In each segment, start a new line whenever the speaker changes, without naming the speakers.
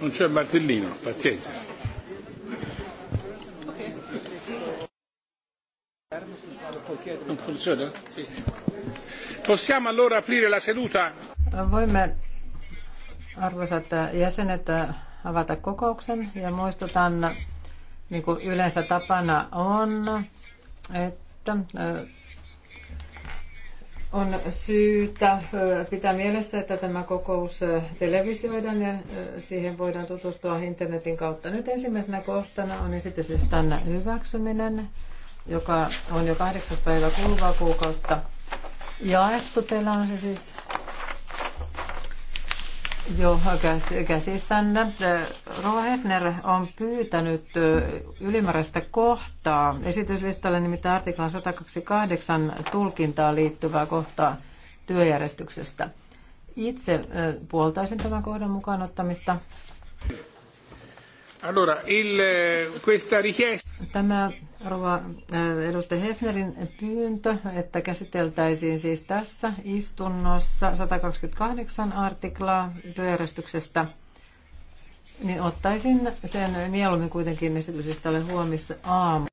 Non c'è Martellino, pazienza. Non funziona? Sì. Possiamo allora aprire la seduta?
Voimme, arvoisat jäsenet, avata kokouksen ja muistutan, niin kuin yleensä tapana on, että on syytä pitää mielessä, että tämä kokous televisioidaan ja siihen voidaan tutustua internetin kautta. Nyt ensimmäisenä kohtana on esityslistan hyväksyminen, joka on jo kahdeksas päivä kuluvaa kuukautta jaettu. Teillä on se siis Joo, käsissänne. Rova Hefner on pyytänyt ylimääräistä kohtaa esityslistalle, nimittäin artiklan 128 tulkintaa liittyvää kohtaa työjärjestyksestä. Itse puoltaisin tämän kohdan mukaan ottamista.
Allora, il, eh, questa richiesta...
Tämä rouva eh, edustaja Hefnerin pyyntö, että käsiteltäisiin siis tässä istunnossa 128 artiklaa työjärjestyksestä, niin ottaisin sen mieluummin kuitenkin esityksestä huomissa aamu.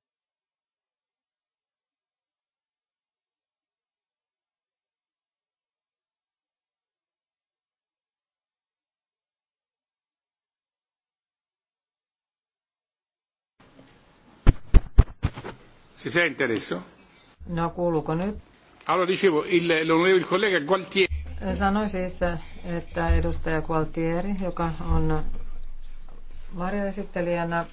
Si sente adesso?
No, kuuluuko nyt?
Allora dicevo, il, l'onorevole collega Gualtieri.
Eh, sanoin siis, että edustaja Gualtieri, joka on varjoesittelijänä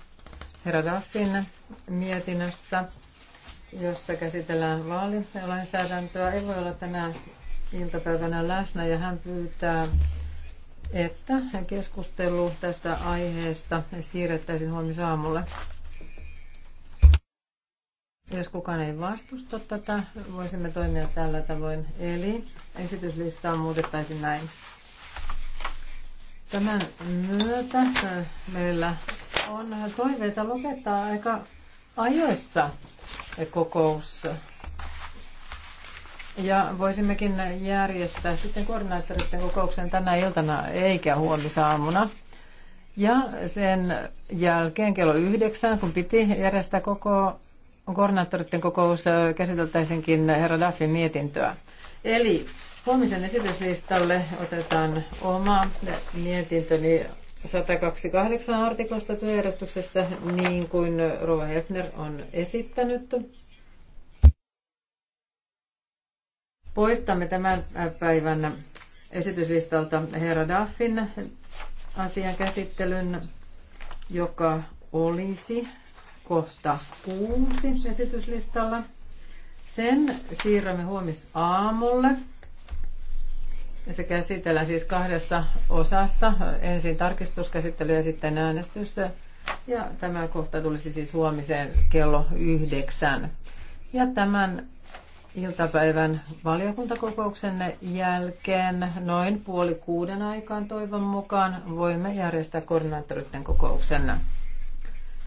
herra Raffin mietinnössä, jossa käsitellään vaalilainsäädäntöä, ei voi olla tänään iltapäivänä läsnä ja hän pyytää, että keskustelu tästä aiheesta siirrettäisiin huomisaamulle. aamulle. Jos kukaan ei vastusta tätä, voisimme toimia tällä tavoin. Eli esityslistaa muutettaisiin näin. Tämän myötä äh, meillä on toiveita lopettaa aika ajoissa kokous. Ja voisimmekin järjestää sitten koordinaattoritten kokouksen tänä iltana eikä huomisaamuna. Ja sen jälkeen kello yhdeksän, kun piti järjestää koko koordinaattoritten kokous käsiteltäisinkin herra Daffin mietintöä. Eli huomisen esityslistalle otetaan oma mietintöni 128 artiklasta työjärjestyksestä, niin kuin Rova Hefner on esittänyt. Poistamme tämän päivän esityslistalta herra Daffin asian käsittelyn, joka olisi kohta kuusi esityslistalla. Sen siirrämme huomisaamulle. Se käsitellään siis kahdessa osassa. Ensin tarkistuskäsittely ja sitten äänestys. Ja tämä kohta tulisi siis huomiseen kello yhdeksän. Ja tämän iltapäivän valiokuntakokouksenne jälkeen noin puoli kuuden aikaan toivon mukaan voimme järjestää koordinaattoritten kokouksen.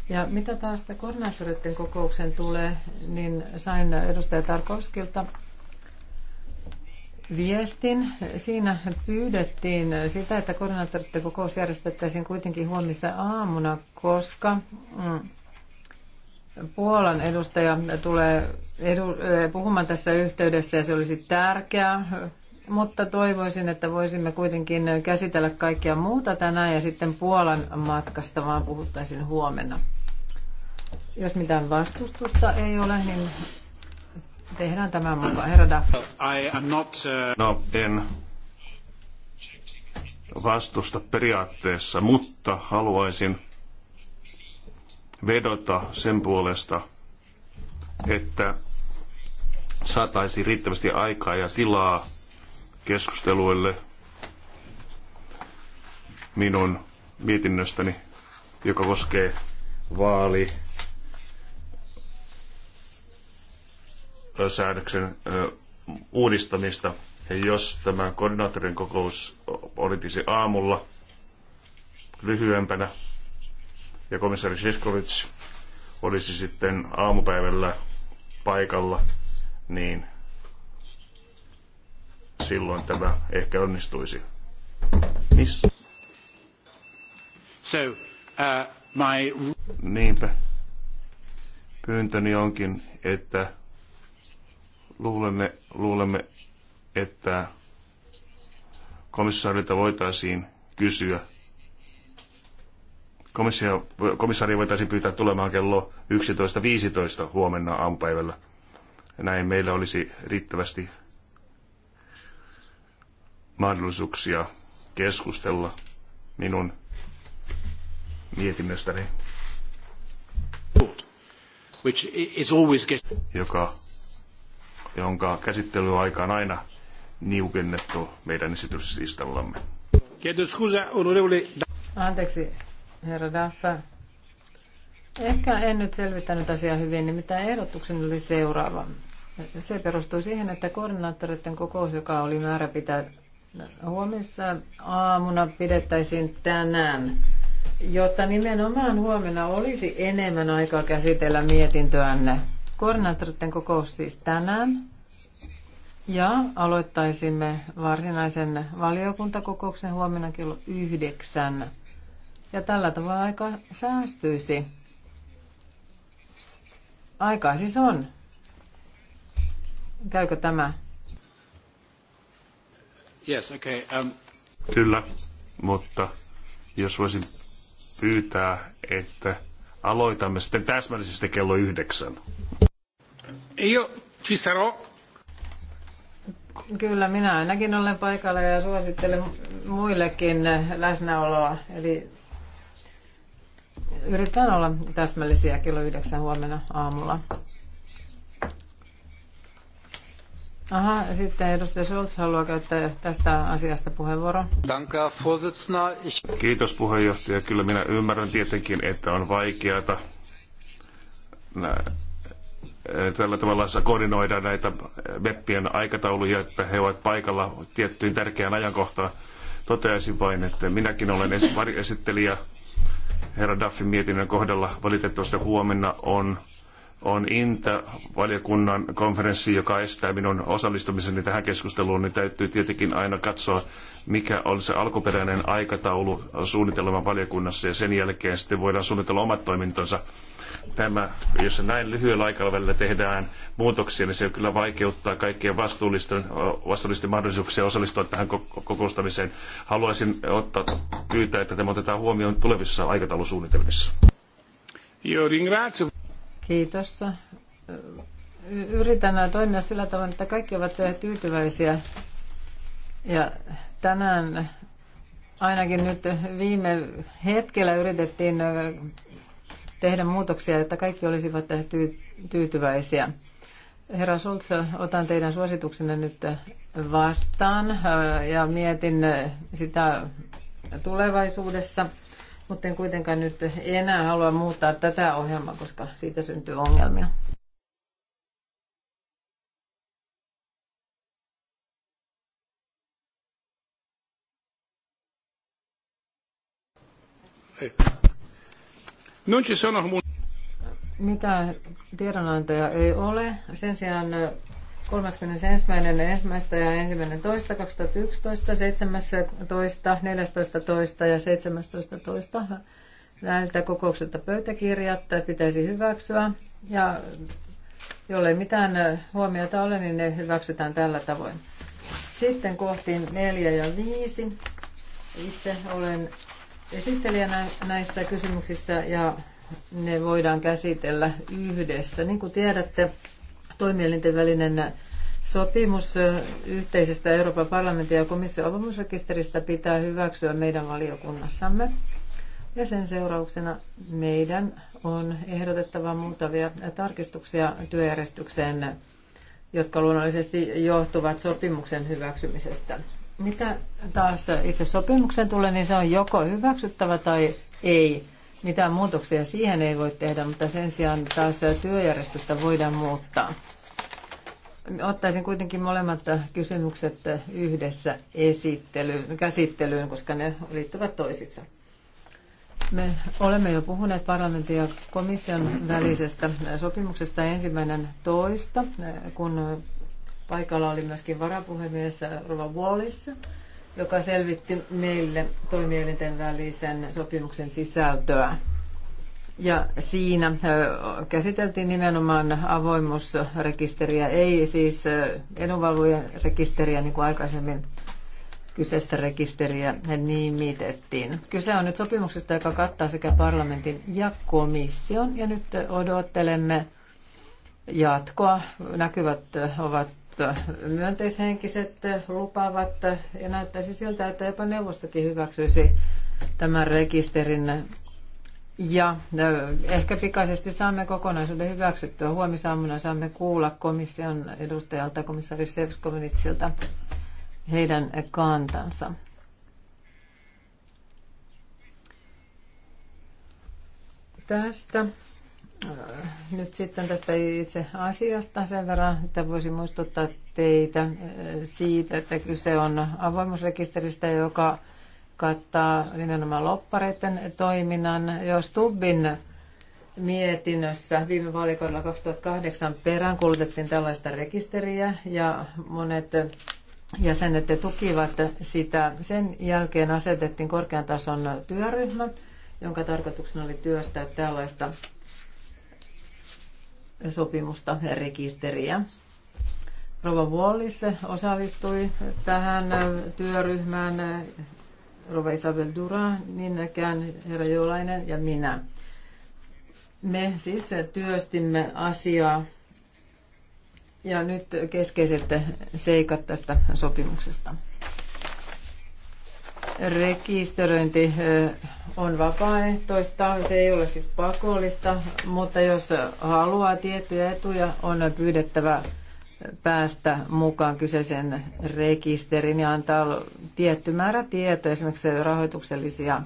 Ja mitä taas koordinaattoreiden kokouksen tulee, niin sain edustaja Tarkovskilta viestin. Siinä pyydettiin sitä, että koordinaattoreiden kokous järjestettäisiin kuitenkin huomissa aamuna, koska mm, Puolan edustaja tulee edu, eh, puhumaan tässä yhteydessä ja se olisi tärkeää, mutta toivoisin, että voisimme kuitenkin käsitellä kaikkea muuta tänään ja sitten Puolan matkasta vaan puhuttaisiin huomenna. Jos mitään vastustusta ei ole, niin tehdään tämän mukaan. Herra Duff.
I am not, uh... No, en vastusta periaatteessa, mutta haluaisin vedota sen puolesta, että saataisiin riittävästi aikaa ja tilaa keskusteluille minun mietinnöstäni, joka koskee vaali säädöksen uudistamista. Ja jos tämä koordinaattorin kokous olisi aamulla lyhyempänä ja komissaari Siskovic olisi sitten aamupäivällä paikalla, niin silloin tämä ehkä onnistuisi. Miss? So, uh, my... Niinpä. Pyyntöni onkin, että luulemme, luulemme että komissaarilta voitaisiin kysyä, komissio, komissaari voitaisiin pyytää tulemaan kello 11.15 huomenna aamupäivällä. Näin meillä olisi riittävästi mahdollisuuksia keskustella minun mietinnöstäni, joka jonka käsittely on aina niukennettu meidän esityslistallamme.
Anteeksi, herra Daffa. Ehkä en nyt selvittänyt asiaa hyvin, niin mitä ehdotuksen oli seuraava. Se perustuu siihen, että koordinaattoreiden kokous, joka oli määrä pitää huomissa aamuna, pidettäisiin tänään, jotta nimenomaan huomenna olisi enemmän aikaa käsitellä mietintöänne. Koordinaattoritten kokous siis tänään. Ja aloittaisimme varsinaisen valiokuntakokouksen huomenna kello yhdeksän. Ja tällä tavalla aika säästyisi. Aikaa siis on. Käykö tämä?
Yes, okay, um...
Kyllä, mutta jos voisin pyytää, että aloitamme sitten täsmällisesti kello yhdeksän. E io ci sarò.
Kyllä, minä ainakin olen paikalla ja suosittelen muillekin läsnäoloa. Eli yritän olla täsmällisiä kello yhdeksän huomenna aamulla. Aha, sitten edustaja Scholz haluaa käyttää tästä asiasta puheenvuoron.
Kiitos puheenjohtaja. Kyllä minä ymmärrän tietenkin, että on vaikeata tällä tavalla koordinoida näitä meppien aikatauluja, että he ovat paikalla tiettyyn tärkeään ajankohtaan. Toteaisin vain, että minäkin olen esittelijä herra Duffin mietinnön kohdalla. Valitettavasti huomenna on, on Inta-valiokunnan konferenssi, joka estää minun osallistumiseni tähän keskusteluun, niin täytyy tietenkin aina katsoa, mikä on se alkuperäinen aikataulu suunnitelman valiokunnassa, ja sen jälkeen sitten voidaan suunnitella omat toimintonsa tämä, jos näin lyhyellä aikavälillä tehdään muutoksia, niin se kyllä vaikeuttaa kaikkien vastuullisten, vastuullisten mahdollisuuksia osallistua tähän kokoustamiseen. Haluaisin ottaa, pyytää, että tämä otetaan huomioon tulevissa aikataulusuunnitelmissa.
Kiitos. Yritän toimia sillä tavoin, että kaikki ovat tyytyväisiä. Ja tänään ainakin nyt viime hetkellä yritettiin tehdä muutoksia, että kaikki olisivat tyytyväisiä. Herra Schulz, otan teidän suosituksenne nyt vastaan äh, ja mietin äh, sitä tulevaisuudessa, mutta en kuitenkaan nyt enää halua muuttaa tätä ohjelmaa, koska siitä syntyy ongelmia.
Hei. Non ci sono
Mitä tiedonantoja ei ole. Sen sijaan 31.1. ja 1.2.2011, 17. ja 17.2. näiltä kokouksilta pöytäkirjat pitäisi hyväksyä ja jollei mitään huomiota ole, niin ne hyväksytään tällä tavoin. Sitten kohtiin 4 ja 5. Itse olen esittelijänä näissä kysymyksissä ja ne voidaan käsitellä yhdessä. Niin kuin tiedätte, toimielinten välinen sopimus yhteisestä Euroopan parlamentin ja komission avoimuusrekisteristä pitää hyväksyä meidän valiokunnassamme. Ja sen seurauksena meidän on ehdotettava muutamia tarkistuksia työjärjestykseen, jotka luonnollisesti johtuvat sopimuksen hyväksymisestä. Mitä taas itse sopimukseen tulee, niin se on joko hyväksyttävä tai ei. Mitään muutoksia siihen ei voi tehdä, mutta sen sijaan taas työjärjestystä voidaan muuttaa. Ottaisin kuitenkin molemmat kysymykset yhdessä esittelyyn, käsittelyyn, koska ne liittyvät toisissa. Me olemme jo puhuneet parlamentin ja komission välisestä sopimuksesta ensimmäinen toista, kun Paikalla oli myöskin varapuhemies Rova Wallis, joka selvitti meille toimielinten välisen sopimuksen sisältöä. Ja siinä käsiteltiin nimenomaan avoimuusrekisteriä, ei siis edunvalvojen rekisteriä, niin kuin aikaisemmin kyseistä rekisteriä nimitettiin. Kyse on nyt sopimuksesta, joka kattaa sekä parlamentin ja komission, ja nyt odottelemme jatkoa. Näkyvät ovat myönteishenkiset, lupaavat ja näyttäisi siltä, että jopa neuvostokin hyväksyisi tämän rekisterin. Ja ehkä pikaisesti saamme kokonaisuuden hyväksyttyä. Huomisaamuna saamme kuulla komission edustajalta, komissaari Sevskovinitsilta, heidän kantansa. Tästä nyt sitten tästä itse asiasta sen verran, että voisin muistuttaa teitä eh, siitä, että kyse on avoimuusrekisteristä, joka kattaa nimenomaan loppareiden toiminnan. Jos Tubbin mietinnössä viime vaalikaudella 2008 peräänkuulutettiin tällaista rekisteriä ja monet jäsenet tukivat sitä. Sen jälkeen asetettiin korkean tason työryhmä, jonka tarkoituksena oli työstää tällaista sopimusta ja rekisteriä. Rova Wallis osallistui tähän työryhmään, Rova Isabel Dura, Ninnäkään, herra Jolainen ja minä. Me siis työstimme asiaa ja nyt keskeiset seikat tästä sopimuksesta rekisteröinti eh, on vapaaehtoista, se ei ole siis pakollista, mutta jos haluaa tiettyjä etuja, on pyydettävä päästä mukaan kyseisen rekisterin ja antaa tietty määrä tietoja, esimerkiksi rahoituksellisia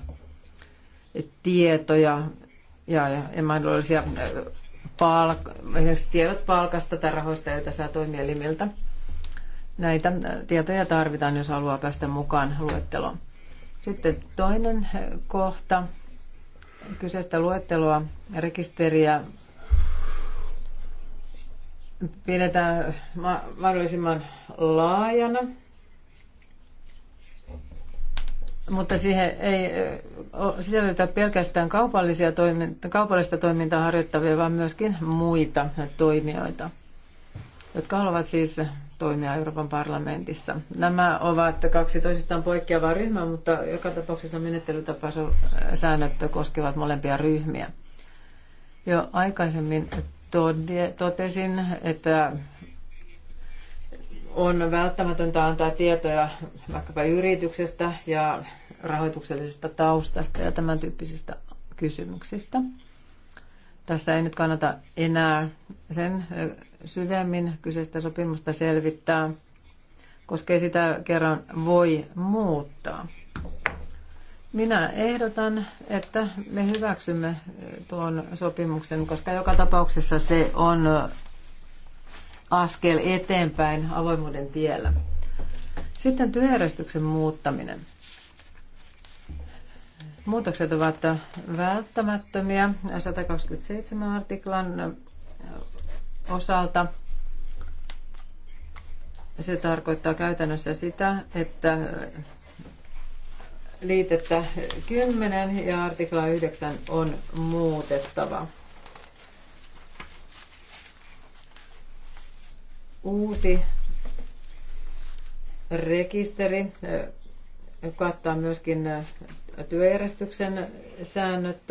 tietoja ja, ja, ja mahdollisia eh, palk- esimerkiksi tiedot palkasta tai rahoista, joita saa toimielimiltä. Näitä eh, tietoja tarvitaan, jos haluaa päästä mukaan luetteloon. Sitten toinen eh, kohta kyseistä luettelua, rekisteriä pidetään mahdollisimman laajana, mutta siihen ei eh, sisällytä pelkästään kaupallisia toiminta, kaupallista toimintaa harjoittavia, vaan myöskin muita toimijoita jotka haluavat siis toimia Euroopan parlamentissa. Nämä ovat kaksi toisistaan poikkeavaa ryhmää, mutta joka tapauksessa menettelytapasäännöt koskevat molempia ryhmiä. Jo aikaisemmin totesin, että on välttämätöntä antaa tietoja vaikkapa yrityksestä ja rahoituksellisesta taustasta ja tämän tyyppisistä kysymyksistä. Tässä ei nyt kannata enää sen syvemmin kyseistä sopimusta selvittää, koska ei sitä kerran voi muuttaa. Minä ehdotan, että me hyväksymme tuon sopimuksen, koska joka tapauksessa se on askel eteenpäin avoimuuden tiellä. Sitten työjärjestyksen muuttaminen. Muutokset ovat välttämättömiä 127 artiklan osalta se tarkoittaa käytännössä sitä, että liitettä 10 ja artikla 9 on muutettava. Uusi rekisteri eh, kattaa myöskin eh, työjärjestyksen säännöt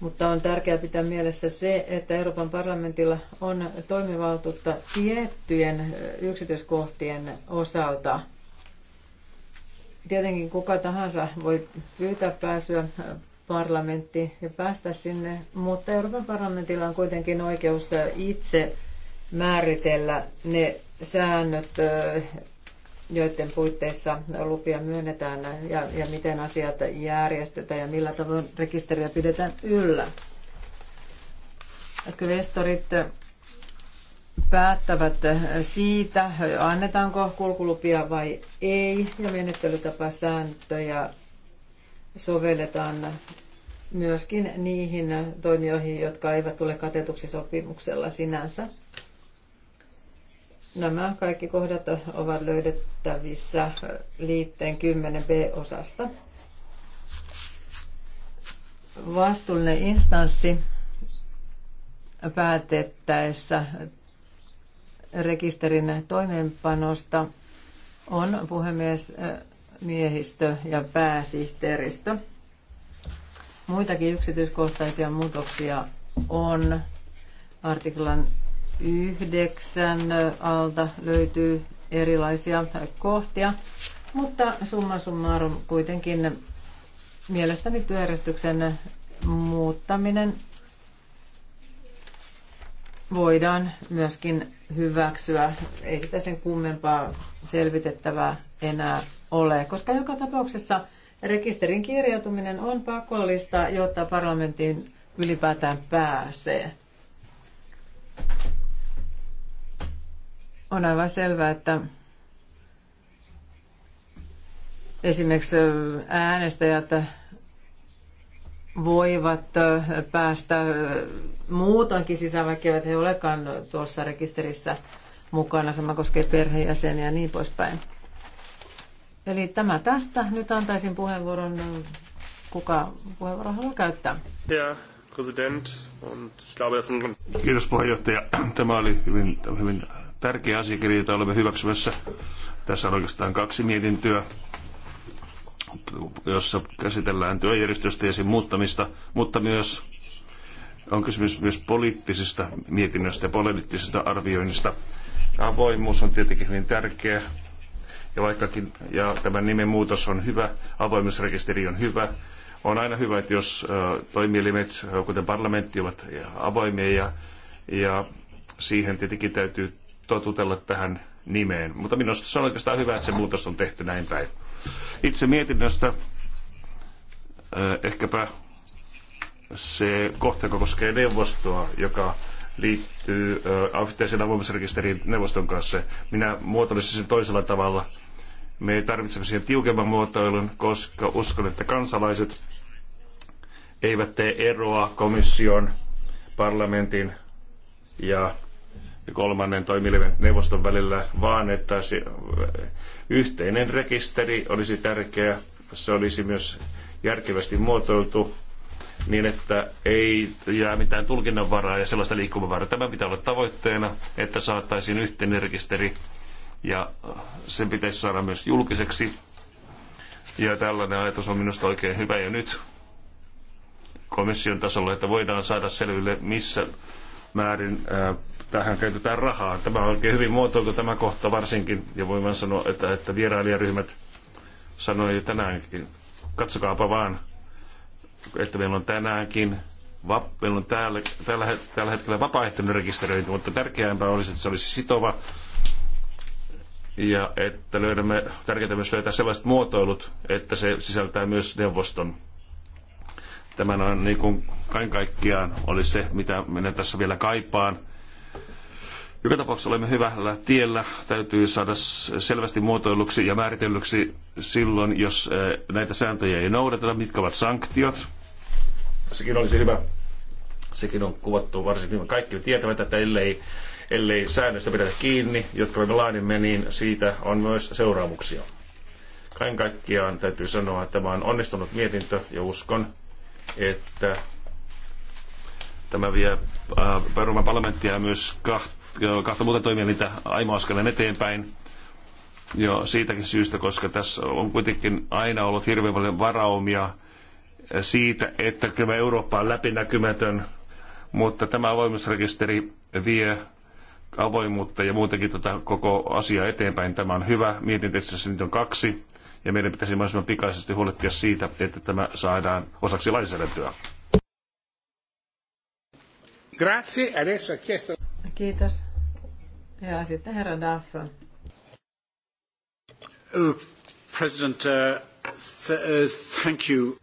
mutta on tärkeää pitää mielessä se, että Euroopan parlamentilla on toimivaltuutta tiettyjen yksityiskohtien osalta. Tietenkin kuka tahansa voi pyytää pääsyä parlamenttiin ja päästä sinne, mutta Euroopan parlamentilla on kuitenkin oikeus itse määritellä ne säännöt, joiden puitteissa lupia myönnetään ja, ja miten asiat järjestetään ja millä tavoin rekisteriä pidetään yllä. Kvestorit päättävät siitä, annetaanko kulkulupia vai ei, ja menettelytapasääntöjä sovelletaan myöskin niihin toimijoihin, jotka eivät tule katetuksi sopimuksella sinänsä. Nämä kaikki kohdat ovat löydettävissä liitteen 10b-osasta. Vastuullinen instanssi päätettäessä rekisterin toimeenpanosta on puhemies miehistö ja pääsihteeristö. Muitakin yksityiskohtaisia muutoksia on artiklan yhdeksän alta löytyy erilaisia kohtia, mutta summa summarum kuitenkin mielestäni työjärjestyksen muuttaminen voidaan myöskin hyväksyä. Ei sitä sen kummempaa selvitettävää enää ole, koska joka tapauksessa rekisterin kirjautuminen on pakollista, jotta parlamentin ylipäätään pääsee. On aivan selvää, että esimerkiksi äänestäjät voivat päästä muutoinkin sisään, vaikka eivät he olekaan tuossa rekisterissä mukana. Sama koskee perheenjäseniä ja niin poispäin. Eli tämä tästä. Nyt antaisin puheenvuoron, kuka puheenvuoro haluaa käyttää. Ja,
Kiitos puheenjohtaja. Tämä oli hyvin, hyvin tärkeä asiakirja, jota olemme hyväksymässä. Tässä on oikeastaan kaksi mietintöä, jossa käsitellään työjärjestöstä ja sen muuttamista, mutta myös on kysymys myös poliittisista mietinnöistä ja poliittisista arvioinnista. Avoimuus on tietenkin hyvin tärkeä. Ja vaikkakin ja tämä nimenmuutos on hyvä, avoimuusrekisteri on hyvä, on aina hyvä, että jos toimielimet, kuten parlamentti, ovat avoimia ja, ja siihen tietenkin täytyy totutella tähän nimeen. Mutta minusta se on oikeastaan hyvä, että se muutos on tehty näin päin. Itse mietinnöstä eh, ehkäpä se kohta, joka koskee neuvostoa, joka liittyy eh, yhteisen avoimisrekisterin neuvoston kanssa. Minä muotoilisin sen toisella tavalla. Me tarvitsemme siihen tiukemman muotoilun, koska uskon, että kansalaiset eivät tee eroa komission, parlamentin ja kolmannen toimielimen neuvoston välillä, vaan että se yhteinen rekisteri olisi tärkeä. Se olisi myös järkevästi muotoiltu niin, että ei jää mitään tulkinnanvaraa ja sellaista liikkumavaraa. Tämä pitää olla tavoitteena, että saataisiin yhteinen rekisteri ja sen pitäisi saada myös julkiseksi. Ja tällainen ajatus on minusta oikein hyvä jo nyt komission tasolla, että voidaan saada selville, missä määrin tähän käytetään rahaa. Tämä on oikein hyvin muotoiltu tämä kohta varsinkin, ja voin vain sanoa, että, että vierailijaryhmät sanoi jo tänäänkin, katsokaapa vaan, että meillä on tänäänkin, vap, meillä on täällä, tällä, tällä hetkellä vapaaehtoinen rekisteröinti, mutta tärkeämpää olisi, että se olisi sitova, ja että löydämme, tärkeintä myös löytää sellaiset muotoilut, että se sisältää myös neuvoston tämän on niin kuin kaikkiaan oli se, mitä minä tässä vielä kaipaan. Joka tapauksessa olemme hyvällä tiellä. Täytyy saada selvästi muotoiluksi ja määritellyksi silloin, jos näitä sääntöjä ei noudateta, mitkä ovat sanktiot. Sekin olisi hyvä. Sekin on kuvattu varsin hyvin. Kaikki tietävät, että ellei, ellei säännöstä pidetä kiinni, jotka me laadimme, niin siitä on myös seuraamuksia. Kaiken kaikkiaan täytyy sanoa, että tämä on onnistunut mietintö ja uskon, että tämä vie Euroopan parlamenttia myös kahta kahta muuta toimielintä aimo Askelen eteenpäin. Jo siitäkin syystä, koska tässä on kuitenkin aina ollut hirveän paljon varaumia siitä, että kyllä Eurooppa on läpinäkymätön, mutta tämä avoimuusrekisteri vie avoimuutta ja muutenkin tätä koko asiaa eteenpäin. Tämä on hyvä. tietysti, nyt on kaksi. Ja meidän pitäisi mahdollisimman pikaisesti huolehtia siitä, että tämä saadaan osaksi lainsäädäntöä.
Grazie. Adesso ha chiesto... Kiitos. Ja sitten herra Daff. Oh, President, uh, th- uh, thank you.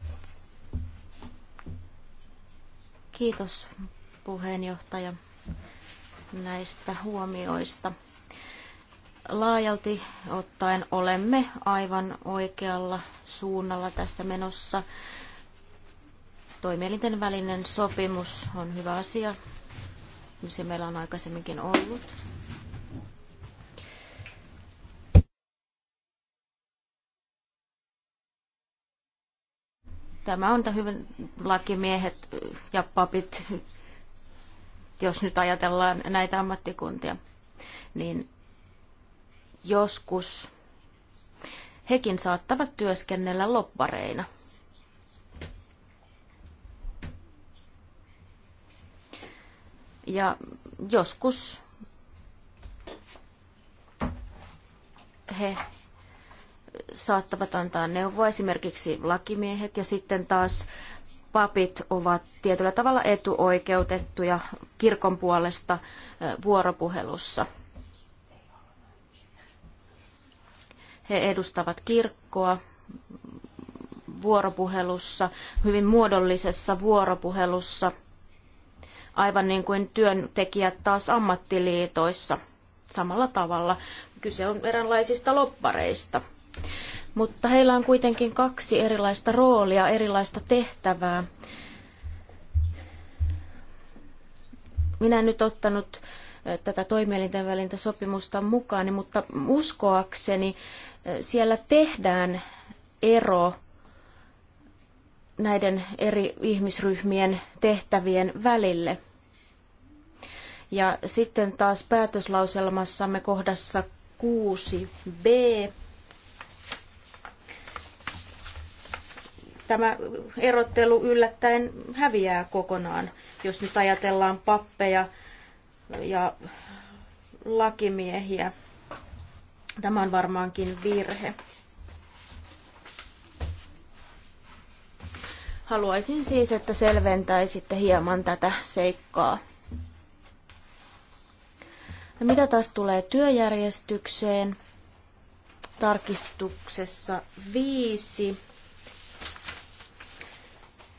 Kiitos puheenjohtaja näistä huomioista. Laajalti ottaen olemme aivan oikealla suunnalla tässä menossa. Toimielinten välinen sopimus on hyvä asia se meillä on aikaisemminkin ollut. Tämä on hyvin lakimiehet ja papit, jos nyt ajatellaan näitä ammattikuntia, niin joskus hekin saattavat työskennellä loppareina. Ja joskus he saattavat antaa neuvoa, esimerkiksi lakimiehet, ja sitten taas papit ovat tietyllä tavalla etuoikeutettuja kirkon puolesta vuoropuhelussa. He edustavat kirkkoa vuoropuhelussa, hyvin muodollisessa vuoropuhelussa – aivan niin kuin työntekijät taas ammattiliitoissa samalla tavalla. Kyse on eräänlaisista loppareista. Mutta heillä on kuitenkin kaksi erilaista roolia, erilaista tehtävää. Minä en nyt ottanut eh, tätä toimielinten välintä sopimusta mukaan, mutta uskoakseni eh, siellä tehdään ero näiden eri ihmisryhmien tehtävien välille. Ja sitten taas päätöslauselmassamme kohdassa 6b. Tämä erottelu yllättäen häviää kokonaan, jos nyt ajatellaan pappeja ja lakimiehiä. Tämä on varmaankin virhe. Haluaisin siis, että selventäisitte hieman tätä seikkaa. Ja mitä taas tulee työjärjestykseen? Tarkistuksessa viisi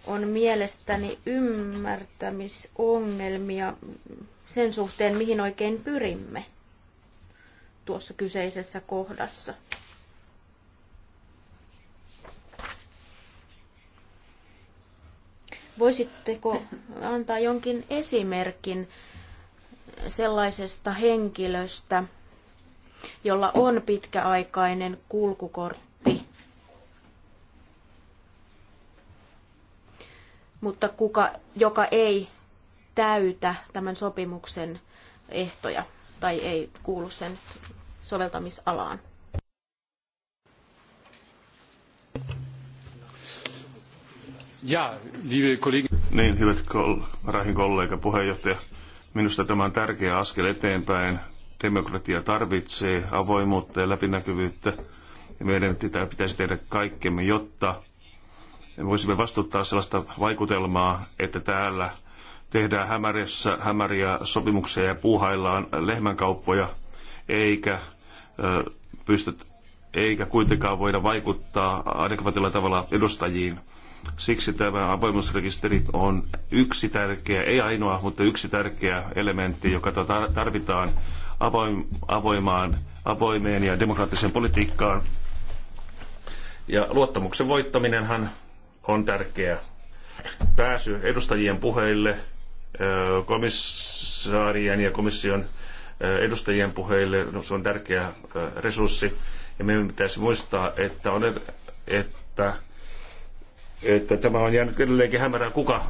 on mielestäni ymmärtämisongelmia sen suhteen, mihin oikein pyrimme tuossa kyseisessä kohdassa. Voisitteko antaa jonkin esimerkin sellaisesta henkilöstä, jolla on pitkäaikainen kulkukortti, mutta kuka, joka ei täytä tämän sopimuksen ehtoja tai ei kuulu sen soveltamisalaan?
Ja, liebe Kollegen. Niin, hyvät kol- rahin kollega, puheenjohtaja. Minusta tämä on tärkeä askel eteenpäin. Demokratia tarvitsee avoimuutta ja läpinäkyvyyttä. Ja meidän pitäisi tehdä kaikkemme, jotta me voisimme vastuttaa sellaista vaikutelmaa, että täällä tehdään hämärissä, hämäriä sopimuksia ja puuhaillaan lehmänkauppoja, eikä pystyt, eikä kuitenkaan voida vaikuttaa adekvaatilla tavalla edustajiin. Siksi tämä avoimuusrekisteri on yksi tärkeä, ei ainoa, mutta yksi tärkeä elementti, joka tarvitaan avoimaan, avoimeen ja demokraattiseen politiikkaan. Ja luottamuksen voittaminenhan on tärkeä pääsy edustajien puheille, komissaarien ja komission edustajien puheille, no, se on tärkeä resurssi. Ja meidän pitäisi muistaa, että, on, että että tämä on jäänyt edelleenkin hämärään, kuka äh,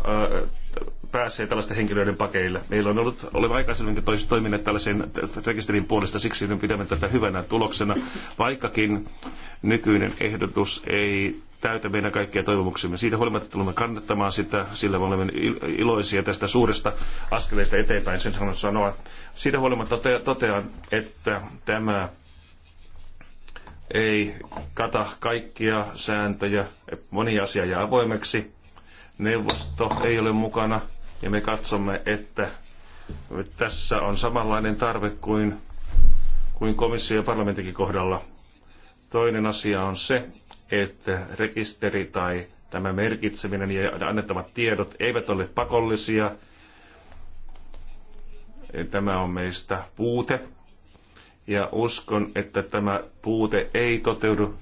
pääsee tällaisten henkilöiden pakeille. Meillä on ollut olemme aikaisemminkin toiset toimineet tällaisen rekisterin puolesta, siksi nyt pidämme tätä hyvänä tuloksena, vaikkakin nykyinen ehdotus ei täytä meidän kaikkia toivomuksemme. Siitä huolimatta tulemme kannattamaan sitä, sillä me olemme iloisia tästä suuresta askeleesta eteenpäin, sen sanon sanoa. Siitä huolimatta totean, että tämä ei kata kaikkia sääntöjä, Moni asia jää avoimeksi. Neuvosto ei ole mukana ja me katsomme, että tässä on samanlainen tarve kuin, kuin komissio ja parlamentinkin kohdalla. Toinen asia on se, että rekisteri tai tämä merkitseminen ja annettavat tiedot eivät ole pakollisia. Tämä on meistä puute. Ja uskon, että tämä puute ei toteudu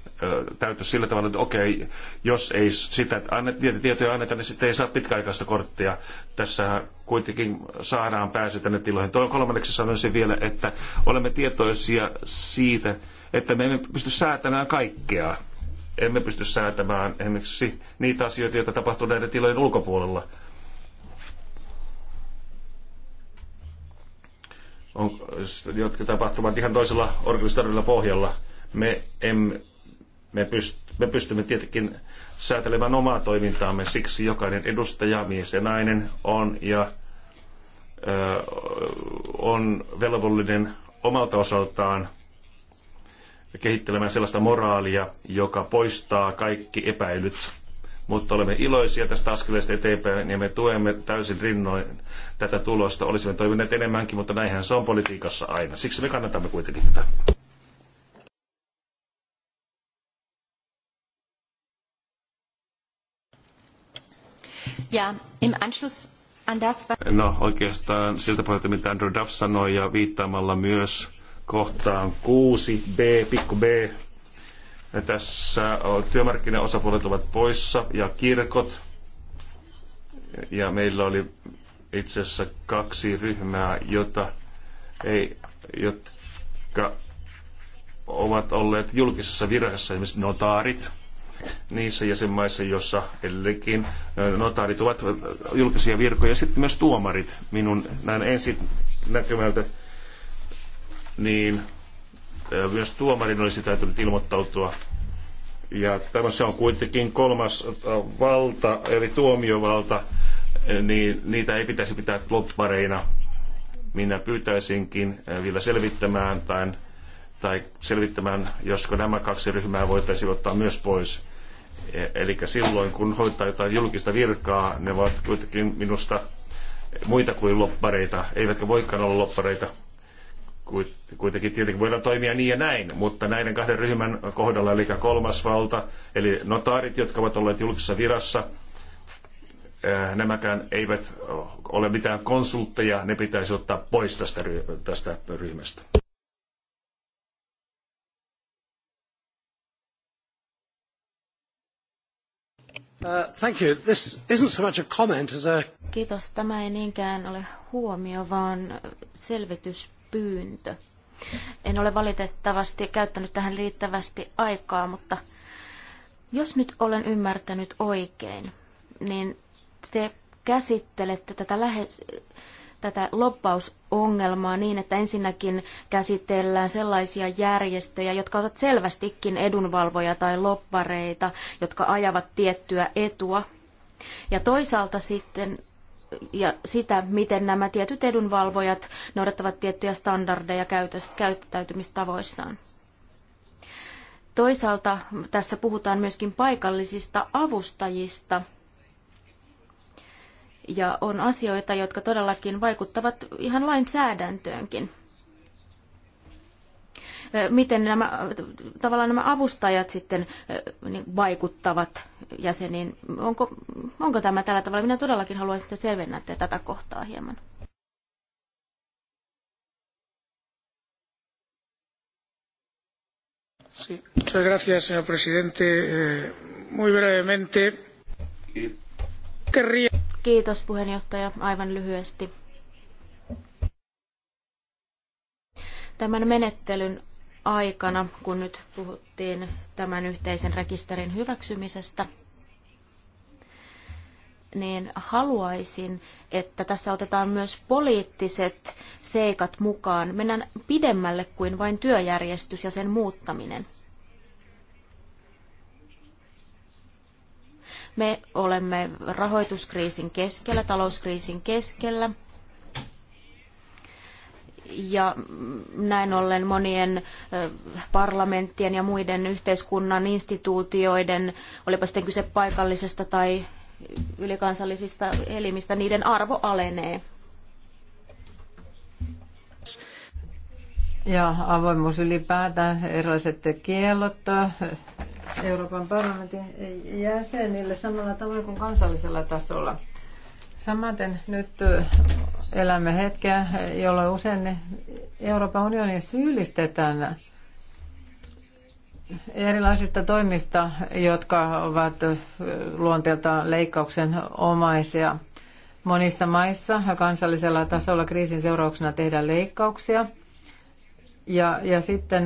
täyty sillä tavalla, että okei, jos ei sitä annet, tietoja anneta, niin sitten ei saa pitkäaikaista korttia. Tässä kuitenkin saadaan pääsy tänne tiloihin. Toi kolmanneksi sanoisin vielä, että olemme tietoisia siitä, että me emme pysty säätämään kaikkea. Emme pysty säätämään esimerkiksi niitä asioita, joita tapahtuu näiden tilojen ulkopuolella. on, jotka tapahtuvat ihan toisella organisaatiolla pohjalla. Me emme me, pyst- me pystymme tietenkin säätelemään omaa toimintaamme, siksi jokainen edustaja, mies ja nainen on ja ö, on velvollinen omalta osaltaan kehittelemään sellaista moraalia, joka poistaa kaikki epäilyt. Mutta olemme iloisia tästä askeleesta eteenpäin ja me tuemme täysin rinnoin tätä tulosta. Olisimme toimineet enemmänkin, mutta näinhän se on politiikassa aina. Siksi me kannatamme kuitenkin tätä.
Ja im Anschluss an das... No
oikeastaan siltä pohjalta, mitä Andrew Duff sanoi ja viittaamalla myös kohtaan 6, B, pikku B. Ja tässä työmarkkinaosapuolet ovat poissa ja kirkot. Ja meillä oli itse asiassa kaksi ryhmää, jota ei, jotka ovat olleet julkisessa virassa, esimerkiksi notaarit – niissä jäsenmaissa, jossa edelleenkin notaarit ovat julkisia virkoja, sitten myös tuomarit minun näin ensin näkemältä, niin myös tuomarin olisi täytynyt ilmoittautua. Ja tämä se on kuitenkin kolmas valta, eli tuomiovalta, niin niitä ei pitäisi pitää loppareina. Minä pyytäisinkin vielä selvittämään tai, tai selvittämään, josko nämä kaksi ryhmää voitaisiin ottaa myös pois. E, eli silloin, kun hoitaa jotain julkista virkaa, ne ovat kuitenkin minusta muita kuin loppareita, eivätkä voikaan olla loppareita. Kuitenkin tietenkin voidaan toimia niin ja näin, mutta näiden kahden ryhmän kohdalla, eli kolmas valta, eli notaarit, jotka ovat olleet julkisessa virassa, e, nämäkään eivät ole mitään konsultteja, ne pitäisi ottaa pois tästä, tästä ryhmästä.
Kiitos. Tämä ei niinkään ole huomio, vaan selvityspyyntö. En ole valitettavasti käyttänyt tähän riittävästi aikaa, mutta jos nyt olen ymmärtänyt oikein, niin te käsittelette tätä lähes tätä loppausongelmaa niin, että ensinnäkin käsitellään sellaisia järjestöjä, jotka ovat selvästikin edunvalvoja tai loppareita, jotka ajavat tiettyä etua. Ja toisaalta sitten ja sitä, miten nämä tietyt edunvalvojat noudattavat tiettyjä standardeja käyttäytymistavoissaan. Toisaalta tässä puhutaan myöskin paikallisista avustajista – ja on asioita, jotka todellakin vaikuttavat ihan lainsäädäntöönkin. Miten nämä, tavallaan nämä avustajat sitten niin vaikuttavat jäseniin? Onko, onko tämä tällä tavalla? Minä todellakin haluaisin sitä selvennää tätä kohtaa hieman.
señor presidente eh, muy brevemente
querría Kiitos puheenjohtaja aivan lyhyesti. Tämän menettelyn aikana, kun nyt puhuttiin tämän yhteisen rekisterin hyväksymisestä, niin haluaisin, että tässä otetaan myös poliittiset seikat mukaan. Mennään pidemmälle kuin vain työjärjestys ja sen muuttaminen. Me olemme rahoituskriisin keskellä, talouskriisin keskellä. Ja näin ollen monien parlamenttien ja muiden yhteiskunnan instituutioiden, olipa sitten kyse paikallisesta tai ylikansallisista elimistä, niiden arvo alenee.
Ja avoimuus ylipäätään, erilaiset kiellot, Euroopan parlamentin jäsenille samalla tavoin kuin kansallisella tasolla. Samaten nyt elämme hetkeä, jolloin usein Euroopan unionin syyllistetään erilaisista toimista, jotka ovat luonteeltaan leikkauksen omaisia. Monissa maissa kansallisella tasolla kriisin seurauksena tehdään leikkauksia – ja, ja sitten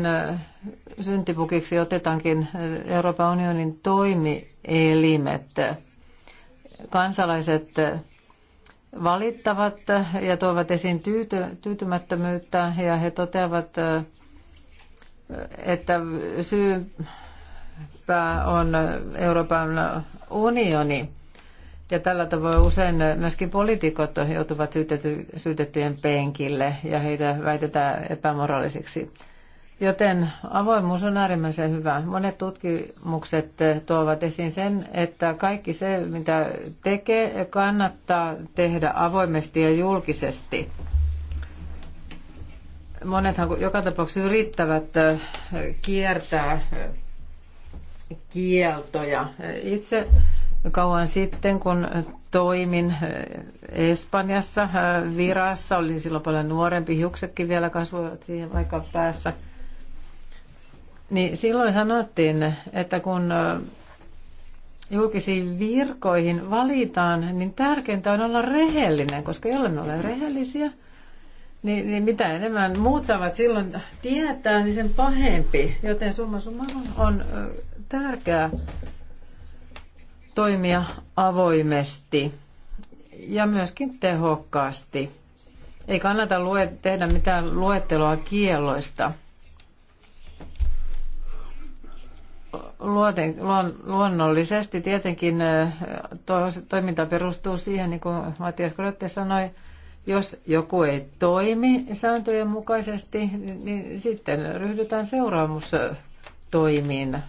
syntipukiksi otetaankin Euroopan unionin toimielimet. Kansalaiset valittavat ja tuovat esiin tyyty, tyytymättömyyttä ja he toteavat, että syypää on Euroopan unioni. Ja tällä tavoin usein myöskin poliitikot joutuvat syytety, syytettyjen penkille ja heitä väitetään epämoraalisiksi. Joten avoimuus on äärimmäisen hyvä. Monet tutkimukset tuovat esiin sen, että kaikki se, mitä tekee, kannattaa tehdä avoimesti ja julkisesti. Monethan joka tapauksessa yrittävät äh, kiertää äh, kieltoja. Itse kauan sitten, kun toimin äh, Espanjassa äh, virassa. Olin silloin paljon nuorempi, hiuksetkin vielä kasvoivat siihen vaikka päässä. Niin silloin sanottiin, että kun äh, julkisiin virkoihin valitaan, niin tärkeintä on olla rehellinen, koska jolle me ole rehellisiä, niin, niin mitä enemmän muut saavat silloin tietää, niin sen pahempi. Joten summa summa on tärkeää, toimia avoimesti ja myöskin tehokkaasti. Ei kannata lue, tehdä mitään luetteloa kielloista. Luoten, luon, luonnollisesti tietenkin to, toiminta perustuu siihen, niin kuin Matias Grotte sanoi, jos joku ei toimi sääntöjen mukaisesti, niin sitten ryhdytään seuraamustoimiin.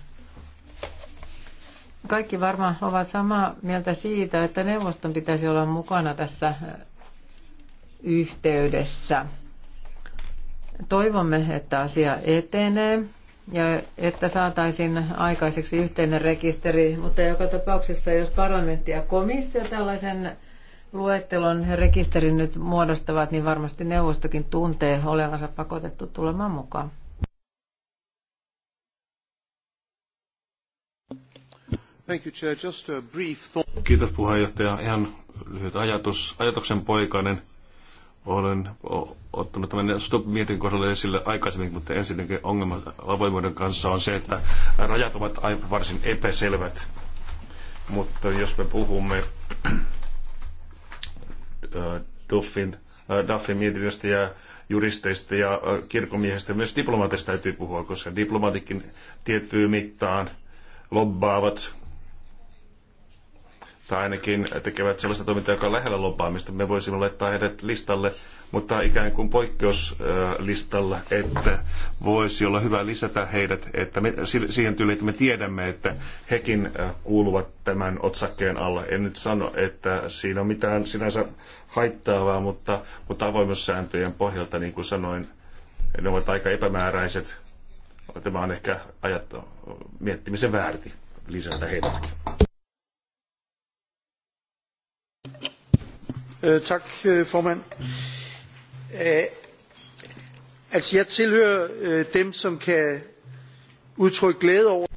Kaikki varmaan ovat samaa mieltä siitä, että neuvoston pitäisi olla mukana tässä yhteydessä. Toivomme, että asia etenee ja että saataisiin aikaiseksi yhteinen rekisteri, mutta joka tapauksessa, jos parlamentti ja komissio tällaisen luettelon rekisterin nyt muodostavat, niin varmasti neuvostokin tuntee olevansa pakotettu tulemaan mukaan.
Thank you, Chair. Just a brief thought. Kiitos puheenjohtaja. Ihan lyhyt ajatus, ajatuksen poikainen. Olen ottanut tämän Stop-mietin kohdalla esille aikaisemmin, mutta ensinnäkin ongelma avoimuuden kanssa on se, että rajat ovat aivan varsin epäselvät. Mutta jos me puhumme Duffin, Duffin mietinnöstä ja juristeista ja kirkomiehistä, myös diplomaateista täytyy puhua, koska diplomaatikin tiettyyn mittaan lobbaavat tai ainakin tekevät sellaista toimintaa, joka on lähellä lupaamista. Me voisimme laittaa heidät listalle, mutta ikään kuin poikkeuslistalla, että voisi olla hyvä lisätä heidät että me, siihen tyyliin, että me tiedämme, että hekin äh, kuuluvat tämän otsakkeen alle. En nyt sano, että siinä on mitään sinänsä haittaavaa, mutta, mutta avoimuussääntöjen pohjalta, niin kuin sanoin, ne ovat aika epämääräiset. Tämä on ehkä ajattu, miettimisen väärti lisätä heidätkin.
Øh, tak, øh, formand. Øh, altså, jeg tilhører dem, som kan udtrykke glæde over...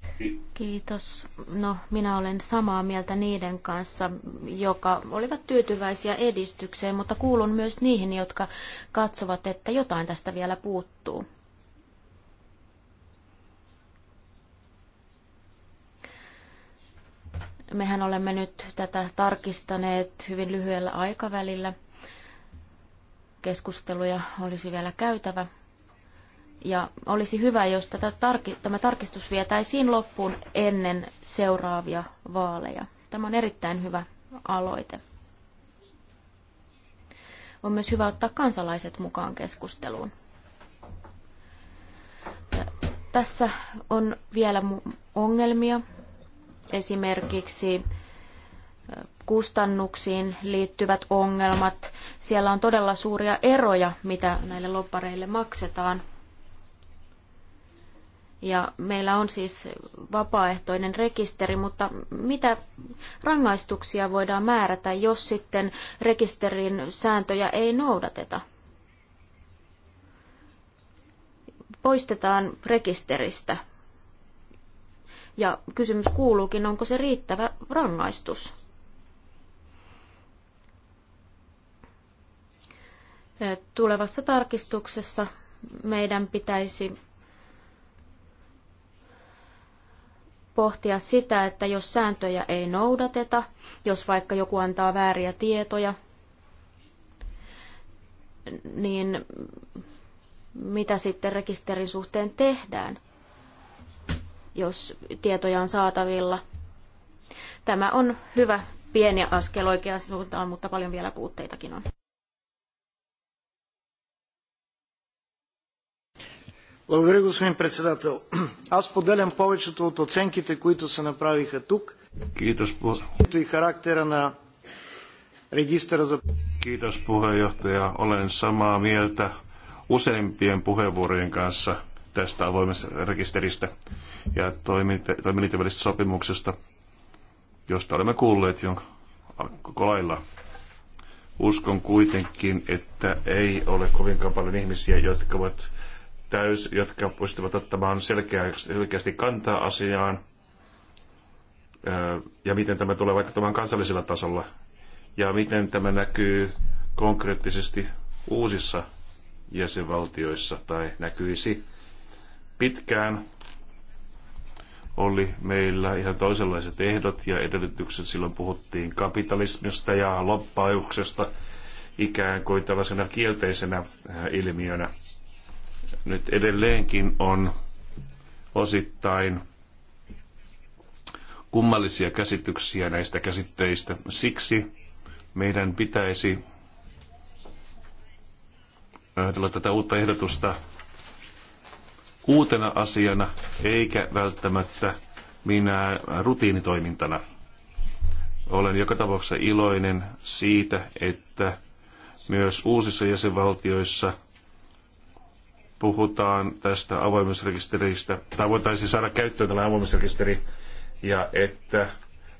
Kiitos. No, minä olen samaa mieltä niiden kanssa, jotka olivat tyytyväisiä edistykseen, mutta kuulun myös niihin, jotka katsovat, että jotain tästä vielä puuttuu. Mehän olemme nyt tätä tarkistaneet hyvin lyhyellä aikavälillä. Keskusteluja olisi vielä käytävä. Ja olisi hyvä, jos tätä tarki, tämä tarkistus vietäisiin loppuun ennen seuraavia vaaleja. Tämä on erittäin hyvä aloite. On myös hyvä ottaa kansalaiset mukaan keskusteluun. Tässä on vielä ongelmia, esimerkiksi kustannuksiin liittyvät ongelmat. Siellä on todella suuria eroja, mitä näille lobbareille maksetaan. Ja meillä on siis vapaaehtoinen rekisteri, mutta mitä rangaistuksia voidaan määrätä, jos sitten rekisterin sääntöjä ei noudateta? Poistetaan rekisteristä. Ja kysymys kuuluukin, onko se riittävä rangaistus? Tulevassa tarkistuksessa meidän pitäisi pohtia sitä, että jos sääntöjä ei noudateta, jos vaikka joku antaa vääriä tietoja, niin mitä sitten rekisterin suhteen tehdään jos tietoja on saatavilla. Tämä on hyvä pieni askel oikeaan suuntaan, mutta paljon vielä puutteitakin on.
Благодаря, господин председател. Аз поделям повечето от оценките, които се направиха тук. Kiitos, и характера на регистъра за... Kiitos puheenjohtaja. Olen samaa mieltä useimpien puheenvuorojen kanssa – tästä avoimesta rekisteristä ja toimintavälisestä sopimuksesta, josta olemme kuulleet jo koko lailla. Uskon kuitenkin, että ei ole kovinkaan paljon ihmisiä, jotka ovat täys, jotka pystyvät ottamaan selkeästi kantaa asiaan ja miten tämä tulee vaikuttamaan kansallisella tasolla ja miten tämä näkyy konkreettisesti uusissa jäsenvaltioissa tai näkyisi pitkään oli meillä ihan toisenlaiset ehdot ja edellytykset. Silloin puhuttiin kapitalismista ja loppaajuksesta ikään kuin tällaisena kielteisenä äh, ilmiönä. Nyt edelleenkin on osittain kummallisia käsityksiä näistä käsitteistä. Siksi meidän pitäisi äh, ajatella tätä uutta ehdotusta uutena asiana, eikä välttämättä minä rutiinitoimintana. Olen joka tapauksessa iloinen siitä, että myös uusissa jäsenvaltioissa puhutaan tästä avoimuusrekisteristä, tai voitaisiin saada käyttöön tällainen avoimuusrekisteri, ja että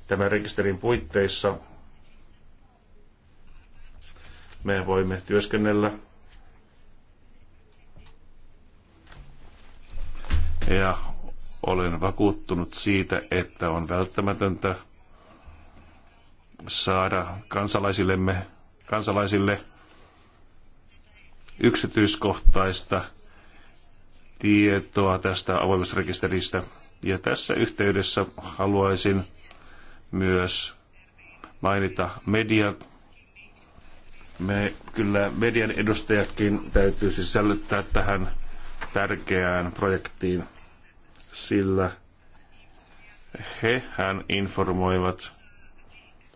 tämän rekisterin puitteissa me voimme työskennellä Ja olen vakuuttunut siitä, että on välttämätöntä saada kansalaisillemme, kansalaisille yksityiskohtaista tietoa tästä avoimuusrekisteristä. Ja tässä yhteydessä haluaisin myös mainita mediat. Me kyllä median edustajatkin täytyy sisällyttää tähän tärkeään projektiin sillä hehän informoivat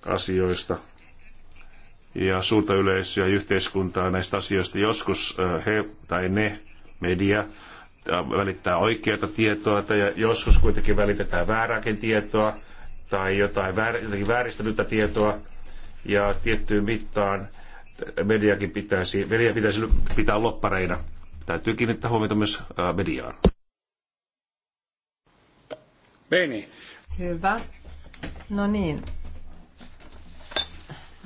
asioista ja suurta yleisöä ja yhteiskuntaa näistä asioista. Joskus he tai ne, media, välittää oikeata tietoa tai joskus kuitenkin välitetään väärääkin tietoa tai jotain vääristynyttä tietoa ja tiettyyn mittaan mediakin pitäisi, media pitäisi pitää loppareina. Täytyy kiinnittää huomiota myös mediaan.
Hyvä. No niin.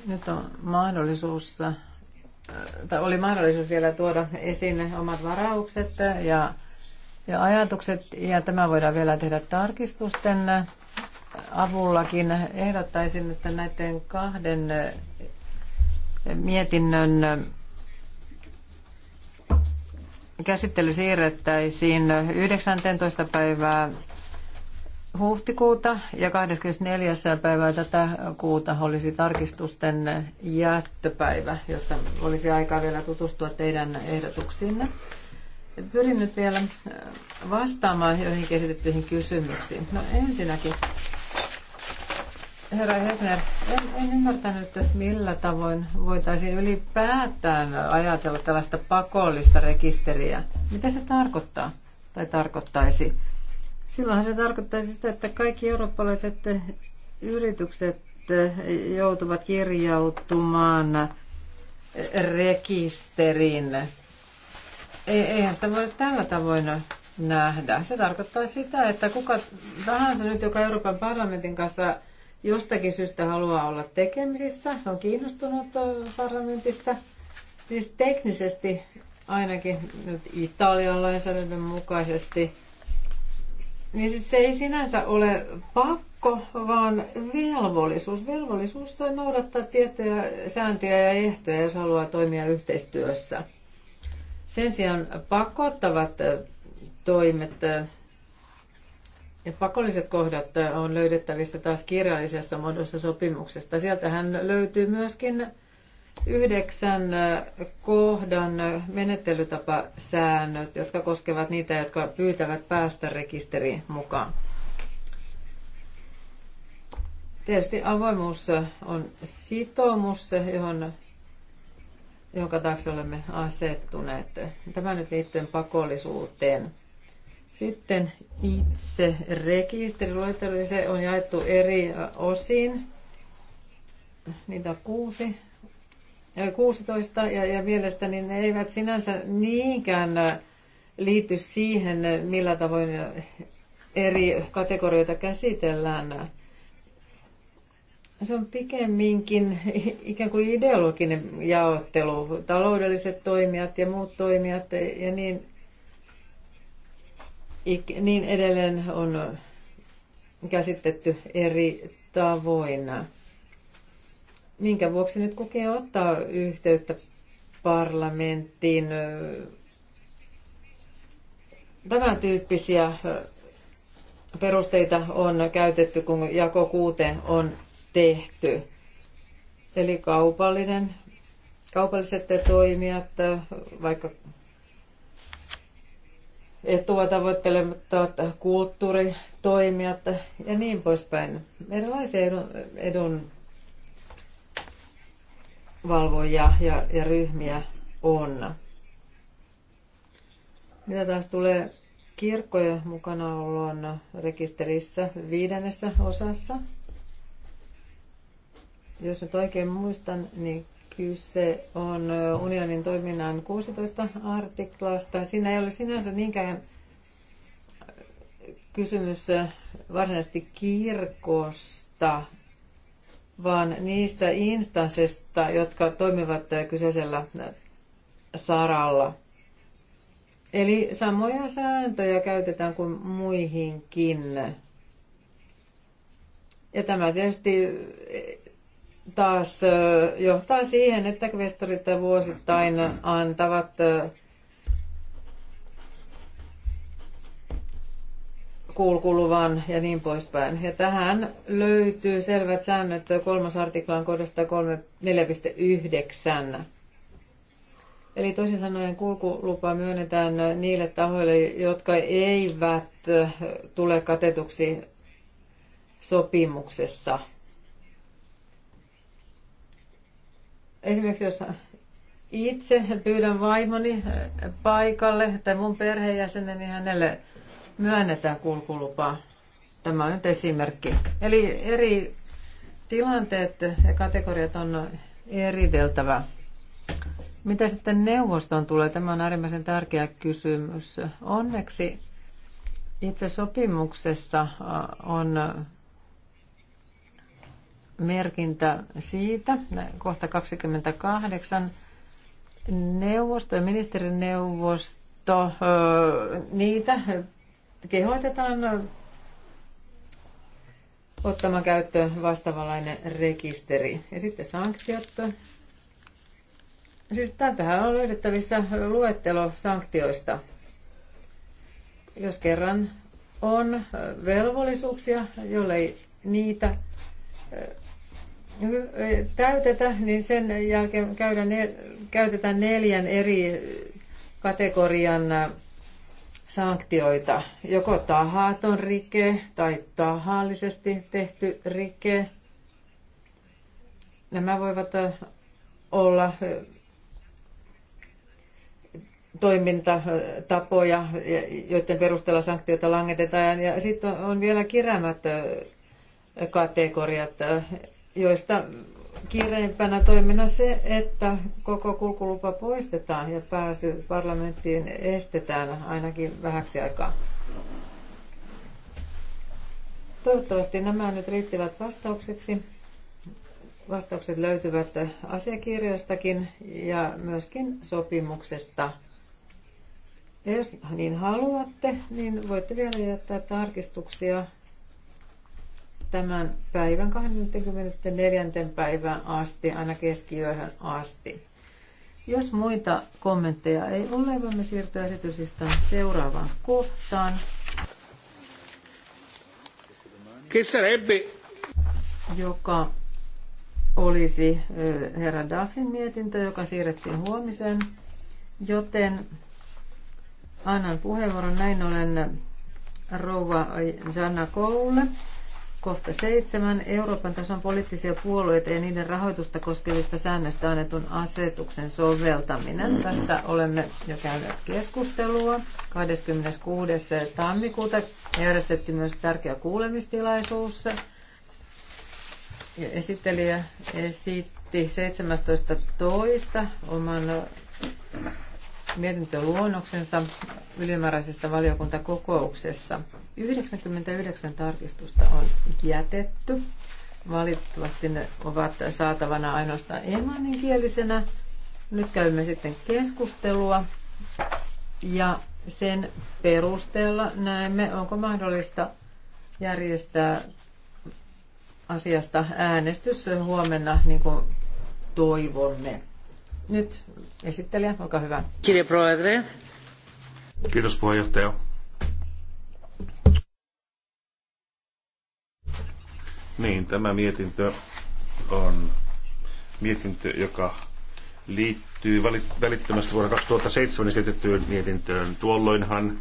Nyt on mahdollisuus, äh, tai oli mahdollisuus vielä tuoda esiin omat varaukset ja, ja ajatukset, ja tämä voidaan vielä tehdä tarkistusten avullakin. Ehdottaisin, että näiden kahden äh, mietinnön äh, käsittely siirrettäisiin 19. päivää huhtikuuta ja 24. päivää tätä kuuta olisi tarkistusten jättöpäivä, jotta olisi aikaa vielä tutustua teidän ehdotuksiinne. Pyrin nyt vielä äh, vastaamaan joihin esitettyihin kysymyksiin. No ensinnäkin, herra Hefner, en, en ymmärtänyt, millä tavoin voitaisiin ylipäätään ajatella tällaista pakollista rekisteriä. Mitä se tarkoittaa tai tarkoittaisi? Silloinhan se tarkoittaisi sitä, että kaikki eurooppalaiset yritykset joutuvat kirjautumaan rekisteriin. E- eihän sitä voi tällä tavoin nähdä. Se tarkoittaa sitä, että kuka tahansa nyt, joka Euroopan parlamentin kanssa jostakin syystä haluaa olla tekemisissä, on kiinnostunut parlamentista, siis teknisesti ainakin nyt Italian lainsäädännön mukaisesti – niin siis se ei sinänsä ole pakko, vaan velvollisuus. Velvollisuus on noudattaa tiettyjä sääntöjä ja ehtoja, jos haluaa toimia yhteistyössä. Sen sijaan pakottavat toimet ja pakolliset kohdat on löydettävissä taas kirjallisessa muodossa sopimuksesta. Sieltähän löytyy myöskin yhdeksän kohdan menettelytapasäännöt, jotka koskevat niitä, jotka pyytävät päästä rekisteriin mukaan. Tietysti avoimuus on sitoumus, johon, jonka taakse olemme asettuneet. Tämä nyt liittyen pakollisuuteen. Sitten itse rekisteriluettelo, se on jaettu eri osiin. Niitä on kuusi 16 ja, ja mielestäni ne eivät sinänsä niinkään äh, liity siihen, millä tavoin äh, eri kategorioita käsitellään. Se on pikemminkin ikään kuin ideologinen jaottelu, taloudelliset toimijat ja muut toimijat ja niin, niin edelleen on käsitetty eri tavoina minkä vuoksi nyt kokee ottaa yhteyttä parlamenttiin. Tämän tyyppisiä perusteita on käytetty, kun jako kuuteen on tehty. Eli kaupallinen, kaupalliset toimijat, vaikka etua tavoittelevat kulttuuritoimijat ja niin poispäin. Erilaisia edun, edun valvojia ja, ja ryhmiä on. Mitä taas tulee kirkkojen mukana ollaan rekisterissä viidennessä osassa? Jos nyt oikein muistan, niin kyse on unionin toiminnan 16 artiklasta. Siinä ei ole sinänsä niinkään kysymys varsinaisesti kirkosta, vaan niistä instansseista, jotka toimivat kyseisellä saralla. Eli samoja sääntöjä käytetään kuin muihinkin. Ja tämä tietysti taas johtaa siihen, että kvestorit vuosittain antavat kulkuluvan ja niin poispäin. Ja tähän löytyy selvät säännöt kolmas artiklan kohdasta 4.9. Eli toisin sanoen kulkulupa myönnetään niille tahoille, jotka eivät tule katetuksi sopimuksessa. Esimerkiksi jos itse pyydän vaimoni paikalle tai mun perheenjäseneni hänelle myönnetään kulkulupaa. Tämä on nyt esimerkki. Eli eri tilanteet ja kategoriat on eriteltävä. Mitä sitten neuvoston tulee? Tämä on äärimmäisen tärkeä kysymys. Onneksi itse sopimuksessa äh, on merkintä siitä, kohta 28, neuvosto ja ministerineuvosto, äh, niitä kehotetaan ottamaan käyttöön vastaavanlainen rekisteri. Ja sitten sanktiot. Siis tähän on löydettävissä luettelo sanktioista. Jos kerran on velvollisuuksia, jollei niitä eh, täytetä, niin sen jälkeen käydään, käytetään neljän eri kategorian eh, sanktioita, joko tahaton rike tai tahallisesti tehty rike. Nämä voivat olla toimintatapoja, joiden perusteella sanktioita langetetaan. Ja sitten on vielä kiräämät kategoriat, joista kiireimpänä toimena se, että koko kulkulupa poistetaan ja pääsy parlamenttiin estetään ainakin vähäksi aikaa. Toivottavasti nämä nyt riittivät vastaukseksi. Vastaukset löytyvät asiakirjoistakin ja myöskin sopimuksesta. Ja jos niin haluatte, niin voitte vielä jättää tarkistuksia tämän päivän 24. päivään asti, aina keskiyöhön asti. Jos muita kommentteja ei ole, voimme siirtyä esityslistan seuraavaan kohtaan. Joka olisi herra Daffin mietintö, joka siirrettiin huomiseen. Joten annan puheenvuoron näin ollen rouva Janna Koulle. Kohta seitsemän. Euroopan tason poliittisia puolueita ja niiden rahoitusta koskevista säännöistä annetun asetuksen soveltaminen. Tästä olemme jo käyneet keskustelua. 26. tammikuuta järjestettiin myös tärkeä kuulemistilaisuus. Ja esittelijä esitti 17.2. oman mietintöluonnoksensa ylimääräisessä valiokuntakokouksessa. 99 tarkistusta on jätetty. Valitettavasti ne ovat saatavana ainoastaan englanninkielisenä. Nyt käymme sitten keskustelua ja sen perusteella näemme, onko mahdollista järjestää asiasta äänestys huomenna, niin kuin toivomme. Nyt esittelijä, olkaa hyvä. Kirja Proedre.
Kiitos puheenjohtaja. Niin, tämä mietintö on mietintö, joka liittyy välittömästi vuonna 2007 esitettyyn mietintöön. Tuolloinhan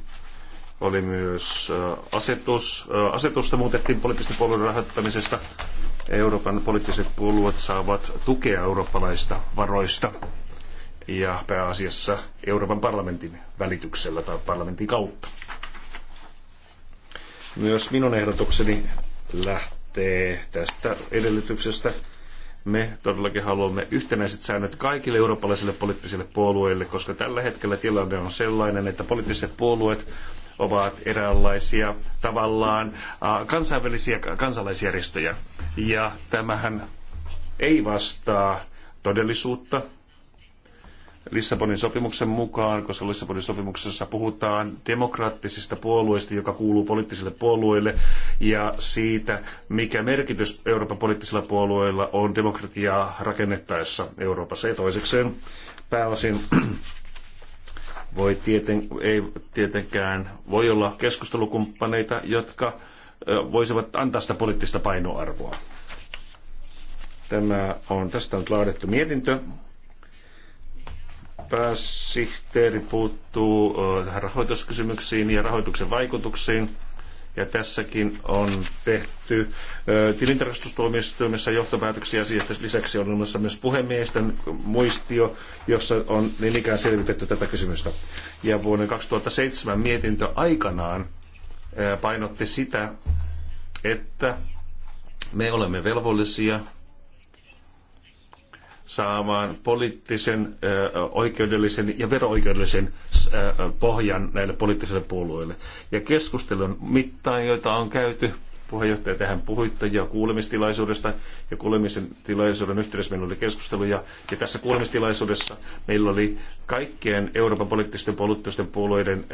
oli myös asetus, asetusta muutettiin poliittisten puolueiden rahoittamisesta Euroopan poliittiset puolueet saavat tukea eurooppalaista varoista ja pääasiassa Euroopan parlamentin välityksellä tai parlamentin kautta. Myös minun ehdotukseni lähtee tästä edellytyksestä. Me todellakin haluamme yhtenäiset säännöt kaikille eurooppalaisille poliittisille puolueille, koska tällä hetkellä tilanne on sellainen, että poliittiset puolueet ovat eräänlaisia tavallaan kansainvälisiä kansalaisjärjestöjä. Ja tämähän ei vastaa todellisuutta, Lissabonin sopimuksen mukaan, koska Lissabonin sopimuksessa puhutaan demokraattisista puolueista, joka kuuluu poliittisille puolueille, ja siitä, mikä merkitys Euroopan poliittisilla puolueilla on demokratiaa rakennettaessa Euroopassa. Ja toisekseen pääosin voi tieten, ei tietenkään voi olla keskustelukumppaneita, jotka voisivat antaa sitä poliittista painoarvoa. Tämä on, tästä on laadittu mietintö. Pääsihteeri puuttuu rahoituskysymyksiin ja rahoituksen vaikutuksiin ja tässäkin on tehty tilintarkastustuomioistuimessa johtopäätöksiä asiasta. Lisäksi on olemassa myös puhemiesten muistio, jossa on niin ikään selvitetty tätä kysymystä. Ja vuoden 2007 mietintö aikanaan painotti sitä, että me olemme velvollisia saamaan poliittisen, oikeudellisen ja verooikeudellisen pohjan näille poliittisille puolueille. Ja keskustelun mittaan, joita on käyty, puheenjohtaja tähän puhuitte ja kuulemistilaisuudesta ja tilaisuuden yhteydessä meillä oli keskustelu ja, ja tässä kuulemistilaisuudessa meillä oli kaikkien Euroopan poliittisten poliittisten puolueiden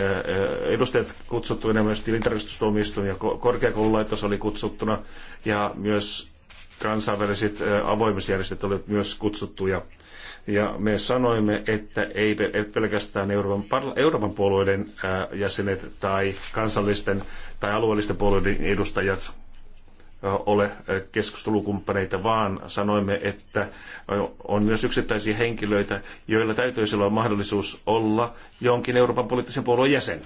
edustajat kutsuttuina myös tilintarkastustuomioistuin ja korkeakoululaitos oli kutsuttuna ja myös kansainväliset avoimisjärjestöt olivat myös kutsuttuja. Ja me sanoimme, että ei pelkästään Euroopan, Euroopan puolueiden jäsenet tai kansallisten tai alueellisten puolueiden edustajat ole keskustelukumppaneita, vaan sanoimme, että on myös yksittäisiä henkilöitä, joilla täytyisi olla mahdollisuus olla jonkin Euroopan poliittisen puolueen jäsen.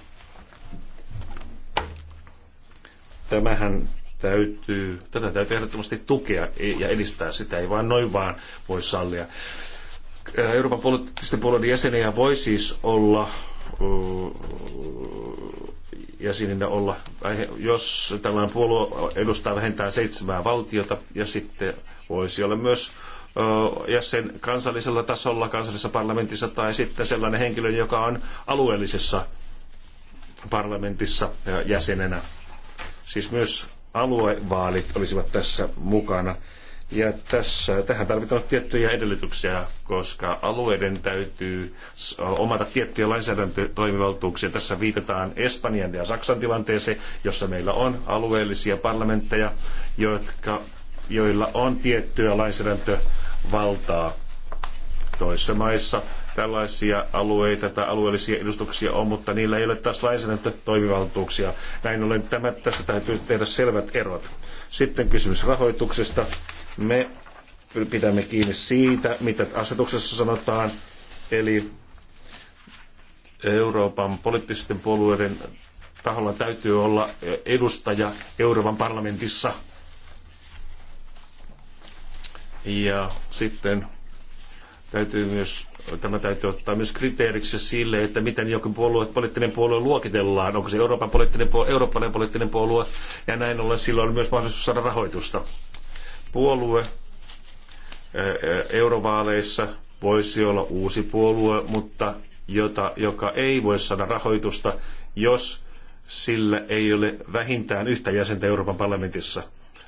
Tämähän täytyy, tätä täytyy ehdottomasti tukea ja edistää. Sitä ei vaan noin vaan voi sallia. Äh, Euroopan poliittisten puolueiden jäseniä voi siis olla uh, jäseninä olla, äh, jos tällainen puolue edustaa vähintään seitsemää valtiota ja sitten voisi olla myös uh, jäsen kansallisella tasolla, kansallisessa parlamentissa tai sitten sellainen henkilö, joka on alueellisessa parlamentissa uh, jäsenenä. Siis myös aluevaalit olisivat tässä mukana. Ja tässä, tähän tarvitaan tiettyjä edellytyksiä, koska alueiden täytyy omata tiettyjä lainsäädäntötoimivaltuuksia. Tässä viitataan Espanjan ja Saksan tilanteeseen, jossa meillä on alueellisia parlamentteja, jotka, joilla on tiettyä lainsäädäntövaltaa. Toissa maissa tällaisia alueita tai alueellisia edustuksia on, mutta niillä ei ole taas toimivaltuuksia. Näin ollen tämä, tässä täytyy tehdä selvät erot. Sitten kysymys rahoituksesta. Me pidämme kiinni siitä, mitä asetuksessa sanotaan, eli Euroopan poliittisten puolueiden taholla täytyy olla edustaja Euroopan parlamentissa. Ja sitten täytyy myös tämä täytyy ottaa myös kriteeriksi sille, että miten jokin puolue, poliittinen puolue luokitellaan. Onko se Euroopan poliittinen puolue, eurooppalainen poliittinen puolue, ja näin ollen silloin on myös mahdollisuus saada rahoitusta. Puolue eurovaaleissa voisi olla uusi puolue, mutta jota, joka ei voi saada rahoitusta, jos sillä ei ole vähintään yhtä jäsentä Euroopan parlamentissa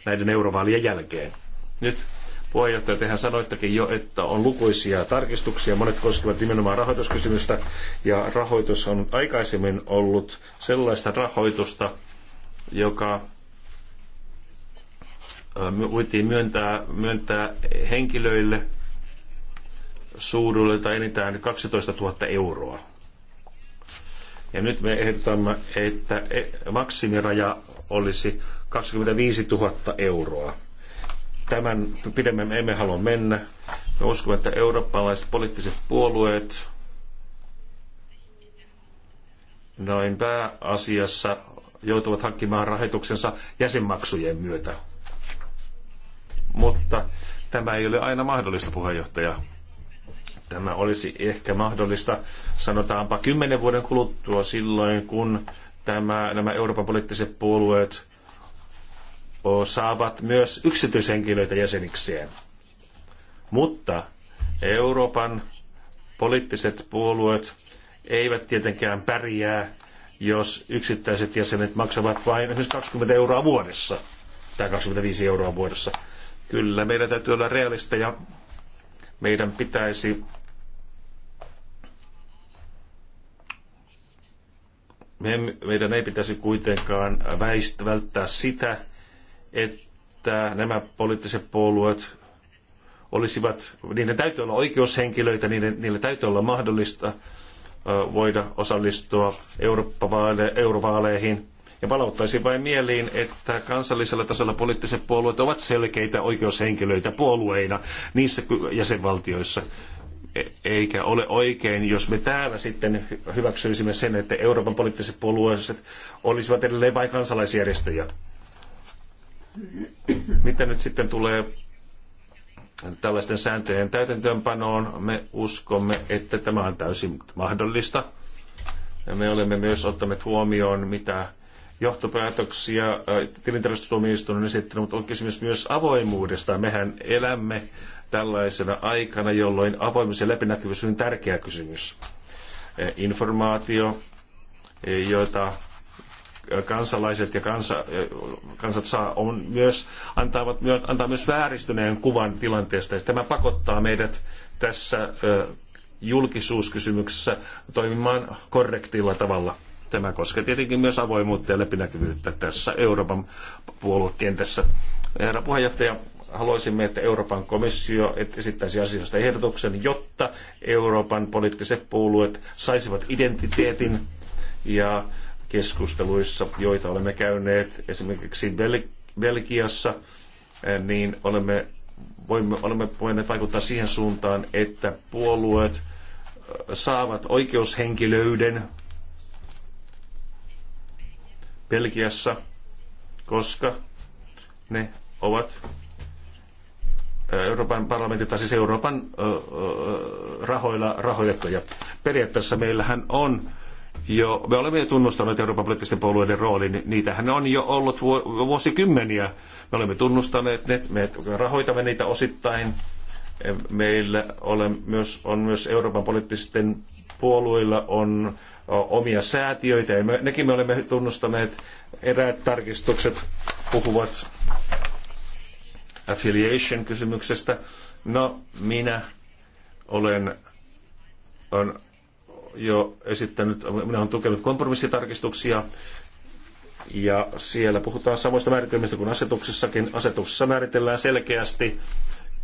näiden eurovaalien jälkeen. Nyt puheenjohtaja, tehän sanoittekin jo, että on lukuisia tarkistuksia. Monet koskevat nimenomaan rahoituskysymystä. Ja rahoitus on aikaisemmin ollut sellaista rahoitusta, joka voitiin myöntää, myöntää henkilöille tai enintään 12 000 euroa. Ja nyt me ehdotamme, että e- maksimiraja olisi 25 000 euroa Tämän pidemmän emme halua mennä. Me uskon, että eurooppalaiset poliittiset puolueet noin pääasiassa joutuvat hankkimaan rahoituksensa jäsenmaksujen myötä. Mutta tämä ei ole aina mahdollista, puheenjohtaja. Tämä olisi ehkä mahdollista, sanotaanpa kymmenen vuoden kuluttua silloin, kun tämä, nämä Euroopan poliittiset puolueet saavat myös yksityishenkilöitä jäsenikseen. Mutta Euroopan poliittiset puolueet eivät tietenkään pärjää, jos yksittäiset jäsenet maksavat vain esimerkiksi 20 euroa vuodessa tai 25 euroa vuodessa. Kyllä, meidän täytyy olla realisteja. Meidän pitäisi meidän ei pitäisi kuitenkaan väist, välttää sitä, että nämä poliittiset puolueet olisivat, niiden täytyy olla oikeushenkilöitä, niiden, niillä täytyy olla mahdollista voida osallistua eurovaaleihin. Ja palauttaisin vain mieliin, että kansallisella tasolla poliittiset puolueet ovat selkeitä oikeushenkilöitä puolueina niissä jäsenvaltioissa. E- eikä ole oikein, jos me täällä sitten hyväksyisimme sen, että Euroopan poliittiset puolueet olisivat edelleen vain kansalaisjärjestöjä. Mitä nyt sitten tulee tällaisten sääntöjen täytäntöönpanoon, me uskomme, että tämä on täysin mahdollista. Me olemme myös ottaneet huomioon, mitä johtopäätöksiä äh, tilintarkastustuomioistuin on esittänyt, mutta on kysymys myös avoimuudesta. Mehän elämme tällaisena aikana, jolloin avoimuus ja läpinäkyvyys on tärkeä kysymys. Äh, informaatio, äh, jota kansalaiset ja kansa, kansat saa, on myös, antavat, antaa myös vääristyneen kuvan tilanteesta. Tämä pakottaa meidät tässä julkisuuskysymyksessä toimimaan korrektilla tavalla. Tämä koskee tietenkin myös avoimuutta ja läpinäkyvyyttä tässä Euroopan puoluekentässä. Herra puheenjohtaja, haluaisimme, että Euroopan komissio esittäisi asiasta ehdotuksen, jotta Euroopan poliittiset puolueet saisivat identiteetin ja keskusteluissa, joita olemme käyneet esimerkiksi Bel- Belgiassa, eh, niin olemme, voimme, olemme voineet vaikuttaa siihen suuntaan, että puolueet eh, saavat oikeushenkilöiden Belgiassa, koska ne ovat eh, Euroopan parlamentin, tai siis Euroopan rahoilla rahoitettuja. Periaatteessa meillähän on jo, me olemme jo tunnustaneet Euroopan poliittisten puolueiden roolin, niitähän on jo ollut vuosikymmeniä. Me olemme tunnustaneet ne, me rahoitamme niitä osittain. Meillä on myös, on myös Euroopan poliittisten puolueilla on omia säätiöitä, ja me, nekin me olemme tunnustaneet. Eräät tarkistukset puhuvat affiliation-kysymyksestä. No, minä olen on jo esittänyt, minä olen tukenut kompromissitarkistuksia, ja siellä puhutaan samoista määritelmistä kuin asetuksessakin. Asetuksessa määritellään selkeästi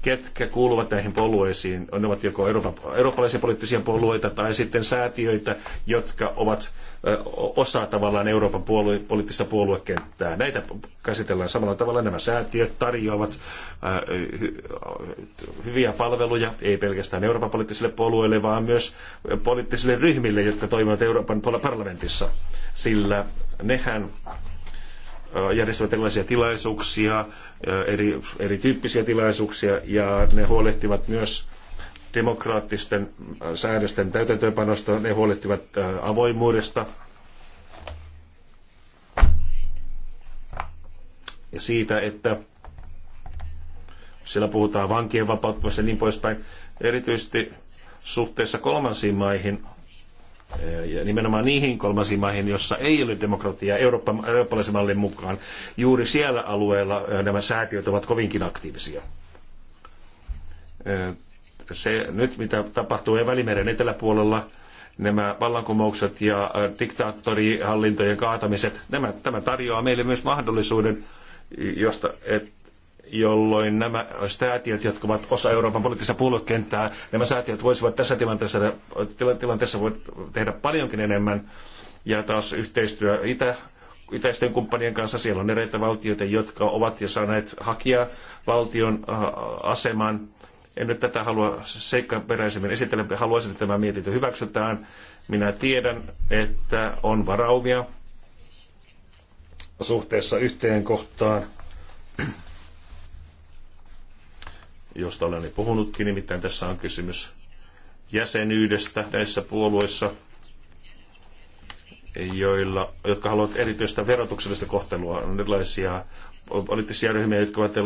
ketkä kuuluvat näihin puolueisiin. Ne ovat joko eurooppalaisia poliittisia puolueita tai sitten säätiöitä, jotka ovat osa tavallaan Euroopan puolue, poliittista puoluekenttää. Näitä käsitellään samalla tavalla. Nämä säätiöt tarjoavat hyviä palveluja, ei pelkästään Euroopan poliittisille puolueille, vaan myös poliittisille ryhmille, jotka toimivat Euroopan parlamentissa. Sillä nehän järjestävät erilaisia tilaisuuksia, eri, erityyppisiä tilaisuuksia, ja ne huolehtivat myös demokraattisten säädösten täytäntöönpanosta, ne huolehtivat avoimuudesta ja siitä, että siellä puhutaan vankien vapautumista ja niin poispäin. Erityisesti suhteessa kolmansiin maihin ja nimenomaan niihin kolmansiin maihin, jossa ei ole demokratiaa Eurooppa, eurooppalaisen mallin mukaan. Juuri siellä alueella nämä säätiöt ovat kovinkin aktiivisia. Se nyt, mitä tapahtuu Välimeren eteläpuolella, nämä vallankumoukset ja diktaattorihallintojen kaatamiset, nämä, tämä tarjoaa meille myös mahdollisuuden, josta, että jolloin nämä säätiöt, jotka ovat osa Euroopan poliittista puoluekenttää, nämä säätiöt voisivat tässä tilanteessa, tilanteessa voi tehdä paljonkin enemmän. Ja taas yhteistyö Itä, itäisten kumppanien kanssa, siellä on eräitä valtioita, jotka ovat jo saaneet hakia valtion äh, aseman. En nyt tätä halua seikkaperäisemmin esitellä, haluaisin, että tämä mietintö hyväksytään. Minä tiedän, että on varaumia suhteessa yhteen kohtaan josta olen puhunutkin, nimittäin tässä on kysymys jäsenyydestä näissä puolueissa, joilla, jotka haluavat erityistä verotuksellista kohtelua. On erilaisia poliittisia ryhmiä, jotka ovat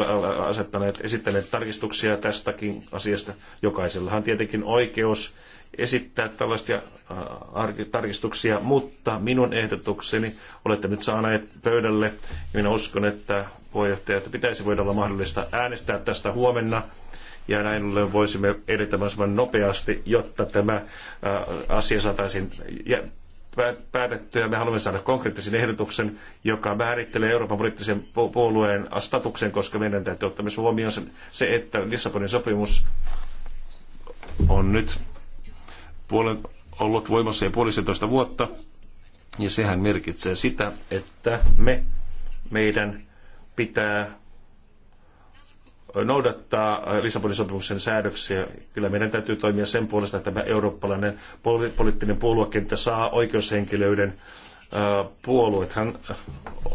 asettaneet, esittäneet tarkistuksia tästäkin asiasta. Jokaisellahan tietenkin oikeus esittää tällaisia äh, tarkistuksia, mutta minun ehdotukseni olette nyt saaneet pöydälle. Minä uskon, että puheenjohtaja, että pitäisi voida olla mahdollista äänestää tästä huomenna ja näin ollen voisimme edetä mahdollisimman nopeasti, jotta tämä äh, asia saataisiin päätettyä. Me haluamme saada konkreettisen ehdotuksen, joka määrittelee Euroopan poliittisen puolueen statuksen, koska meidän täytyy ottaa myös huomioon se, että Lissabonin sopimus on nyt puolen, ollut voimassa jo puolisentoista vuotta, ja sehän merkitsee sitä, että me, meidän pitää noudattaa Lissabonin sopimuksen säädöksiä. Kyllä meidän täytyy toimia sen puolesta, että tämä eurooppalainen poli poliittinen puoluekenttä saa oikeushenkilöiden puolueethan,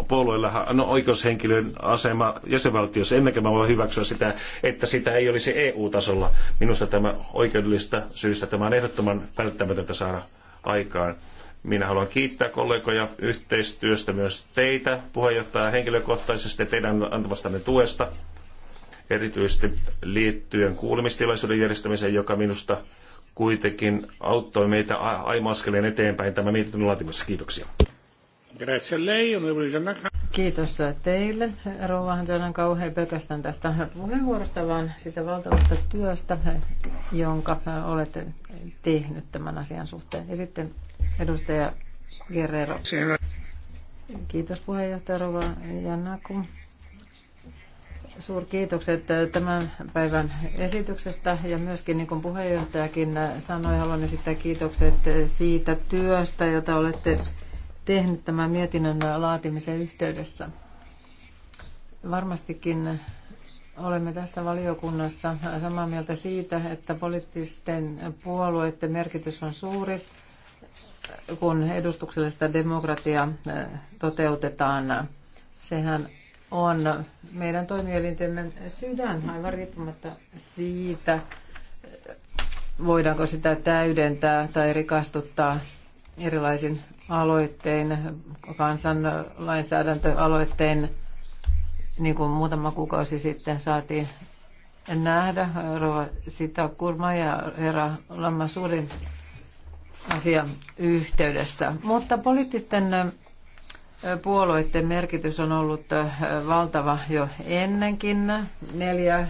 puolueillahan on no, oikeushenkilön asema jäsenvaltiossa, emmekä mä voi hyväksyä sitä, että sitä ei olisi EU-tasolla. Minusta tämä oikeudellista syystä tämä on ehdottoman välttämätöntä saada aikaan. Minä haluan kiittää kollegoja yhteistyöstä myös teitä, puheenjohtaja henkilökohtaisesti teidän antamastanne tuesta, erityisesti liittyen kuulemistilaisuuden järjestämiseen, joka minusta kuitenkin auttoi meitä aimo askeleen eteenpäin tämän mietinnön laatimisessa. Kiitoksia.
Kiitos teille, Rouva Hansonan kauhean pelkästään tästä puheenvuorosta, vaan sitä valtavasta työstä, jonka olette tehnyt tämän asian suhteen. Ja sitten edustaja Guerrero. Kiitos puheenjohtaja Rouva Janaku. Suurkiitokset äh, tämän päivän esityksestä ja myöskin niin kuin puheenjohtajakin sanoi, haluan esittää kiitokset äh, siitä työstä, jota olette tehnyt tämän mietinnön laatimisen yhteydessä. Varmastikin olemme tässä valiokunnassa samaa mieltä siitä, että poliittisten puolueiden merkitys on suuri, kun edustuksellista demokratiaa äh, toteutetaan. Sehän on meidän toimielintemme sydän, aivan riippumatta siitä, voidaanko sitä täydentää tai rikastuttaa erilaisin aloittein, kansanlainsäädäntöaloittein, niin kuin muutama kuukausi sitten saatiin nähdä. Rova Sita Kurma ja herra Lamma Suuri asia yhteydessä. Mutta poliittisten puolueiden merkitys on ollut valtava jo ennenkin. Neljä,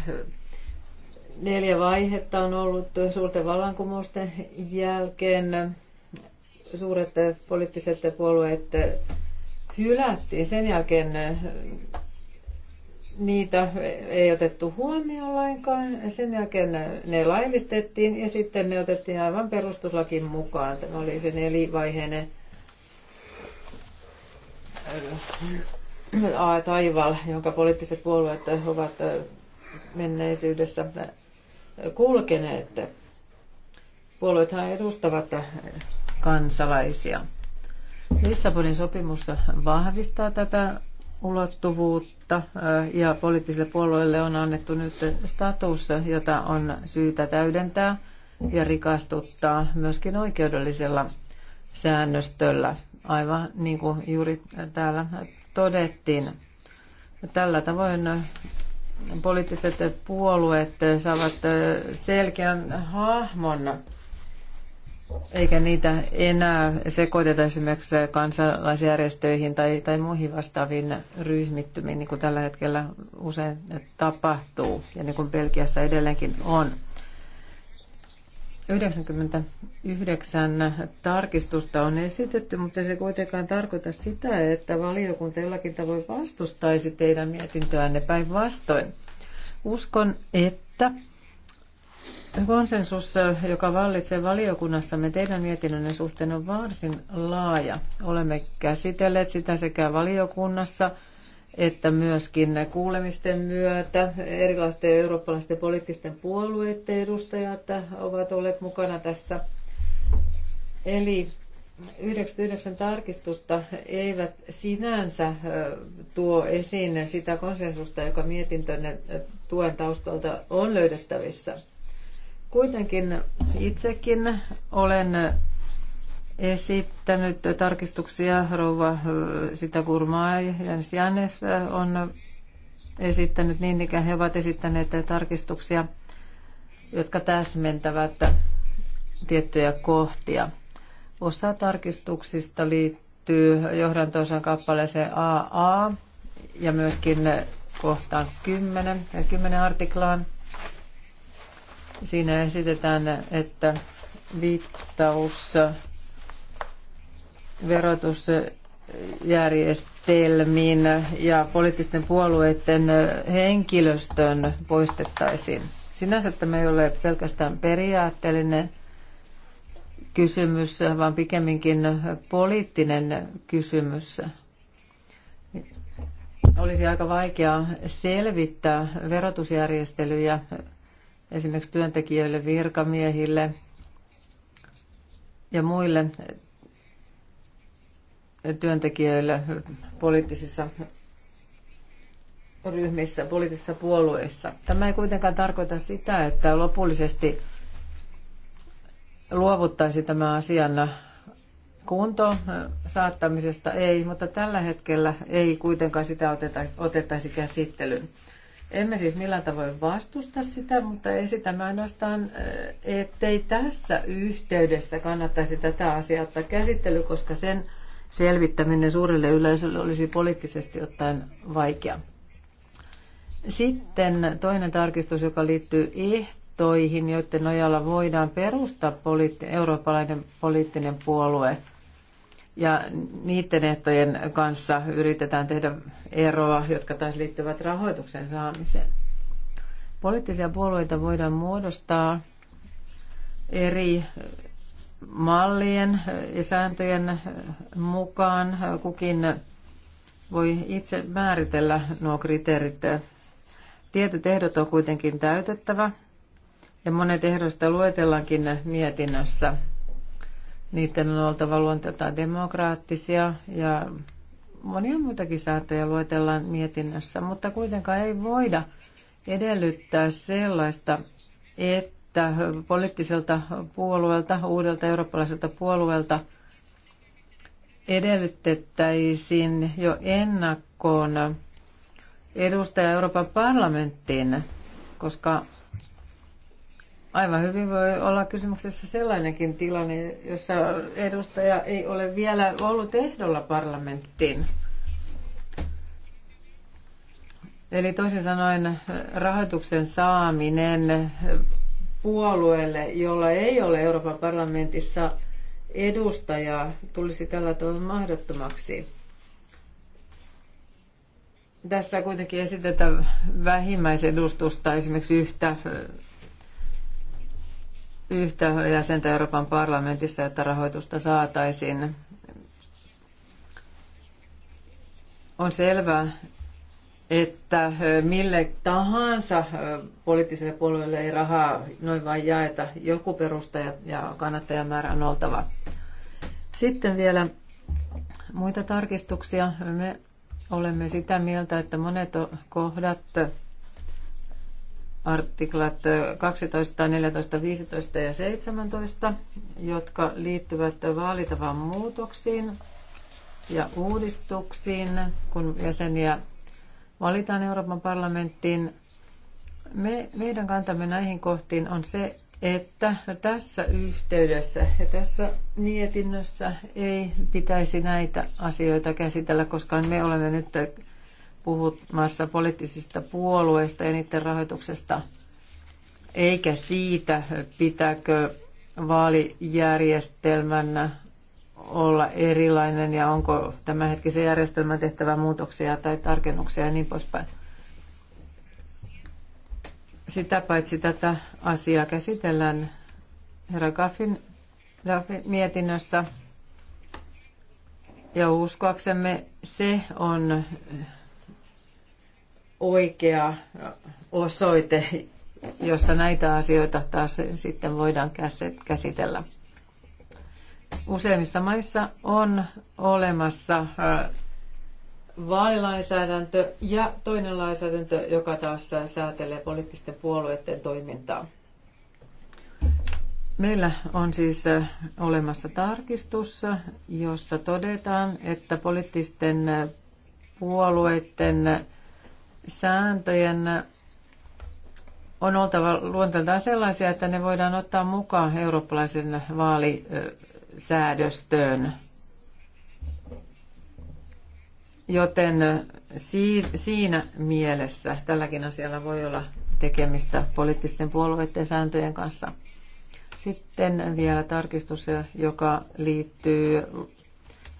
neljä vaihetta on ollut suurten vallankumousten jälkeen. Suuret poliittiset puolueet hylättiin. Sen jälkeen niitä ei otettu huomioon lainkaan. Sen jälkeen ne laillistettiin ja sitten ne otettiin aivan perustuslakin mukaan. Tämä oli se nelivaiheinen taival, jonka poliittiset puolueet ovat menneisyydessä kulkeneet. Puolueethan edustavat kansalaisia. Lissabonin sopimus vahvistaa tätä ulottuvuutta ja poliittisille puolueille on annettu nyt status, jota on syytä täydentää ja rikastuttaa myöskin oikeudellisella säännöstöllä, aivan niin kuin juuri täällä todettiin. Tällä tavoin poliittiset puolueet saavat selkeän hahmon, eikä niitä enää sekoiteta esimerkiksi kansalaisjärjestöihin tai, tai muihin vastaaviin ryhmittymiin, niin kuin tällä hetkellä usein tapahtuu ja niin kuin Belgiassa edelleenkin on. 99 tarkistusta on esitetty, mutta se kuitenkaan tarkoita sitä, että valiokunta jollakin tavoin vastustaisi teidän mietintöänne päinvastoin. Uskon, että konsensus, joka vallitsee valiokunnassamme teidän mietinnönne suhteen, on varsin laaja. Olemme käsitelleet sitä sekä valiokunnassa – että myöskin kuulemisten myötä erilaisten eurooppalaisten poliittisten puolueiden edustajat ovat olleet mukana tässä. Eli 99 tarkistusta eivät sinänsä tuo esiin sitä konsensusta, joka mietintönne tuen taustalta on löydettävissä. Kuitenkin itsekin olen esittänyt tarkistuksia. Rouva Sitä Kurmaa ja Jens Janef on esittänyt, niin ikään he ovat esittäneet tarkistuksia, jotka täsmentävät tiettyjä kohtia. Osa tarkistuksista liittyy johdantoosan kappaleeseen AA ja myöskin kohtaan 10, 10 artiklaan. Siinä esitetään, että viittaus verotusjärjestelmiin ja poliittisten puolueiden henkilöstön poistettaisiin. Sinänsä tämä ei ole pelkästään periaatteellinen kysymys, vaan pikemminkin poliittinen kysymys. Olisi aika vaikea selvittää verotusjärjestelyjä esimerkiksi työntekijöille, virkamiehille ja muille työntekijöillä poliittisissa ryhmissä, poliittisissa puolueissa. Tämä ei kuitenkaan tarkoita sitä, että lopullisesti luovuttaisi tämä asian kunto saattamisesta ei, mutta tällä hetkellä ei kuitenkaan sitä oteta, otettaisi käsittelyyn. Emme siis millään tavoin vastusta sitä, mutta esitämme ainoastaan, eh, ettei tässä yhteydessä kannattaisi tätä asiaa ottaa käsittely, koska sen selvittäminen suurelle yleisölle olisi poliittisesti ottaen vaikea. Sitten toinen tarkistus, joka liittyy ehtoihin, joiden nojalla voidaan perustaa poliitti- eurooppalainen poliittinen puolue. Ja niiden ehtojen kanssa yritetään tehdä eroa, jotka taas liittyvät rahoituksen saamiseen. Poliittisia puolueita voidaan muodostaa eri mallien ja sääntöjen mukaan kukin voi itse määritellä nuo kriteerit. Tietyt ehdot on kuitenkin täytettävä ja monet ehdoista luetellaankin mietinnössä. Niiden on oltava luonteeltaan demokraattisia ja monia muitakin sääntöjä luetellaan mietinnössä, mutta kuitenkaan ei voida edellyttää sellaista, että että poliittiselta puolueelta, uudelta eurooppalaiselta puolueelta edellytettäisiin jo ennakkoon edustaja Euroopan parlamenttiin, koska aivan hyvin voi olla kysymyksessä sellainenkin tilanne, jossa edustaja ei ole vielä ollut ehdolla parlamenttiin. Eli toisin sanoen rahoituksen saaminen puolueelle, jolla ei ole Euroopan parlamentissa edustajaa, tulisi tällä tavalla mahdottomaksi. Tässä kuitenkin esitetään vähimmäisedustusta, esimerkiksi yhtä, yhtä jäsentä Euroopan parlamentissa, jotta rahoitusta saataisiin. On selvää, että äh, mille tahansa äh, poliittiselle puolueelle ei rahaa noin vain jaeta. Joku perustaja ja kannattajamäärä on oltava. Sitten vielä muita tarkistuksia. Me olemme sitä mieltä, että monet kohdat, artiklat 12, 14, 15 ja 17, jotka liittyvät vaalitavan muutoksiin ja uudistuksiin, kun jäseniä valitaan Euroopan parlamenttiin. Me, meidän kantamme näihin kohtiin on se, että tässä yhteydessä ja tässä mietinnössä ei pitäisi näitä asioita käsitellä, koska me olemme nyt puhumassa poliittisista puolueista ja niiden rahoituksesta, eikä siitä, pitääkö vaalijärjestelmän olla erilainen ja onko tämänhetkisen järjestelmän tehtävä muutoksia tai tarkennuksia ja niin poispäin. Sitä paitsi tätä asiaa käsitellään herra Gaffin mietinnössä ja uskoaksemme se on oikea osoite, jossa näitä asioita taas sitten voidaan käsitellä. Useimmissa maissa on olemassa äh, vaalilainsäädäntö ja toinen lainsäädäntö, joka taas säätelee poliittisten puolueiden toimintaa. Meillä on siis äh, olemassa tarkistus, jossa todetaan, että poliittisten äh, puolueiden sääntöjen on oltava luonteeltaan sellaisia, että ne voidaan ottaa mukaan eurooppalaisen vaali säädöstöön. Joten siinä mielessä tälläkin asialla voi olla tekemistä poliittisten puolueiden sääntöjen kanssa. Sitten vielä tarkistus, joka liittyy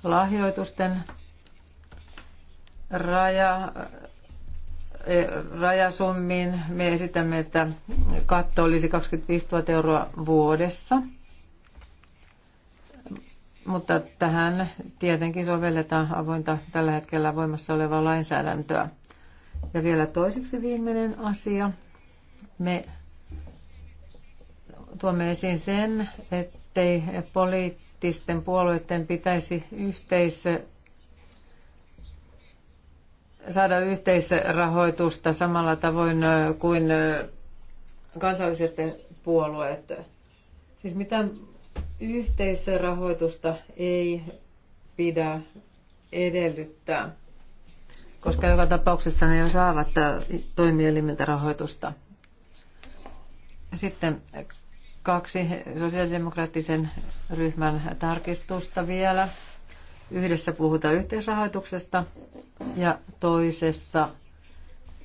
lahjoitusten raja, e, rajasummiin. Me esitämme, että katto olisi 25 000 euroa vuodessa – mutta tähän tietenkin sovelletaan avointa tällä hetkellä voimassa olevaa lainsäädäntöä. Ja vielä toiseksi viimeinen asia. Me tuomme esiin sen, ettei poliittisten puolueiden pitäisi yhteis saada yhteisrahoitusta samalla tavoin kuin kansalliset puolueet. Siis mitä? yhteisrahoitusta ei pidä edellyttää, koska joka tapauksessa ne jo saavat toimielimiltä rahoitusta. Sitten kaksi sosiaalidemokraattisen ryhmän tarkistusta vielä. Yhdessä puhutaan yhteisrahoituksesta ja toisessa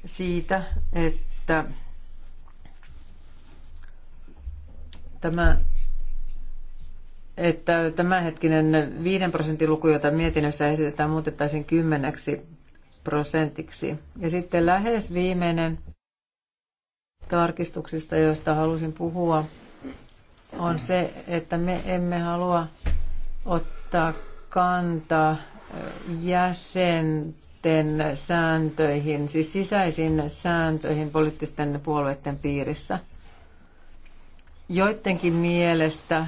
siitä, että tämä että tämänhetkinen 5 prosentin luku, jota mietinnössä esitetään, muutettaisiin 10 prosentiksi. Ja sitten lähes viimeinen tarkistuksista, joista halusin puhua, on se, että me emme halua ottaa kantaa jäsenten sääntöihin, siis sisäisiin sääntöihin poliittisten puolueiden piirissä. Joidenkin mielestä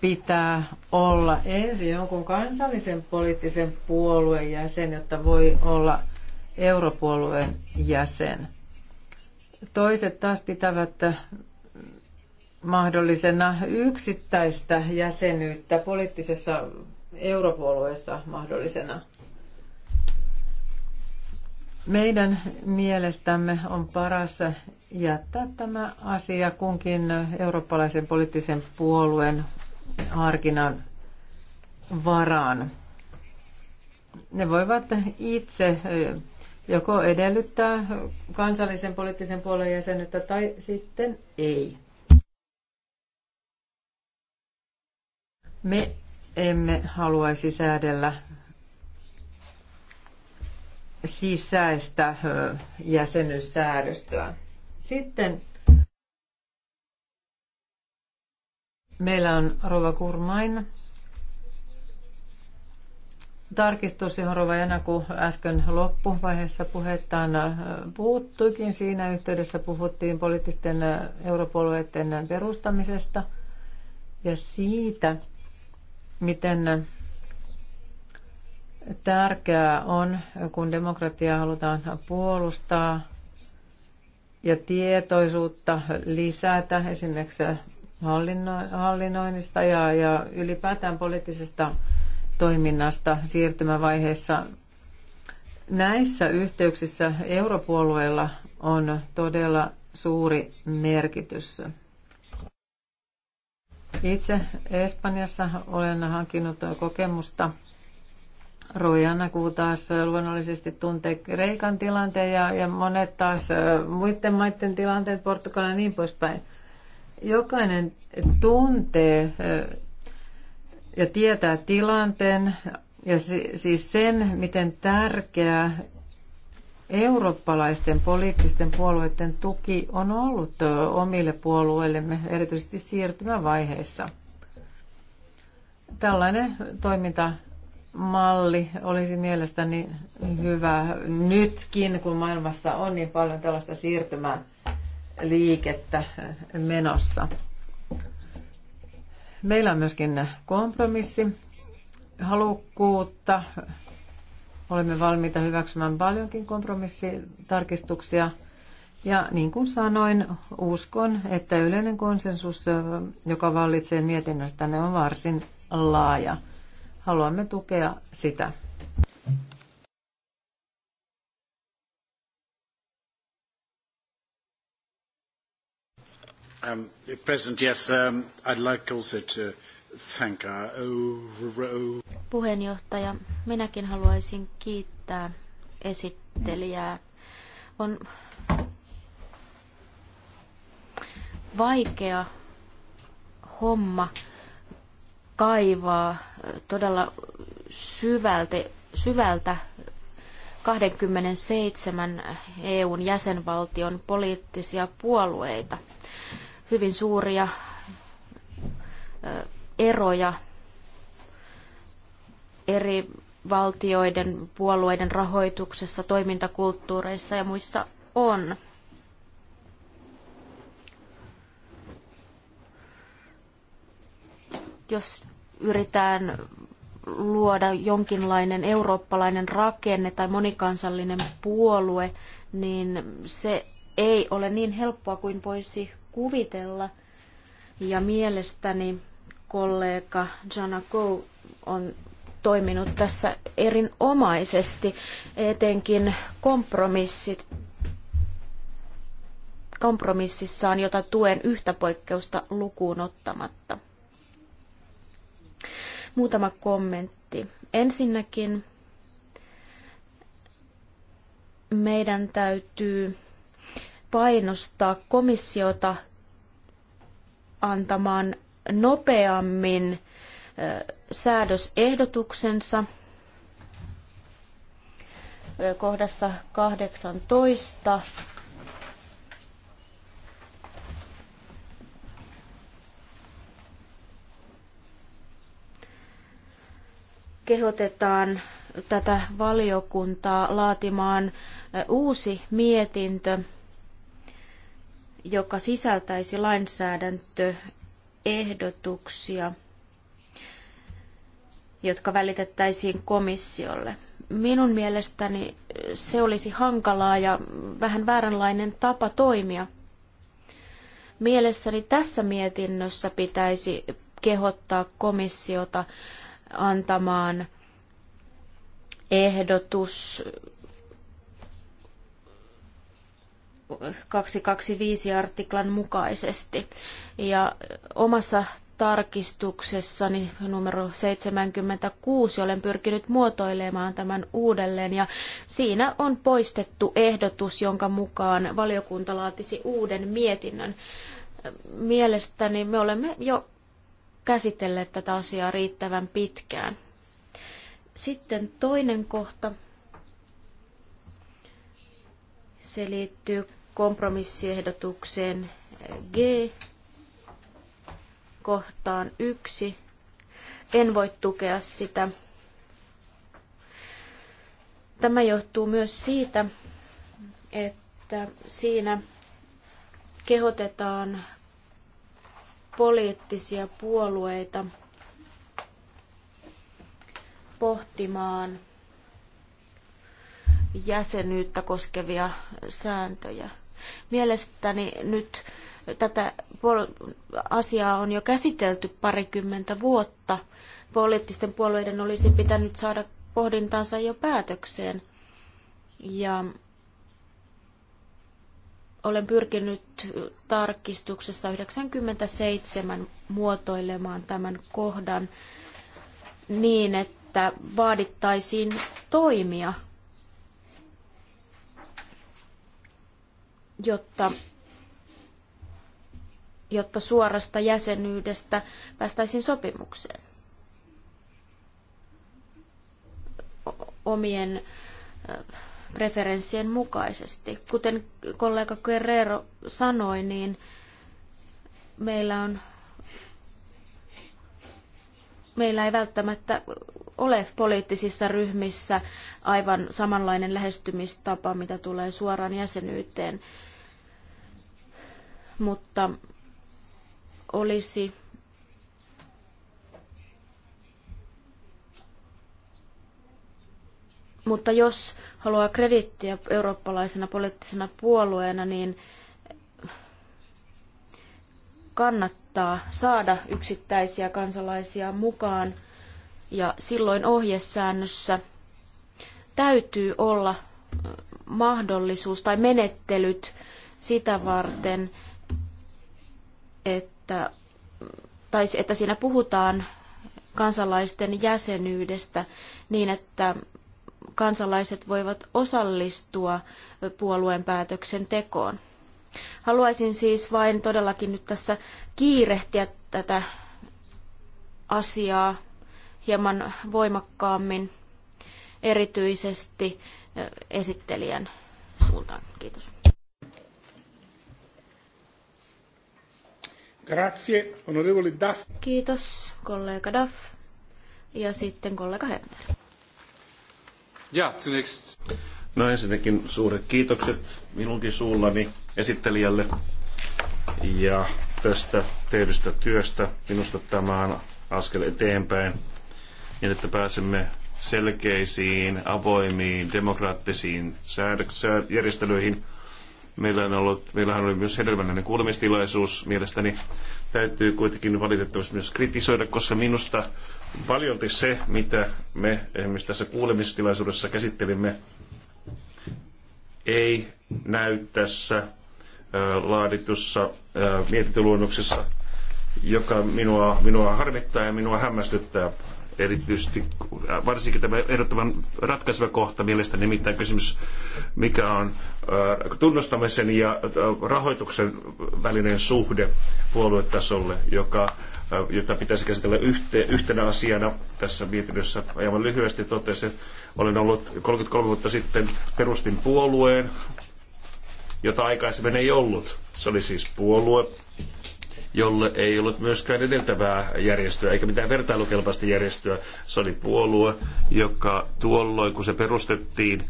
pitää olla ensin jonkun kansallisen poliittisen puolueen jäsen, jotta voi olla europuolueen jäsen. Toiset taas pitävät mahdollisena yksittäistä jäsenyyttä poliittisessa europuolueessa mahdollisena. Meidän mielestämme on paras jättää tämä asia kunkin eurooppalaisen poliittisen puolueen harkinnan varaan. Ne voivat itse joko edellyttää kansallisen poliittisen puolen jäsenyyttä tai sitten ei. Me emme haluaisi säädellä sisäistä jäsenyyssäädöstöä. Sitten Meillä on Rova Kurmain tarkistus, johon Rova Janaku äsken loppuvaiheessa puhettaan äh, puuttuikin. Siinä yhteydessä puhuttiin poliittisten äh, europuolueiden perustamisesta ja siitä, miten äh, tärkeää on, kun demokratiaa halutaan puolustaa ja tietoisuutta lisätä esimerkiksi hallinnoinnista ja, ja ylipäätään poliittisesta toiminnasta siirtymävaiheessa. Näissä yhteyksissä europuolueilla on todella suuri merkitys. Itse Espanjassa olen hankinut kokemusta Rojana, kun taas luonnollisesti tuntee Kreikan tilanteen ja, ja monet taas muiden maiden tilanteet, Portugalin ja niin poispäin. Jokainen tuntee ja tietää tilanteen ja siis sen, miten tärkeää eurooppalaisten poliittisten puolueiden tuki on ollut omille puolueillemme, erityisesti siirtymävaiheessa. Tällainen toimintamalli olisi mielestäni hyvä nytkin, kun maailmassa on niin paljon tällaista siirtymää liikettä menossa. Meillä on myöskin kompromissi, halukkuutta. Olemme valmiita hyväksymään paljonkin kompromissitarkistuksia. Ja niin kuin sanoin, uskon, että yleinen konsensus, joka vallitsee mietinnöstä, on varsin laaja. Haluamme tukea sitä. Um, President, yes, um, I'd like also to thank our...
Puheenjohtaja, minäkin haluaisin kiittää esittelijää. On vaikea homma kaivaa todella syvältä, syvältä 27 EUn jäsenvaltion poliittisia puolueita hyvin suuria eroja eri valtioiden, puolueiden rahoituksessa, toimintakulttuureissa ja muissa on. Jos yritetään luoda jonkinlainen eurooppalainen rakenne tai monikansallinen puolue, niin se ei ole niin helppoa kuin voisi kuvitella. Ja mielestäni kollega Jana Go on toiminut tässä erinomaisesti, etenkin kompromissit kompromississaan, jota tuen yhtä poikkeusta lukuun ottamatta. Muutama kommentti. Ensinnäkin meidän täytyy painostaa komissiota antamaan nopeammin säädösehdotuksensa kohdassa 18 kehotetaan tätä valiokuntaa laatimaan uusi mietintö joka sisältäisi lainsäädäntöehdotuksia, jotka välitettäisiin komissiolle. Minun mielestäni se olisi hankalaa ja vähän vääränlainen tapa toimia. Mielestäni tässä mietinnössä pitäisi kehottaa komissiota antamaan ehdotus 225 artiklan mukaisesti. Ja omassa tarkistuksessani numero 76 olen pyrkinyt muotoilemaan tämän uudelleen ja siinä on poistettu ehdotus, jonka mukaan valiokunta laatisi uuden mietinnön. Mielestäni me olemme jo käsitelleet tätä asiaa riittävän pitkään. Sitten toinen kohta. Se liittyy kompromissiehdotukseen G kohtaan yksi. En voi tukea sitä. Tämä johtuu myös siitä, että siinä kehotetaan poliittisia puolueita pohtimaan jäsenyyttä koskevia sääntöjä. Mielestäni nyt tätä asiaa on jo käsitelty parikymmentä vuotta. Poliittisten puolueiden olisi pitänyt saada pohdintansa jo päätökseen. Ja olen pyrkinyt tarkistuksessa 97 muotoilemaan tämän kohdan niin, että vaadittaisiin toimia jotta, jotta suorasta jäsenyydestä päästäisiin sopimukseen omien preferenssien mukaisesti. Kuten kollega Guerrero sanoi, niin meillä on meillä ei välttämättä ole poliittisissa ryhmissä aivan samanlainen lähestymistapa, mitä tulee suoraan jäsenyyteen. Mutta olisi Mutta jos haluaa kredittiä eurooppalaisena poliittisena puolueena, niin kannattaa saada yksittäisiä kansalaisia mukaan – ja silloin ohjesäännössä täytyy olla mahdollisuus tai menettelyt sitä varten, että, tai että siinä puhutaan kansalaisten jäsenyydestä niin, että kansalaiset voivat osallistua puolueen päätöksentekoon. Haluaisin siis vain todellakin nyt tässä kiirehtiä tätä asiaa hieman voimakkaammin erityisesti esittelijän suuntaan. Kiitos. Grazie, onorevoli Duff. Kiitos, kollega Duff. Ja sitten kollega Hebner.
Ja, zunächst. No ensinnäkin suuret kiitokset minunkin suullani esittelijälle ja tästä tehdystä työstä. Minusta tämä on askel eteenpäin niin että pääsemme selkeisiin, avoimiin, demokraattisiin järjestelyihin. Meillä on ollut, meillähän oli myös hedelmällinen kuulemistilaisuus. Mielestäni täytyy kuitenkin valitettavasti myös kritisoida, koska minusta paljolti se, mitä me esimerkiksi tässä kuulemistilaisuudessa käsittelimme, ei näy tässä laaditussa mietintöluonnoksessa, joka minua, minua harmittaa ja minua hämmästyttää erityisesti, varsinkin tämä ehdottoman ratkaiseva kohta mielestäni nimittäin kysymys, mikä on tunnustamisen ja rahoituksen välinen suhde puoluetasolle, joka, jota pitäisi käsitellä yhtenä asiana tässä mietinnössä. Aivan lyhyesti totesin, olen ollut 33 vuotta sitten perustin puolueen, jota aikaisemmin ei ollut. Se oli siis puolue, jolle ei ollut myöskään edeltävää järjestöä eikä mitään vertailukelpoista järjestöä. Se oli puolue, joka tuolloin, kun se perustettiin,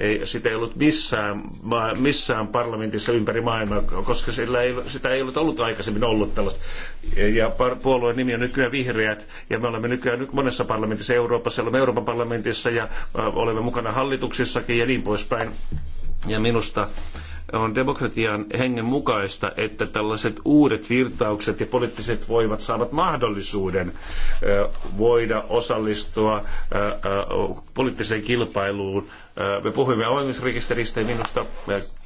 ei, sitä ei ollut missään, missään parlamentissa ympäri maailmaa, koska sillä ei, sitä ei ollut, ollut aikaisemmin ollut tällaista. Ja puolueen nimi on nykyään Vihreät, ja me olemme nykyään monessa parlamentissa Euroopassa, olemme Euroopan parlamentissa ja olemme mukana hallituksissakin ja niin poispäin. Ja minusta on demokratian hengen mukaista, että tällaiset uudet virtaukset ja poliittiset voimat saavat mahdollisuuden voida osallistua poliittiseen kilpailuun. Me puhuimme avoimuusrekisteristä ja minusta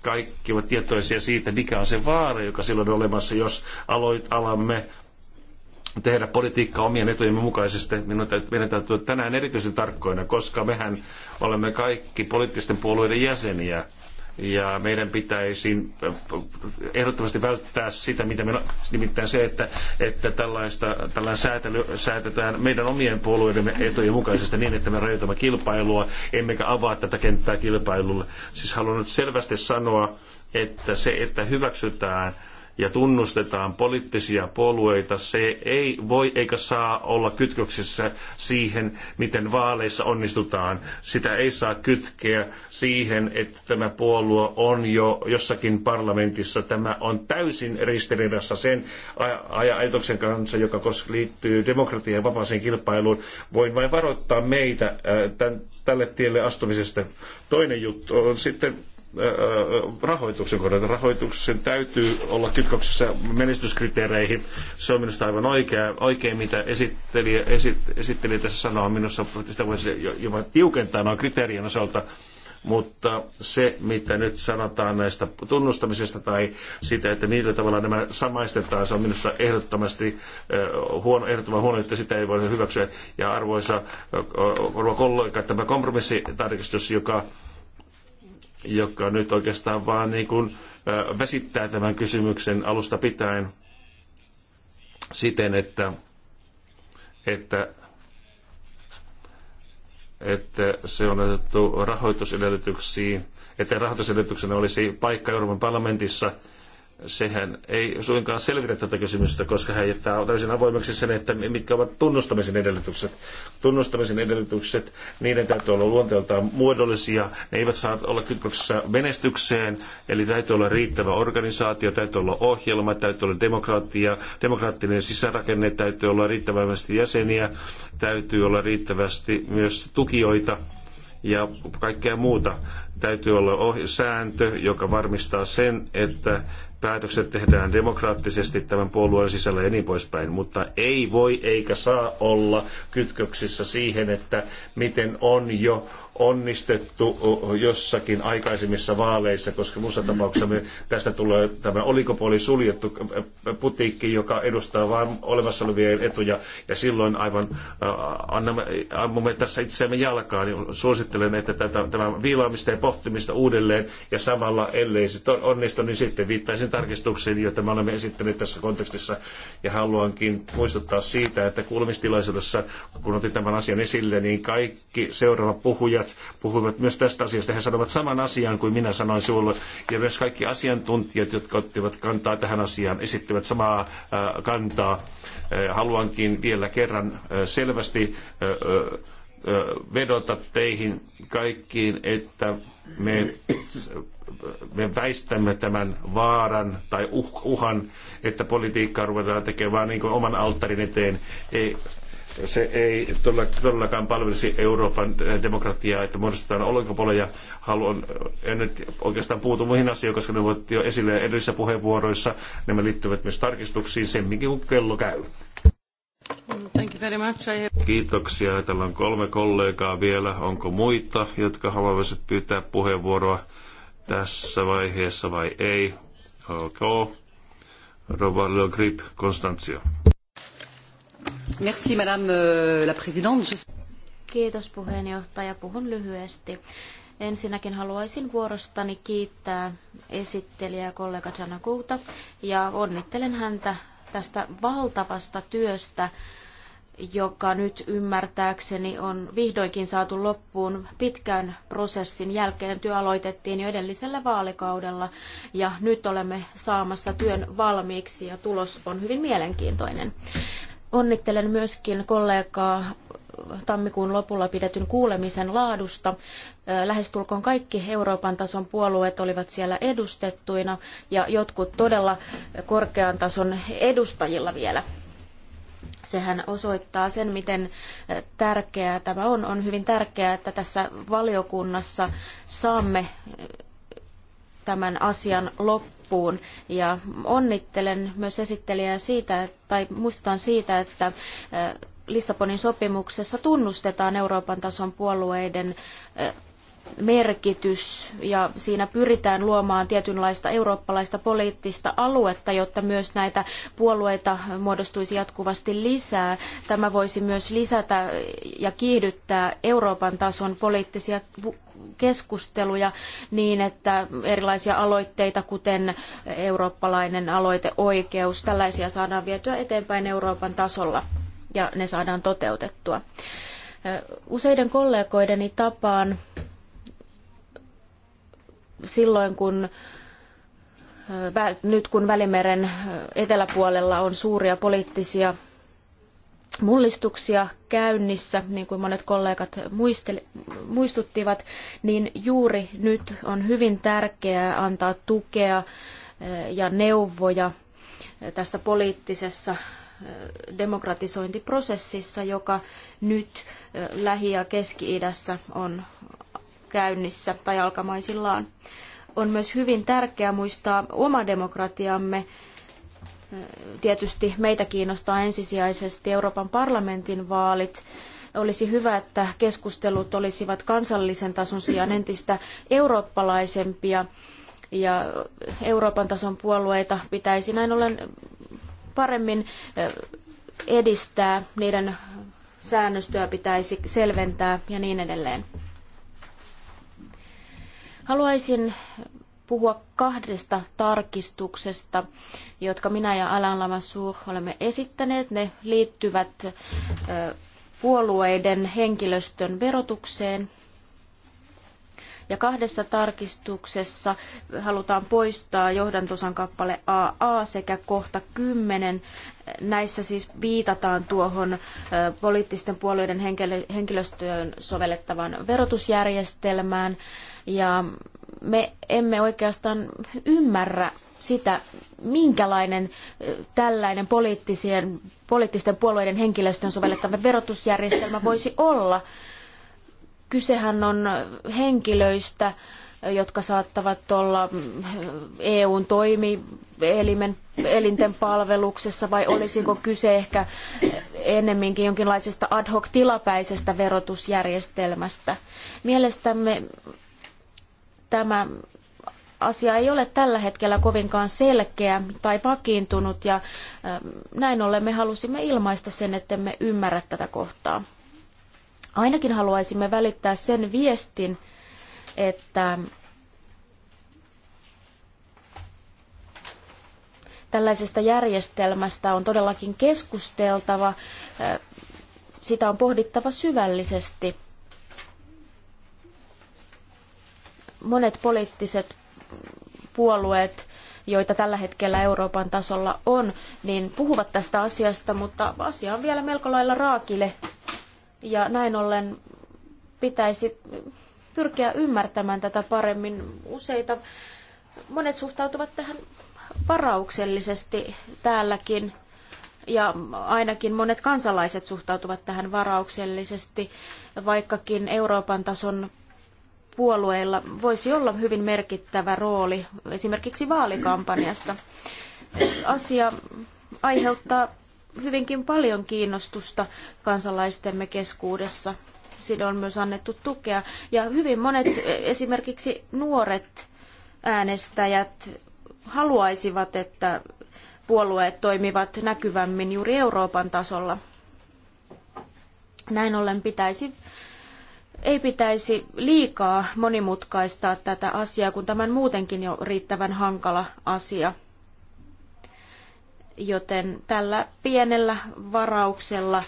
kaikki ovat tietoisia siitä, mikä on se vaara, joka silloin on olemassa, jos aloit, alamme tehdä politiikkaa omien etujemme mukaisesti, meidän täytyy olla tänään erityisen tarkkoina, koska mehän olemme kaikki poliittisten puolueiden jäseniä. Ja meidän pitäisi äh, ehdottomasti välttää sitä, mitä me, nimittäin se, että, että tällaista, tällainen säätely säätetään meidän omien puolueidemme etujen mukaisesti niin, että me rajoitamme kilpailua, emmekä avaa tätä kenttää kilpailulle. Siis haluan nyt selvästi sanoa, että se, että hyväksytään ja tunnustetaan poliittisia puolueita, se ei voi eikä saa olla kytköksissä siihen, miten vaaleissa onnistutaan. Sitä ei saa kytkeä siihen, että tämä puolue on jo jossakin parlamentissa. Tämä on täysin ristiriidassa sen ajatuksen kanssa, joka liittyy demokratiaan ja vapaaseen kilpailuun. Voin vain varoittaa meitä tämän, tälle tielle astumisesta. Toinen juttu on sitten rahoituksen kohdalta. Rahoituksen täytyy olla kytköksessä menestyskriteereihin. Se on minusta aivan oikea, oikein, mitä esittelijä, esit, esittelijä tässä sanoa. Minusta sitä voisi jopa tiukentaa noin kriteerien osalta. Mutta se, mitä nyt sanotaan näistä tunnustamisesta tai sitä, että millä tavalla nämä samaistetaan, se on minusta ehdottomasti huono, ehdottoman huono, että sitä ei voida hyväksyä. Ja arvoisa kollega, tämä kompromissitarkistus, joka joka nyt oikeastaan vaan niin kuin vesittää tämän kysymyksen alusta pitäen siten, että, että, että se on otettu rahoitusedellytyksiin, että rahoitusedellytyksenä olisi paikka Euroopan parlamentissa – sehän ei suinkaan selvitä tätä kysymystä, koska hän jättää täysin avoimeksi sen, että mitkä ovat tunnustamisen edellytykset. Tunnustamisen edellytykset, niiden täytyy olla luonteeltaan muodollisia, ne eivät saa olla kytköksessä menestykseen, eli täytyy olla riittävä organisaatio, täytyy olla ohjelma, täytyy olla demokraattia, demokraattinen sisärakenne, täytyy olla riittävästi jäseniä, täytyy olla riittävästi myös tukijoita, ja kaikkea muuta. Täytyy olla sääntö, joka varmistaa sen, että päätökset tehdään demokraattisesti tämän puolueen sisällä ja niin poispäin, mutta ei voi eikä saa olla kytköksissä siihen, että miten on jo onnistettu jossakin aikaisemmissa vaaleissa, koska muussa tapauksessa me tästä tulee tämä olikopoli suljettu putiikki, joka edustaa vain olevassa olevia etuja, ja silloin aivan annamme, ammumme tässä itseämme jalkaan, niin suosittelen, että tätä, tämä viilaamista ja pohtimista uudelleen, ja samalla ellei se onnistu, niin sitten viittaisin kompromissin tarkistuksiin, joita me olemme esittäneet tässä kontekstissa. Ja haluankin muistuttaa siitä, että kuulemistilaisuudessa, kun otin tämän asian esille, niin kaikki seuraavat puhujat puhuivat myös tästä asiasta. He sanovat saman asian kuin minä sanoin sinulle. Ja myös kaikki asiantuntijat, jotka ottivat kantaa tähän asiaan, esittivät samaa äh, kantaa. Äh, haluankin vielä kerran äh, selvästi vedota teihin kaikkiin, että me me väistämme tämän vaaran tai uh, uhan, että politiikkaa ruvetaan tekemään niin kuin oman alttarin eteen. Ei, se ei todellakaan palvelisi Euroopan demokratiaa, että muodostetaan olkapoloja. Haluan, en nyt oikeastaan puutu muihin asioihin, koska ne ovat jo esille edellisissä puheenvuoroissa. Nämä liittyvät myös tarkistuksiin semminkin, kun kello käy.
Thank you very much.
Kiitoksia. Täällä on kolme kollegaa vielä. Onko muita, jotka haluaisivat pyytää puheenvuoroa? tässä vaiheessa vai ei. Ok. Rova Le Grip, Konstantio.
Merci, madame euh, la présidente.
Kiitos puheenjohtaja. Puhun lyhyesti. Ensinnäkin haluaisin vuorostani kiittää esittelijää kollega Janakuuta ja onnittelen häntä tästä valtavasta työstä, joka nyt ymmärtääkseni on vihdoinkin saatu loppuun pitkän prosessin jälkeen. Työ aloitettiin jo edellisellä vaalikaudella ja nyt olemme saamassa työn valmiiksi ja tulos on hyvin mielenkiintoinen. Onnittelen myöskin kollegaa tammikuun lopulla pidetyn kuulemisen laadusta. Lähestulkoon kaikki Euroopan tason puolueet olivat siellä edustettuina ja jotkut todella korkean tason edustajilla vielä. Sehän osoittaa sen, miten tärkeää tämä on. On hyvin tärkeää, että tässä valiokunnassa saamme tämän asian loppuun. Ja onnittelen myös esittelijää siitä, tai muistutan siitä, että Lissabonin sopimuksessa tunnustetaan Euroopan tason puolueiden merkitys ja siinä pyritään luomaan tietynlaista eurooppalaista poliittista aluetta, jotta myös näitä puolueita muodostuisi jatkuvasti lisää. Tämä voisi myös lisätä ja kiihdyttää Euroopan tason poliittisia keskusteluja niin, että erilaisia aloitteita, kuten eurooppalainen aloiteoikeus, tällaisia saadaan vietyä eteenpäin Euroopan tasolla ja ne saadaan toteutettua. Useiden kollegoideni tapaan silloin, kun nyt kun Välimeren eteläpuolella on suuria poliittisia mullistuksia käynnissä, niin kuin monet kollegat muisteli, muistuttivat, niin juuri nyt on hyvin tärkeää antaa tukea eh, ja neuvoja eh, tässä poliittisessa eh, demokratisointiprosessissa, joka nyt Lähi- ja Keski-idässä on käynnissä tai alkamaisillaan. On myös hyvin tärkeää muistaa oma demokratiamme. Tietysti meitä kiinnostaa ensisijaisesti Euroopan parlamentin vaalit. Olisi hyvä, että keskustelut olisivat kansallisen tason sijaan entistä eurooppalaisempia ja Euroopan tason puolueita pitäisi näin ollen paremmin edistää, niiden säännöstöä pitäisi selventää ja niin edelleen. Haluaisin puhua kahdesta tarkistuksesta, jotka minä ja Alain Lamassur olemme esittäneet. Ne liittyvät puolueiden henkilöstön verotukseen ja kahdessa tarkistuksessa halutaan poistaa johdantosan kappale AA sekä kohta 10. Näissä siis viitataan tuohon poliittisten puolueiden henkilöstöön sovellettavan verotusjärjestelmään. Ja me emme oikeastaan ymmärrä sitä, minkälainen tällainen poliittisten puolueiden henkilöstön sovellettava verotusjärjestelmä voisi olla. Kysehän on henkilöistä, jotka saattavat olla EUn toimielimen elinten palveluksessa vai olisiko kyse ehkä ennemminkin jonkinlaisesta ad hoc tilapäisestä verotusjärjestelmästä. Mielestämme tämä asia ei ole tällä hetkellä kovinkaan selkeä tai vakiintunut ja näin ollen me halusimme ilmaista sen, ettemme ymmärrä tätä kohtaa. Ainakin haluaisimme välittää sen viestin, että tällaisesta järjestelmästä on todellakin keskusteltava, sitä on pohdittava syvällisesti. Monet poliittiset puolueet, joita tällä hetkellä Euroopan tasolla on, niin puhuvat tästä asiasta, mutta asia on vielä melko lailla raakile ja näin ollen pitäisi pyrkiä ymmärtämään tätä paremmin. Useita, monet suhtautuvat tähän varauksellisesti täälläkin, ja ainakin monet kansalaiset suhtautuvat tähän varauksellisesti, vaikkakin Euroopan tason puolueilla voisi olla hyvin merkittävä rooli esimerkiksi vaalikampanjassa. Asia aiheuttaa hyvinkin paljon kiinnostusta kansalaistemme keskuudessa. Sille on myös annettu tukea. Ja hyvin monet esimerkiksi nuoret äänestäjät haluaisivat, että puolueet toimivat näkyvämmin juuri Euroopan tasolla. Näin ollen pitäisi, ei pitäisi liikaa monimutkaistaa tätä asiaa, kun tämän muutenkin jo riittävän hankala asia – joten tällä pienellä varauksella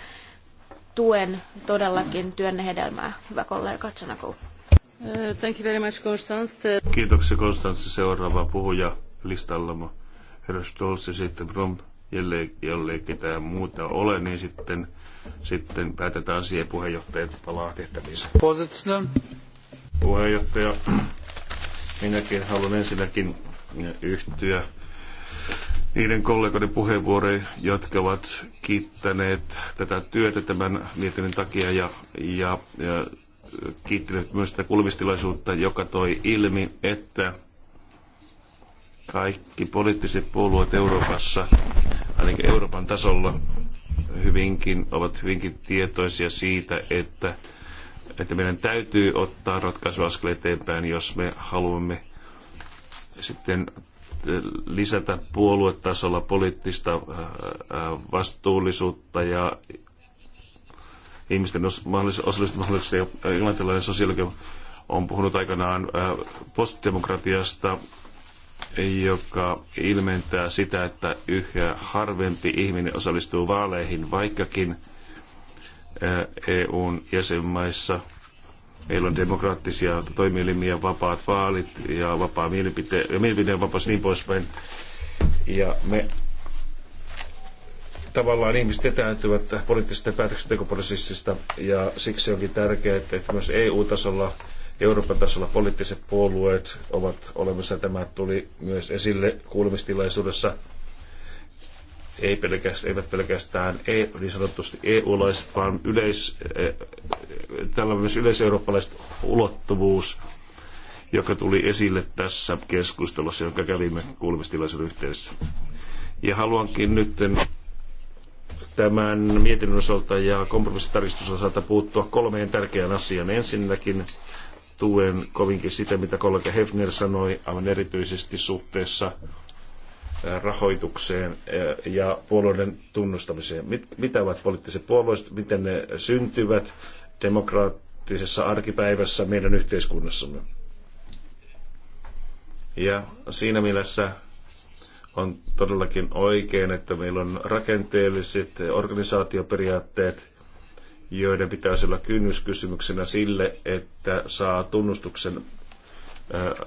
tuen todellakin työnne hedelmää, hyvä kollega Janakov. Uh, thank you very much, Constance.
Kiitoksia Konstantse. Seuraava puhuja listallamme. Herra Stolz ja sitten Brom, jollei, jollei ketään muuta ole, niin sitten, sitten päätetään siihen puheenjohtaja palaa tehtäviinsä. Puheenjohtaja, minäkin haluan ensinnäkin yhtyä niiden kollegoiden puheenvuoroja, jotka ovat kiittäneet tätä työtä tämän mietinnön takia ja, ja, ja kiittäneet myös sitä kulmistilaisuutta, joka toi ilmi, että kaikki poliittiset puolueet Euroopassa, ainakin Euroopan tasolla, hyvinkin, ovat hyvinkin tietoisia siitä, että, että meidän täytyy ottaa ratkaisuaskel eteenpäin, jos me haluamme sitten lisätä puoluetasolla poliittista äh, äh, vastuullisuutta ja ihmisten osallistumismahdollisuuksia. Äh, englantilainen sosiologi on puhunut aikanaan postdemokratiasta, joka ilmentää sitä, että yhä harvempi ihminen osallistuu vaaleihin, vaikkakin EUn jäsenmaissa – Meillä on demokraattisia toimielimiä, vapaat vaalit ja vapaa mielipite, ja mielipiteen vapaus niin poispäin. Ja me tavallaan ihmiset etääntyvät poliittisesta päätöksentekoprosessista ja siksi onkin tärkeää, että myös EU-tasolla Euroopan tasolla poliittiset puolueet ovat olemassa. Tämä tuli myös esille kuulemistilaisuudessa ei pelkästään, eivät pelkästään ei, niin sanotusti EU-laiset, vaan yleis, e, e, tällä on myös yleiseurooppalaiset ulottuvuus, joka tuli esille tässä keskustelussa, jonka kävimme kuulemistilaisuuden yhteydessä. Ja haluankin nyt tämän mietinnön osalta ja kompromissitarkistuksen osalta puuttua kolmeen tärkeään asiaan. Ensinnäkin tuen kovinkin sitä, mitä kollega Hefner sanoi, aivan erityisesti suhteessa rahoitukseen eh, ja puolueiden tunnustamiseen. Mit, mitä ovat poliittiset puolueet, miten ne syntyvät demokraattisessa arkipäivässä meidän yhteiskunnassamme. Ja siinä mielessä on todellakin oikein, että meillä on rakenteelliset organisaatioperiaatteet, joiden pitäisi olla kynnyskysymyksenä sille, että saa tunnustuksen eh,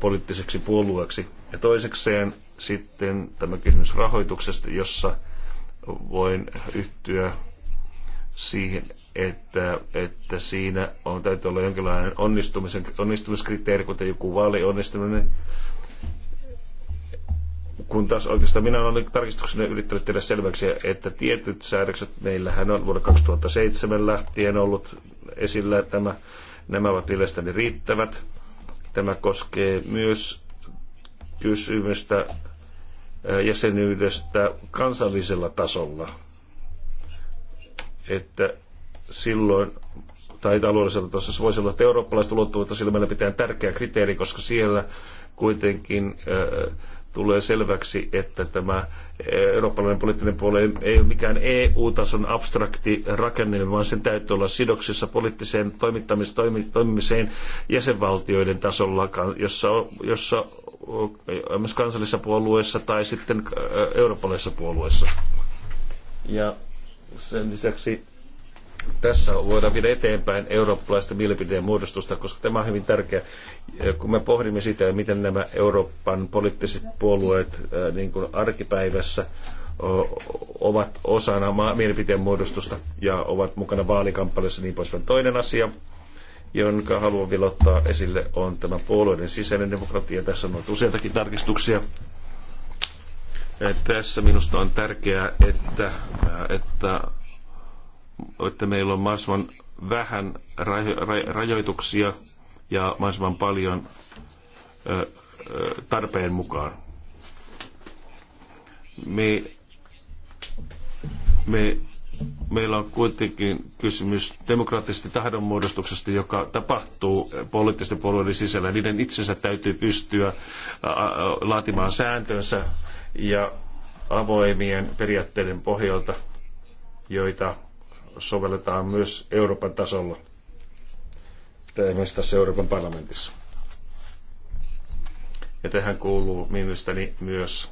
poliittiseksi puolueeksi. Ja toisekseen sitten tämä kysymys rahoituksesta, jossa voin yhtyä siihen, että, että siinä on, täytyy olla jonkinlainen onnistumisen, onnistumiskriteeri, kuten joku onnistuminen. Kun taas oikeastaan minä olen tarkistuksena yrittänyt tehdä selväksi, että tietyt säädökset, meillähän on vuonna 2007 lähtien ollut esillä, tämä, nämä ovat mielestäni riittävät. Tämä koskee myös kysymystä jäsenyydestä kansallisella tasolla. Että silloin tai taloudellisella tasolla voisi olla, että eurooppalaista silloin meillä pitää tärkeä kriteeri, koska siellä kuitenkin tulee selväksi, että tämä eh, eurooppalainen poliittinen puoli ei ole mikään EU-tason abstrakti rakenne, vaan sen täytyy olla sidoksissa poliittiseen toimimiseen jäsenvaltioiden tasolla, jossa, jossa myös kansallisessa puolueessa tai sitten eh, eurooppalaisessa puolueessa. Ja sen lisäksi tässä voidaan viedä eteenpäin eurooppalaista mielipiteen muodostusta, koska tämä on hyvin tärkeä. Kun me pohdimme sitä, miten nämä Euroopan poliittiset puolueet niin kuin arkipäivässä ovat osana mielipiteen muodostusta ja ovat mukana vaalikampanjassa niin poispäin. Toinen asia, jonka haluan vielä ottaa esille, on tämä puolueiden sisäinen demokratia. Tässä on useitakin tarkistuksia. tässä minusta on tärkeää, että, että että meillä on mahdollisimman vähän rajoituksia ja mahdollisimman paljon tarpeen mukaan. Me, me, meillä on kuitenkin kysymys demokraattisesta tahdonmuodostuksesta, joka tapahtuu poliittisten puolueiden sisällä. Niiden itsensä täytyy pystyä laatimaan sääntönsä ja avoimien periaatteiden pohjalta, joita sovelletaan myös Euroopan tasolla, esimerkiksi tässä Euroopan parlamentissa. Ja tähän kuuluu mielestäni myös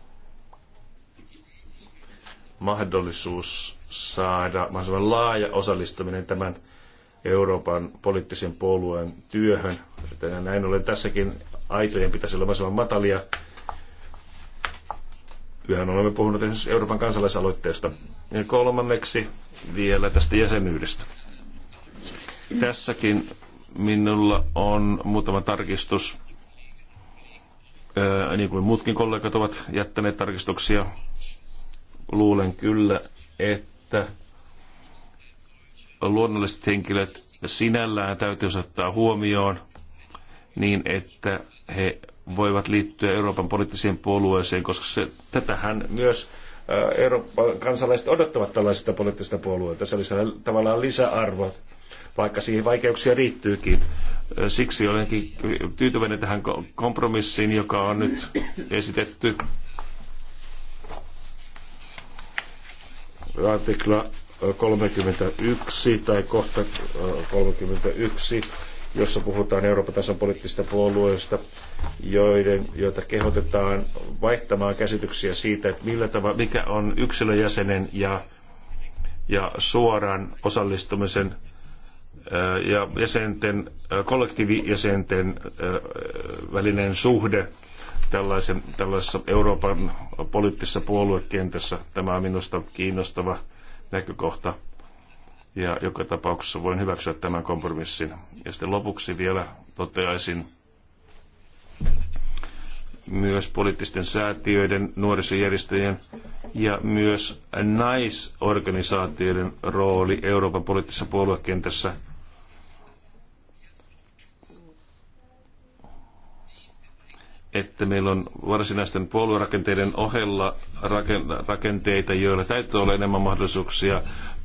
mahdollisuus saada mahdollisimman laaja osallistuminen tämän Euroopan poliittisen puolueen työhön. Näin ollen tässäkin aitojen pitäisi olla mahdollisimman matalia Kyllähän olemme puhuneet esimerkiksi Euroopan kansalaisaloitteesta. Ja kolmanneksi vielä tästä jäsenyydestä. Tässäkin minulla on muutama tarkistus. Öö, niin kuin muutkin kollegat ovat jättäneet tarkistuksia, luulen kyllä, että luonnolliset henkilöt sinällään täytyy ottaa huomioon niin, että he voivat liittyä Euroopan poliittiseen puolueeseen, koska se, tätähän myös Euroopan kansalaiset odottavat tällaisista poliittisista puolueista Se olisi tavallaan lisäarvo, vaikka siihen vaikeuksia riittyykin. Siksi olenkin tyytyväinen tähän kompromissiin, joka on nyt esitetty. Artikla 31 tai kohta 31 jossa puhutaan Euroopan tason poliittisista puolueista, joiden, joita kehotetaan vaihtamaan käsityksiä siitä, että millä tavalla, mikä on yksilöjäsenen ja, ja suoran osallistumisen ja jäsenten, kollektiivijäsenten välinen suhde tällaisen, tällaisessa Euroopan poliittisessa puoluekentässä. Tämä on minusta kiinnostava näkökohta ja joka tapauksessa voin hyväksyä tämän kompromissin. Ja sitten lopuksi vielä toteaisin myös poliittisten säätiöiden, nuorisojärjestöjen ja myös naisorganisaatioiden rooli Euroopan poliittisessa puoluekentässä – että meillä on varsinaisten puoluerakenteiden ohella rakenteita, joilla täytyy olla enemmän mahdollisuuksia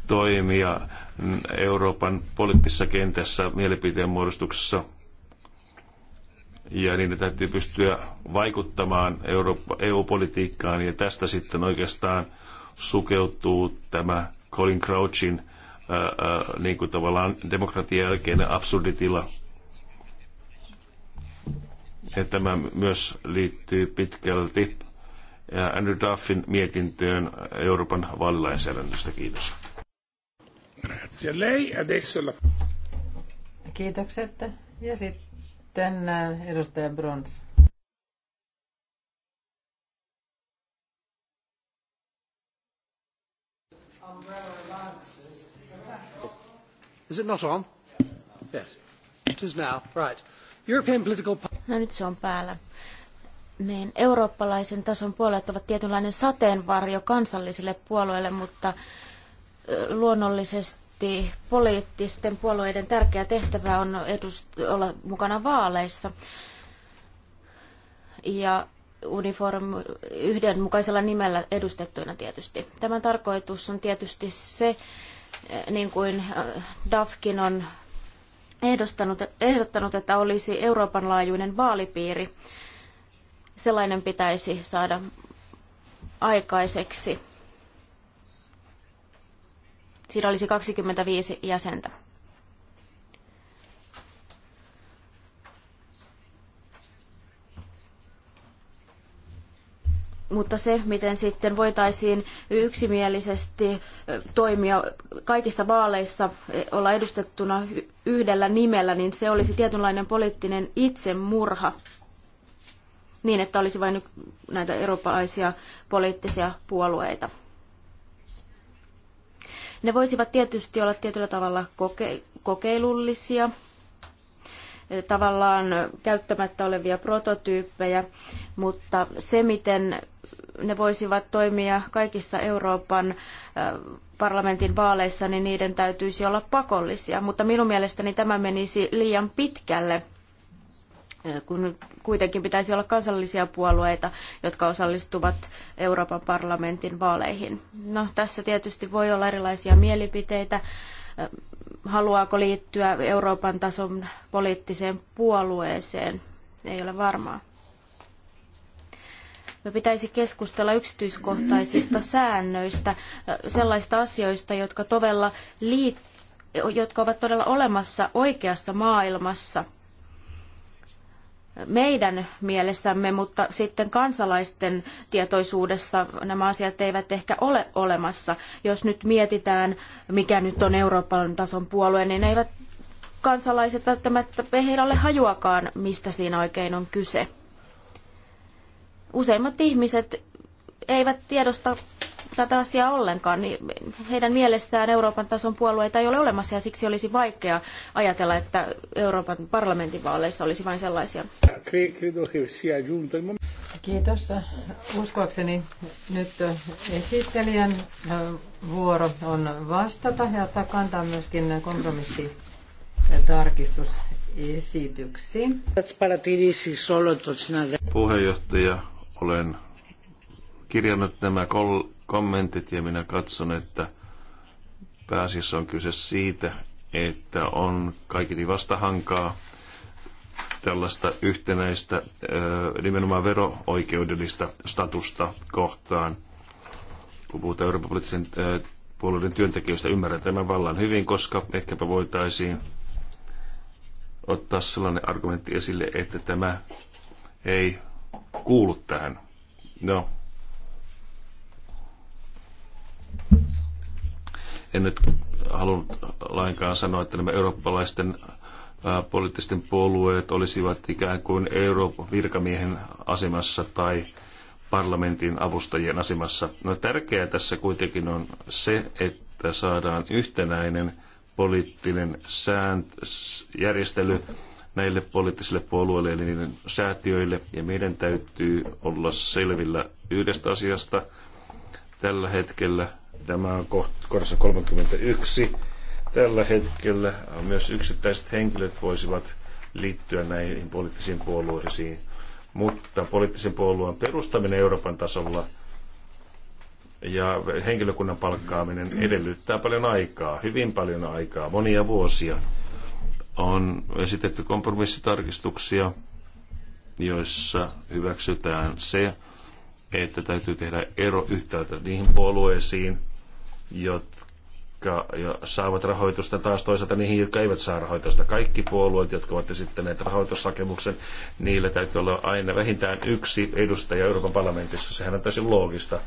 toimia Euroopan poliittisessa kentässä, mielipiteen muodostuksessa. Ja niiden täytyy pystyä vaikuttamaan EU-politiikkaan ja tästä sitten oikeastaan sukeutuu tämä Colin Crouchin ää, ää, niin kuin tavallaan demokratian jälkeinen absurditila. Ja tämä myös liittyy pitkälti Andrew Duffin mietintöön Euroopan vaalilainsäädännöstä. Kiitos. Grazie lei. Adesso la...
Kiitokset. Ja sitten äh, edustaja Brons.
Is it not on? Yes. It is now. Right. European political... No nyt se on päällä. Niin, eurooppalaisen tason puolueet ovat tietynlainen sateenvarjo kansallisille puolueille, mutta luonnollisesti poliittisten puolueiden tärkeä tehtävä on edust- olla mukana vaaleissa. Ja uniform yhdenmukaisella nimellä edustettuina tietysti. Tämän tarkoitus on tietysti se, eh, niin kuin eh, DAFkin on ehdostanut, ehdottanut, että olisi Euroopan laajuinen vaalipiiri. Sellainen pitäisi saada aikaiseksi Siinä olisi 25 jäsentä. mutta se, miten sitten voitaisiin yksimielisesti toimia kaikissa vaaleissa, e, olla edustettuna yhdellä nimellä, niin se olisi tietynlainen poliittinen itsemurha niin, että olisi vain näitä eurooppalaisia poliittisia puolueita. Ne voisivat tietysti olla tietyllä tavalla koke- kokeilullisia, eh, tavallaan käyttämättä olevia prototyyppejä, mutta se, miten ne voisivat toimia kaikissa Euroopan eh, parlamentin vaaleissa, niin niiden täytyisi olla pakollisia. Mutta minun mielestäni tämä menisi liian pitkälle – Äh, kun kuitenkin pitäisi olla kansallisia puolueita, jotka osallistuvat Euroopan parlamentin vaaleihin. No, tässä tietysti voi olla erilaisia mielipiteitä, äh, haluaako liittyä Euroopan tason poliittiseen puolueeseen, ei ole varmaa. Me pitäisi keskustella yksityiskohtaisista säännöistä, äh, sellaista asioista, jotka, todella liit- jotka ovat todella olemassa oikeassa maailmassa – meidän mielestämme, mutta sitten kansalaisten tietoisuudessa nämä asiat eivät ehkä ole olemassa. Jos nyt mietitään, mikä nyt on Euroopan tason puolue, niin eivät kansalaiset välttämättä, heillä ole hajuakaan, mistä siinä oikein on kyse. Useimmat ihmiset eivät tiedosta tätä asiaa ollenkaan, niin heidän mielessään Euroopan tason puolueita ei ole olemassa ja siksi olisi vaikea ajatella, että Euroopan parlamentin vaaleissa olisi vain sellaisia. Kiitos.
Uskoakseni nyt esittelijän vuoro on vastata ja ottaa kantaa myöskin kompromissitarkistusesityksiin.
Puheenjohtaja, olen kirjannut nämä kol- kommentit ja minä katson, että pääasiassa on kyse siitä, että on kaikki vastahankaa tällaista yhtenäistä nimenomaan vero-oikeudellista statusta kohtaan. Kun puhutaan Euroopan poliittisen puolueiden työntekijöistä, ymmärrän tämän vallan hyvin, koska ehkäpä voitaisiin ottaa sellainen argumentti esille, että tämä ei kuulu tähän. No, En nyt halunnut lainkaan sanoa, että nämä eurooppalaisten poliittisten puolueet olisivat ikään kuin Euroopan virkamiehen asemassa tai parlamentin avustajien asemassa. No, tärkeää tässä kuitenkin on se, että saadaan yhtenäinen poliittinen säänt- järjestely näille poliittisille puolueille eli niiden säätiöille ja meidän täytyy olla selvillä yhdestä asiasta. Tällä hetkellä Tämä on kohdassa 31. Tällä hetkellä myös yksittäiset henkilöt voisivat liittyä näihin poliittisiin puolueisiin, mutta poliittisen puolueen perustaminen Euroopan tasolla ja henkilökunnan palkkaaminen edellyttää paljon aikaa, hyvin paljon aikaa, monia vuosia. On esitetty kompromissitarkistuksia, joissa hyväksytään se, että täytyy tehdä ero yhtäältä niihin puolueisiin, jotka saavat rahoitusta, taas toisaalta niihin, jotka eivät saa rahoitusta. Kaikki puolueet, jotka ovat esittäneet rahoitussakemuksen, niillä täytyy olla aina vähintään yksi edustaja Euroopan parlamentissa. Sehän on täysin loogista.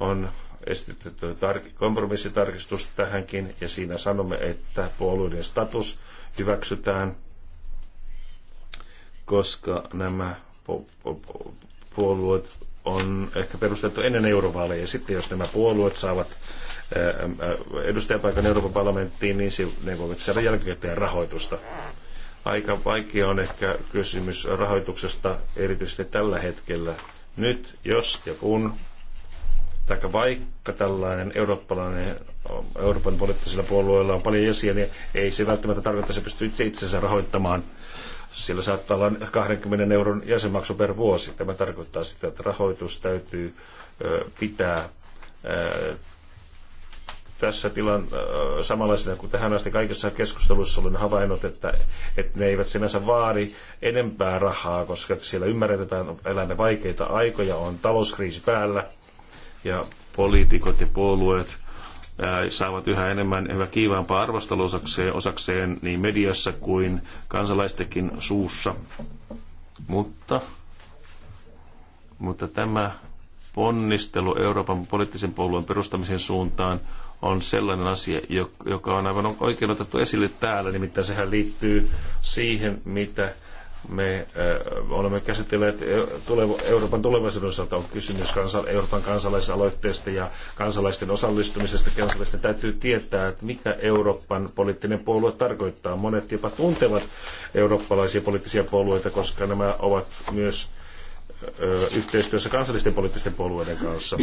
On esitetty kompromissitarkistus tähänkin, ja siinä sanomme, että puolueiden status hyväksytään, koska nämä puolueet on ehkä perustettu ennen eurovaaleja. Sitten jos nämä puolueet saavat edustajapaikan Euroopan parlamenttiin, niin ne voivat saada jälkikäteen rahoitusta. Aika vaikea on ehkä kysymys rahoituksesta erityisesti tällä hetkellä. Nyt, jos ja kun, tai vaikka tällainen eurooppalainen, Euroopan poliittisilla puolueilla on paljon jäseniä, niin ei se välttämättä tarkoita, että se pystyy itse itsensä rahoittamaan sillä saattaa olla 20 euron jäsenmaksu per vuosi. Tämä tarkoittaa sitä, että rahoitus täytyy pitää tässä tilan samanlaisena kuin tähän asti kaikissa keskusteluissa olen havainnut, että, että ne eivät sinänsä vaadi enempää rahaa, koska siellä ymmärretään elämme vaikeita aikoja, on talouskriisi päällä ja poliitikot ja puolueet saavat yhä enemmän yhä kiivaampaa arvostelua osakseen, niin mediassa kuin kansalaistekin suussa. Mutta, mutta tämä ponnistelu Euroopan poliittisen puolueen perustamisen suuntaan on sellainen asia, joka on aivan oikein otettu esille täällä, nimittäin sehän liittyy siihen, mitä me äh, olemme käsitelleet äh, Euroopan tulevaisuuden osalta on kysymys Euroopan kansalaisaloitteesta ja kansalaisten osallistumisesta. Kansalaisten täytyy tietää, että mitä Euroopan poliittinen puolue tarkoittaa. Monet jopa tuntevat eurooppalaisia poliittisia puolueita, koska nämä ovat myös äh, yhteistyössä kansallisten poliittisten puolueiden kanssa.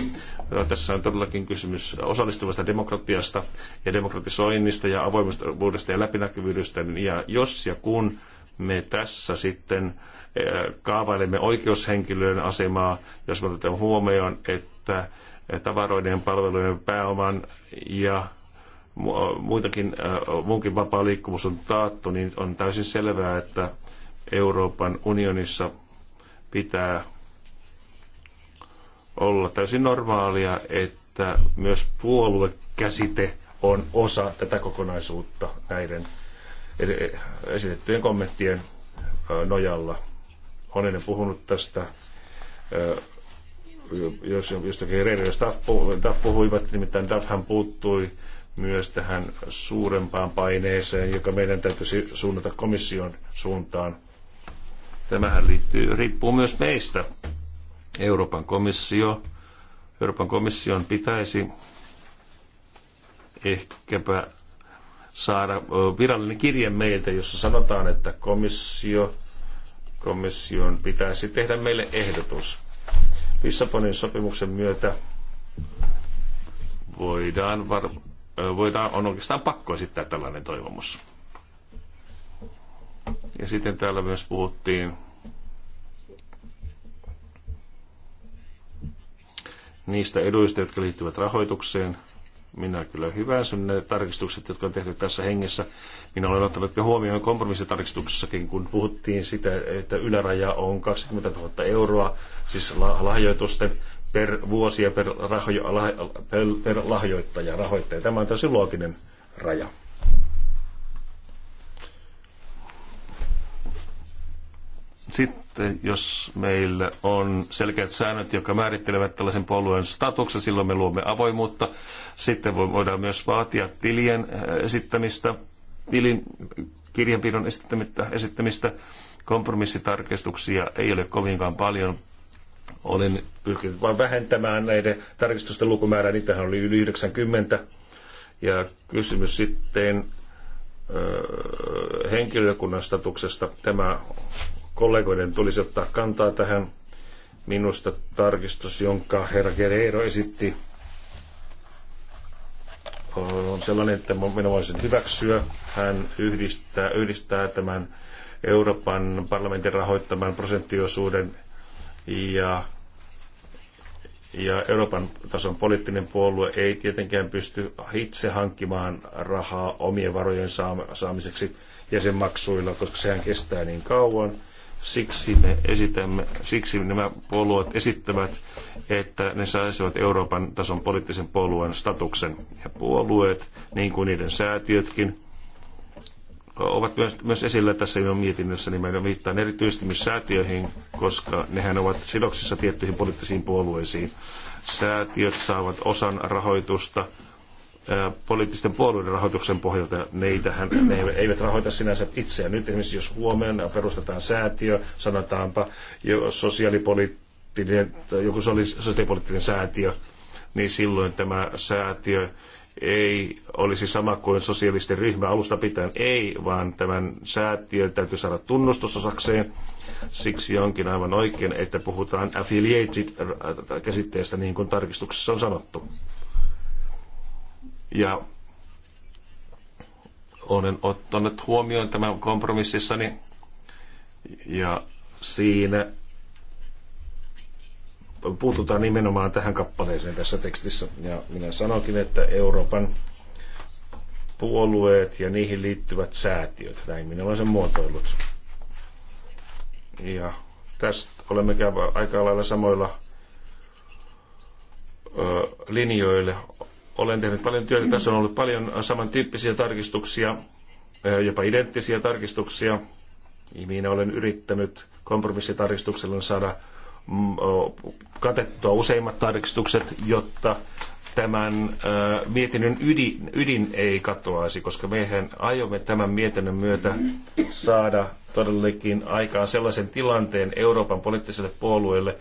Tässä on todellakin kysymys osallistuvasta demokratiasta ja demokratisoinnista ja avoimuudesta ja läpinäkyvyydestä. Ja jos ja kun me tässä sitten eh, kaavailemme oikeushenkilöiden asemaa, jos me otetaan huomioon, että eh, tavaroiden, palvelujen, pääoman ja muitakin, eh, muunkin vapaa liikkuvuus on taattu, niin on täysin selvää, että Euroopan unionissa pitää olla täysin normaalia, että myös puoluekäsite on osa tätä kokonaisuutta näiden Eh, esitettyjen kommenttien eh, nojalla. Olen puhunut tästä eh, jos jostakin Reino Duff puhuivat, nimittäin Duffhan puuttui myös tähän suurempaan paineeseen, joka meidän täytyisi suunnata komission suuntaan. Tämähän liittyy, riippuu myös meistä. Euroopan komissio, Euroopan komission pitäisi ehkäpä saada virallinen kirje meiltä, jossa sanotaan, että komissio, komission pitäisi tehdä meille ehdotus. Lissabonin sopimuksen myötä voidaan, var, voidaan on oikeastaan pakko esittää tällainen toivomus. Ja sitten täällä myös puhuttiin niistä eduista, jotka liittyvät rahoitukseen – minä kyllä hyväksyn ne tarkistukset, jotka on tehty tässä hengessä. Minä olen ottanut jo huomioon kompromissitarkistuksessakin, kun puhuttiin sitä, että yläraja on 20 000 euroa, siis lahjoitusten per vuosi ja per, rahjo, lah, per, per lahjoittaja, rahoittaja. Tämä on täysin looginen raja. Sitten että jos meillä on selkeät säännöt, jotka määrittelevät tällaisen puolueen statuksen, silloin me luomme avoimuutta. Sitten voidaan myös vaatia tilien äh, esittämistä, tilin kirjanpidon esittämistä, esittämistä. Kompromissitarkistuksia ei ole kovinkaan paljon. Olen pyrkinyt vain vähentämään näiden tarkistusten lukumäärää. Niitähän oli yli 90. Ja kysymys sitten äh, henkilökunnan statuksesta. Tämä kollegoiden tulisi ottaa kantaa tähän. Minusta tarkistus, jonka herra Gereiro esitti, on sellainen, että minä voisin hyväksyä. Hän yhdistää, yhdistää tämän Euroopan parlamentin rahoittaman prosenttiosuuden ja, ja Euroopan tason poliittinen puolue ei tietenkään pysty itse hankkimaan rahaa omien varojen saamiseksi jäsenmaksuilla, koska sehän kestää niin kauan. Siksi me esitämme, siksi nämä puolueet esittävät, että ne saisivat Euroopan tason poliittisen puolueen statuksen. Ja puolueet, niin kuin niiden säätiötkin, ovat myös, myös esillä tässä minun mietinnössä, niin meidän viittaan erityisesti myös säätiöihin, koska nehän ovat sidoksissa tiettyihin poliittisiin puolueisiin. Säätiöt saavat osan rahoitusta poliittisten puolueiden rahoituksen pohjalta. Neitähän, ne eivät rahoita sinänsä itseään. Nyt esimerkiksi jos huomenna perustetaan säätiö, sanotaanpa jos sosiaalipoliittinen, joku sosiaalipoliittinen säätiö, niin silloin tämä säätiö ei olisi sama kuin sosialisten ryhmä alusta pitäen. Ei, vaan tämän säätiön täytyy saada tunnustus osakseen. Siksi onkin aivan oikein, että puhutaan affiliated-käsitteestä, niin kuin tarkistuksessa on sanottu. Ja olen ottanut huomioon tämän kompromississani ja siinä puututaan nimenomaan tähän kappaleeseen tässä tekstissä. Ja minä sanokin, että Euroopan puolueet ja niihin liittyvät säätiöt, näin minä olen sen muotoillut. Ja tästä olemme aika lailla samoilla linjoille olen tehnyt paljon työtä, tässä on ollut paljon samantyyppisiä tarkistuksia, jopa identtisiä tarkistuksia, Minä olen yrittänyt kompromissitarkistuksella saada mm, katettua useimmat tarkistukset, jotta tämän mietinnön ydin, ydin ei katoaisi, koska mehän aiomme tämän mietinnön myötä saada todellakin aikaan sellaisen tilanteen Euroopan poliittiselle puolueelle,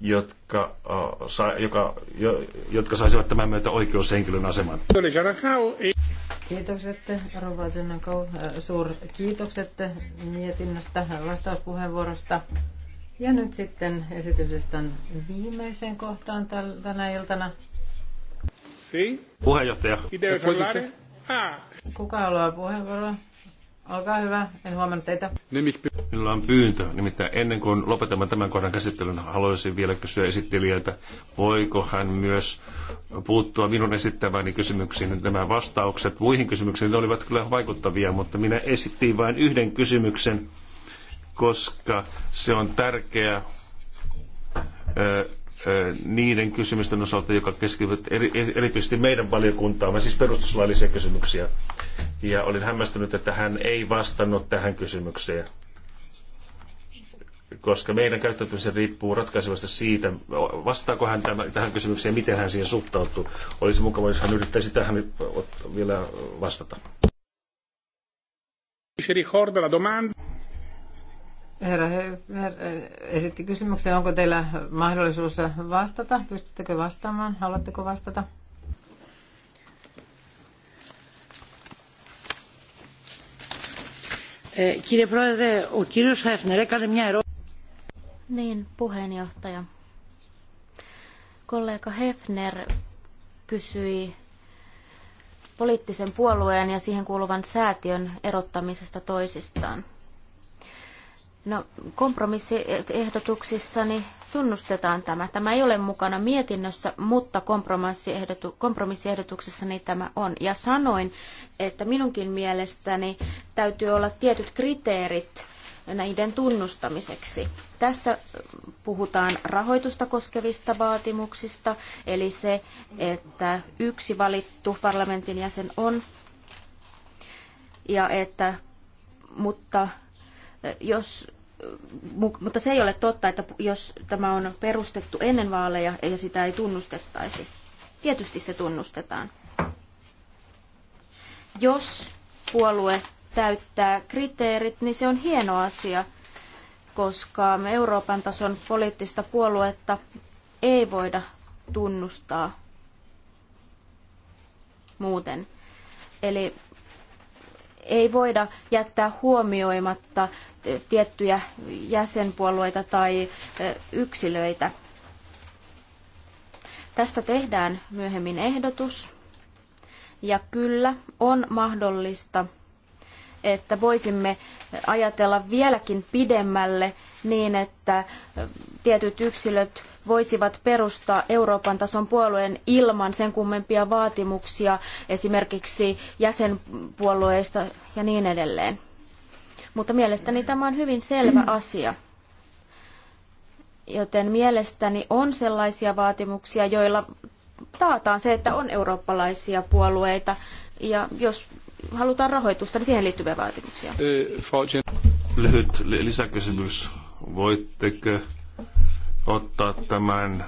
jotka, äh, sa, joka, jo, jotka saisivat tämän myötä oikeushenkilön aseman.
Kiitokset, Rova Synnänkau. Äh, Suur kiitokset mietinnöstä, vastauspuheenvuorosta. Ja nyt sitten esityslistan viimeiseen kohtaan tänä iltana. Si? Puheenjohtaja. Ah. Kuka haluaa puheenvuoroa? Olkaa hyvä, en huomannut teitä.
Minulla on pyyntö, nimittäin ennen kuin lopetamme tämän kohdan käsittelyn, haluaisin vielä kysyä esittelijältä, voiko hän myös puuttua minun esittämäni kysymyksiin. Nämä vastaukset muihin kysymyksiin olivat kyllä vaikuttavia, mutta minä esittiin vain yhden kysymyksen, koska se on tärkeä niiden kysymysten osalta, joka keskittyvät erityisesti meidän valiokuntaamme, siis perustuslaillisia kysymyksiä ja olin hämmästynyt, että hän ei vastannut tähän kysymykseen. Koska meidän käyttäytymisen riippuu ratkaisevasti siitä, vastaako hän tämän, tähän kysymykseen, miten hän siihen suhtautuu. Olisi mukava, jos hän yrittäisi tähän vielä vastata.
Herra, herra esitti kysymyksen, onko teillä mahdollisuus vastata? Pystyttekö vastaamaan? Haluatteko vastata? Κύριε Πρόεδρε, ο κύριος Χέφνερ έκανε μια ερώτηση.
Niin, puheenjohtaja. Kollega Hefner kysyi poliittisen puolueen ja siihen kuuluvan säätiön erottamisesta toisistaan. No, niin tunnustetaan tämä. Tämä ei ole mukana mietinnössä, mutta kompromissiehdotu- niin tämä on. Ja sanoin, että minunkin mielestäni täytyy olla tietyt kriteerit näiden tunnustamiseksi. Tässä puhutaan rahoitusta koskevista vaatimuksista, eli se, että yksi valittu parlamentin jäsen on, ja että, mutta jos, mutta se ei ole totta, että jos tämä on perustettu ennen vaaleja ja sitä ei tunnustettaisi. Tietysti se tunnustetaan. Jos puolue täyttää kriteerit, niin se on hieno asia, koska me Euroopan tason poliittista puoluetta ei voida tunnustaa muuten. Eli ei voida jättää huomioimatta tiettyjä jäsenpuolueita tai yksilöitä. Tästä tehdään myöhemmin ehdotus. Ja kyllä on mahdollista, että voisimme ajatella vieläkin pidemmälle niin, että tietyt yksilöt voisivat perustaa Euroopan tason puolueen ilman sen kummempia vaatimuksia esimerkiksi jäsenpuolueista ja niin edelleen. Mutta mielestäni tämä on hyvin selvä asia. Joten mielestäni on sellaisia vaatimuksia, joilla taataan se, että on eurooppalaisia puolueita. Ja jos halutaan rahoitusta, niin siihen liittyviä vaatimuksia.
Lyhyt lisäkysymys. Voitteko ottaa tämän,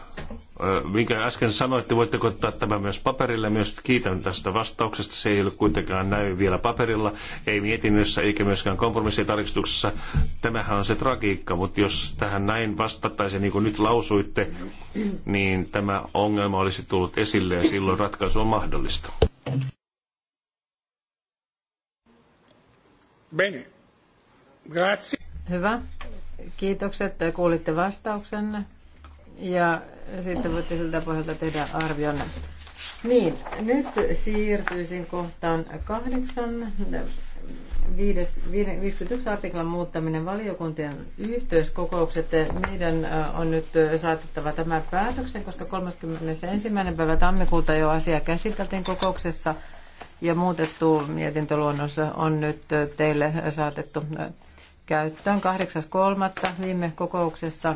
minkä äsken sanoitte, voitteko ottaa tämän myös paperille. Myös kiitän tästä vastauksesta. Se ei ole kuitenkaan näy vielä paperilla, ei mietinnössä eikä myöskään kompromissitarkistuksessa. Tämähän on se tragiikka, mutta jos tähän näin vastattaisiin, niin kuin nyt lausuitte, niin tämä ongelma olisi tullut esille ja silloin ratkaisu on mahdollista.
Bene. Grazie. Hyvä. Kiitokset, että kuulitte vastauksenne. ja sitten voitte siltä pohjalta tehdä arvion. Niin, nyt siirtyisin kohtaan kahdeksan. 51 artiklan muuttaminen valiokuntien yhteiskokoukset. Meidän äh, on nyt äh, saatettava tämä päätöksen, koska 31. päivä tammikuuta jo asia käsiteltiin kokouksessa ja muutettu mietintöluonnos on nyt äh, teille saatettu käyttöön 8.3. viime kokouksessa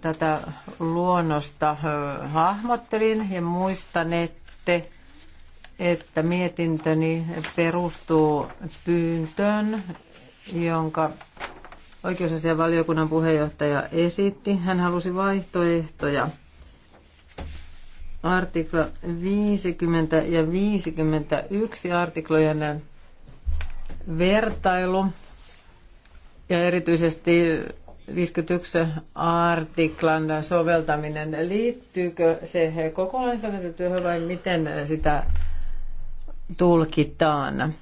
tätä luonnosta hahmottelin ja muistanette, että mietintöni perustuu pyyntöön, jonka valiokunnan puheenjohtaja esitti. Hän halusi vaihtoehtoja. Artikla 50 ja 51 artiklojen vertailu ja erityisesti 51 artiklan soveltaminen, liittyykö se lainsäädäntötyöhön vai miten sitä tulkitaan?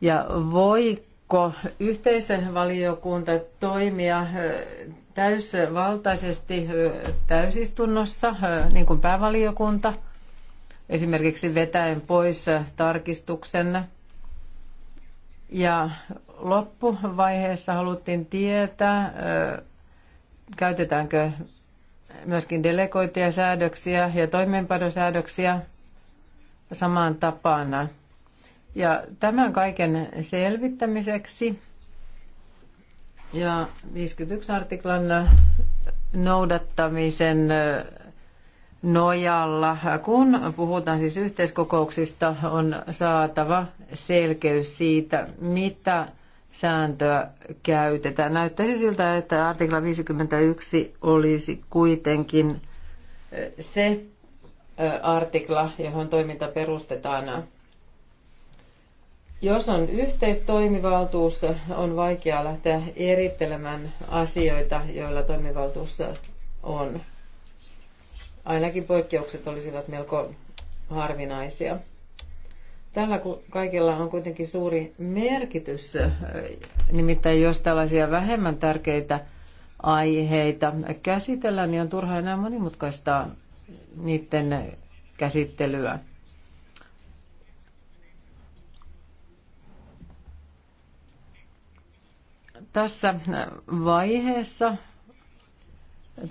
Ja voiko yhteisvaliokunta valiokunta toimia täysvaltaisesti täysistunnossa, niin kuin päävaliokunta, esimerkiksi vetäen pois tarkistuksen ja loppuvaiheessa haluttiin tietää, käytetäänkö myöskin delegoituja säädöksiä ja toimeenpanosäädöksiä samaan tapana. Ja tämän kaiken selvittämiseksi ja 51 artiklan noudattamisen nojalla, kun puhutaan siis yhteiskokouksista, on saatava selkeys siitä, mitä sääntöä käytetään. Näyttäisi siltä, että artikla 51 olisi kuitenkin eh, se eh, artikla, johon toiminta perustetaan. Jos on yhteistoimivaltuus, on vaikea lähteä erittelemään asioita, joilla toimivaltuus on. Ainakin poikkeukset olisivat melko harvinaisia. Tällä kaikella on kuitenkin suuri merkitys, äh, nimittäin jos tällaisia vähemmän tärkeitä aiheita käsitellään, niin on turha enää monimutkaistaa niiden käsittelyä. Tässä vaiheessa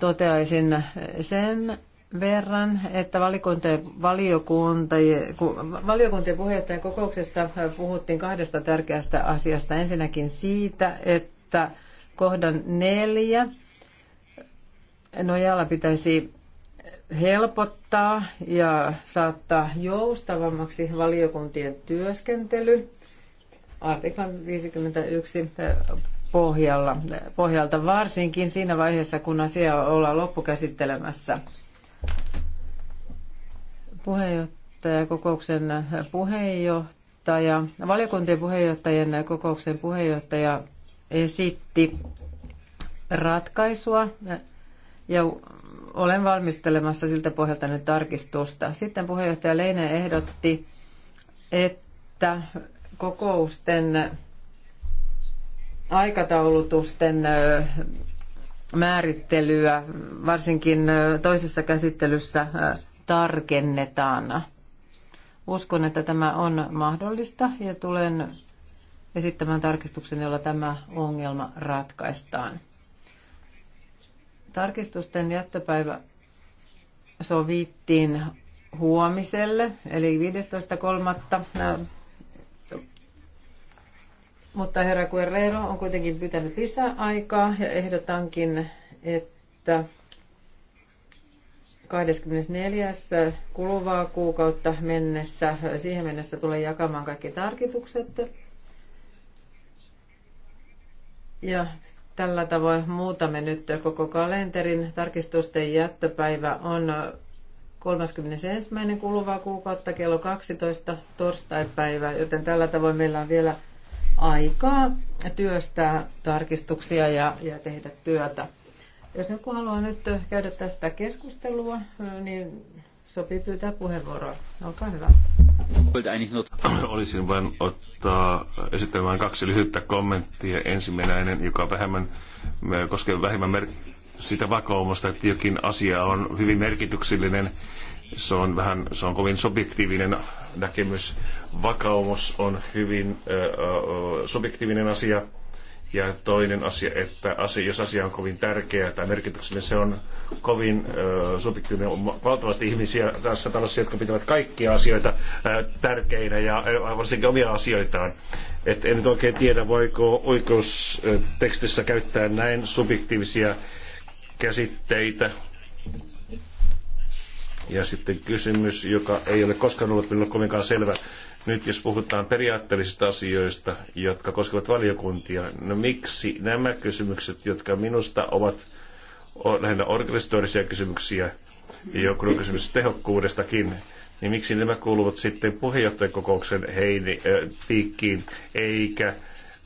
toteaisin sen, verran, että valiokuntien, valiokuntien puheenjohtajan kokouksessa puhuttiin kahdesta tärkeästä asiasta. Ensinnäkin siitä, että kohdan neljä nojalla pitäisi helpottaa ja saattaa joustavammaksi valiokuntien työskentely artiklan 51 pohjalla, pohjalta, varsinkin siinä vaiheessa, kun asiaa ollaan loppukäsittelemässä – Puheenjohtajakokouksen puheenjohtaja, valiokuntien puheenjohtajien kokouksen puheenjohtaja esitti ratkaisua ja olen valmistelemassa siltä pohjalta nyt tarkistusta. Sitten puheenjohtaja Leine ehdotti, että kokousten aikataulutusten määrittelyä varsinkin toisessa käsittelyssä tarkennetaan. Uskon, että tämä on mahdollista ja tulen esittämään tarkistuksen, jolla tämä ongelma ratkaistaan. Tarkistusten jättöpäivä sovittiin huomiselle, eli 15.3. Mutta herra Guerrero on kuitenkin pyytänyt lisää aikaa ja ehdotankin, että 24. kuluvaa kuukautta mennessä, siihen mennessä tulee jakamaan kaikki tarkitukset. Ja tällä tavoin muutamme nyt koko kalenterin. Tarkistusten jättöpäivä on 31. kuluvaa kuukautta kello 12 torstaipäivä, joten tällä tavoin meillä on vielä aikaa työstää tarkistuksia ja, ja tehdä työtä. Jos joku haluaa nyt käydä tästä keskustelua, niin sopii pyytää puheenvuoroa. Olkaa hyvä.
Olisin vain ottaa esittelemään kaksi lyhyttä kommenttia. Ensimmäinen, joka vähemmän koskee vähemmän mer- sitä vakaumusta, että jokin asia on hyvin merkityksellinen se on, vähän, se on kovin subjektiivinen näkemys. Vakaumus on hyvin ö, ö, subjektiivinen asia. Ja toinen asia, että asia, jos asia on kovin tärkeä tai merkityksellinen, se on kovin ö, subjektiivinen. On valtavasti ihmisiä tässä talossa, jotka pitävät kaikkia asioita ö, tärkeinä ja ö, varsinkin omia asioitaan. Et en nyt oikein tiedä, voiko oikeustekstissä käyttää näin subjektiivisia käsitteitä ja sitten kysymys, joka ei ole koskaan ollut minulle kovinkaan selvä. Nyt jos puhutaan periaatteellisista asioista, jotka koskevat valiokuntia, no miksi nämä kysymykset, jotka minusta ovat lähinnä organisatorisia kysymyksiä, joku on kysymys tehokkuudestakin, niin miksi nämä kuuluvat sitten puheenjohtajakokouksen heini, äh, piikkiin, eikä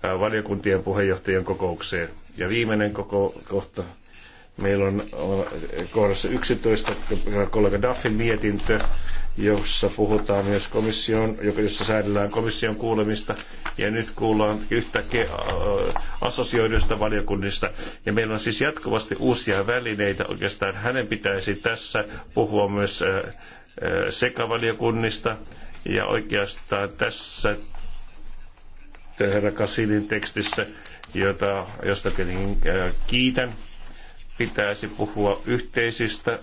äh, valiokuntien puheenjohtajien kokoukseen? Ja viimeinen koko kohta Meillä on kohdassa 11 kollega Duffin mietintö, jossa puhutaan myös komission, jossa säädellään komission kuulemista. Ja nyt kuullaan yhtäkkiä äh, assosioiduista valiokunnista. Ja meillä on siis jatkuvasti uusia välineitä. Oikeastaan hänen pitäisi tässä puhua myös äh, äh, sekavaliokunnista. Ja oikeastaan tässä herra Kasinin tekstissä, jota, josta tietenkin kiitän, pitäisi puhua yhteisistä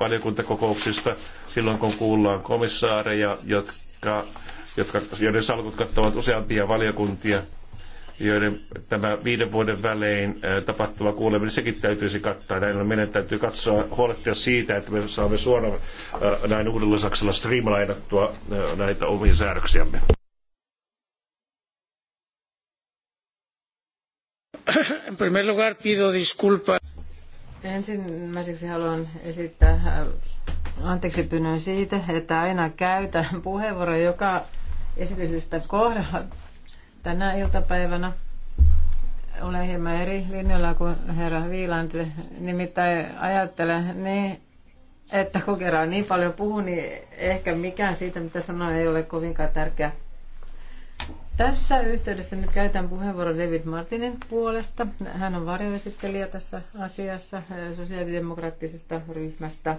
valiokuntakokouksista silloin, kun kuullaan komissaareja, jotka, jotka, joiden salkut kattavat useampia valiokuntia, joiden tämä viiden vuoden välein tapahtuva kuuleminen, sekin täytyisi kattaa. Näin meidän täytyy katsoa, huolehtia siitä, että me saamme suoraan näin uudella Saksalla striimalainattua näitä omia säädöksiämme.
en primer lugar pido disculpas. Ensimmäiseksi haluan esittää äh, anteeksi pyynnön siitä, että aina käytän puheenvuoron joka esityksestä kohdalla tänä iltapäivänä. Olen hieman eri linjalla kuin herra Viiland. Nimittäin ajattelen niin, että kun kerran niin paljon puhun, niin ehkä mikään siitä, mitä sanoin, ei ole kovinkaan tärkeä tässä yhteydessä nyt käytän puheenvuoron David Martinin puolesta. Hän on varjoesittelijä tässä asiassa äh, sosiaalidemokraattisesta ryhmästä.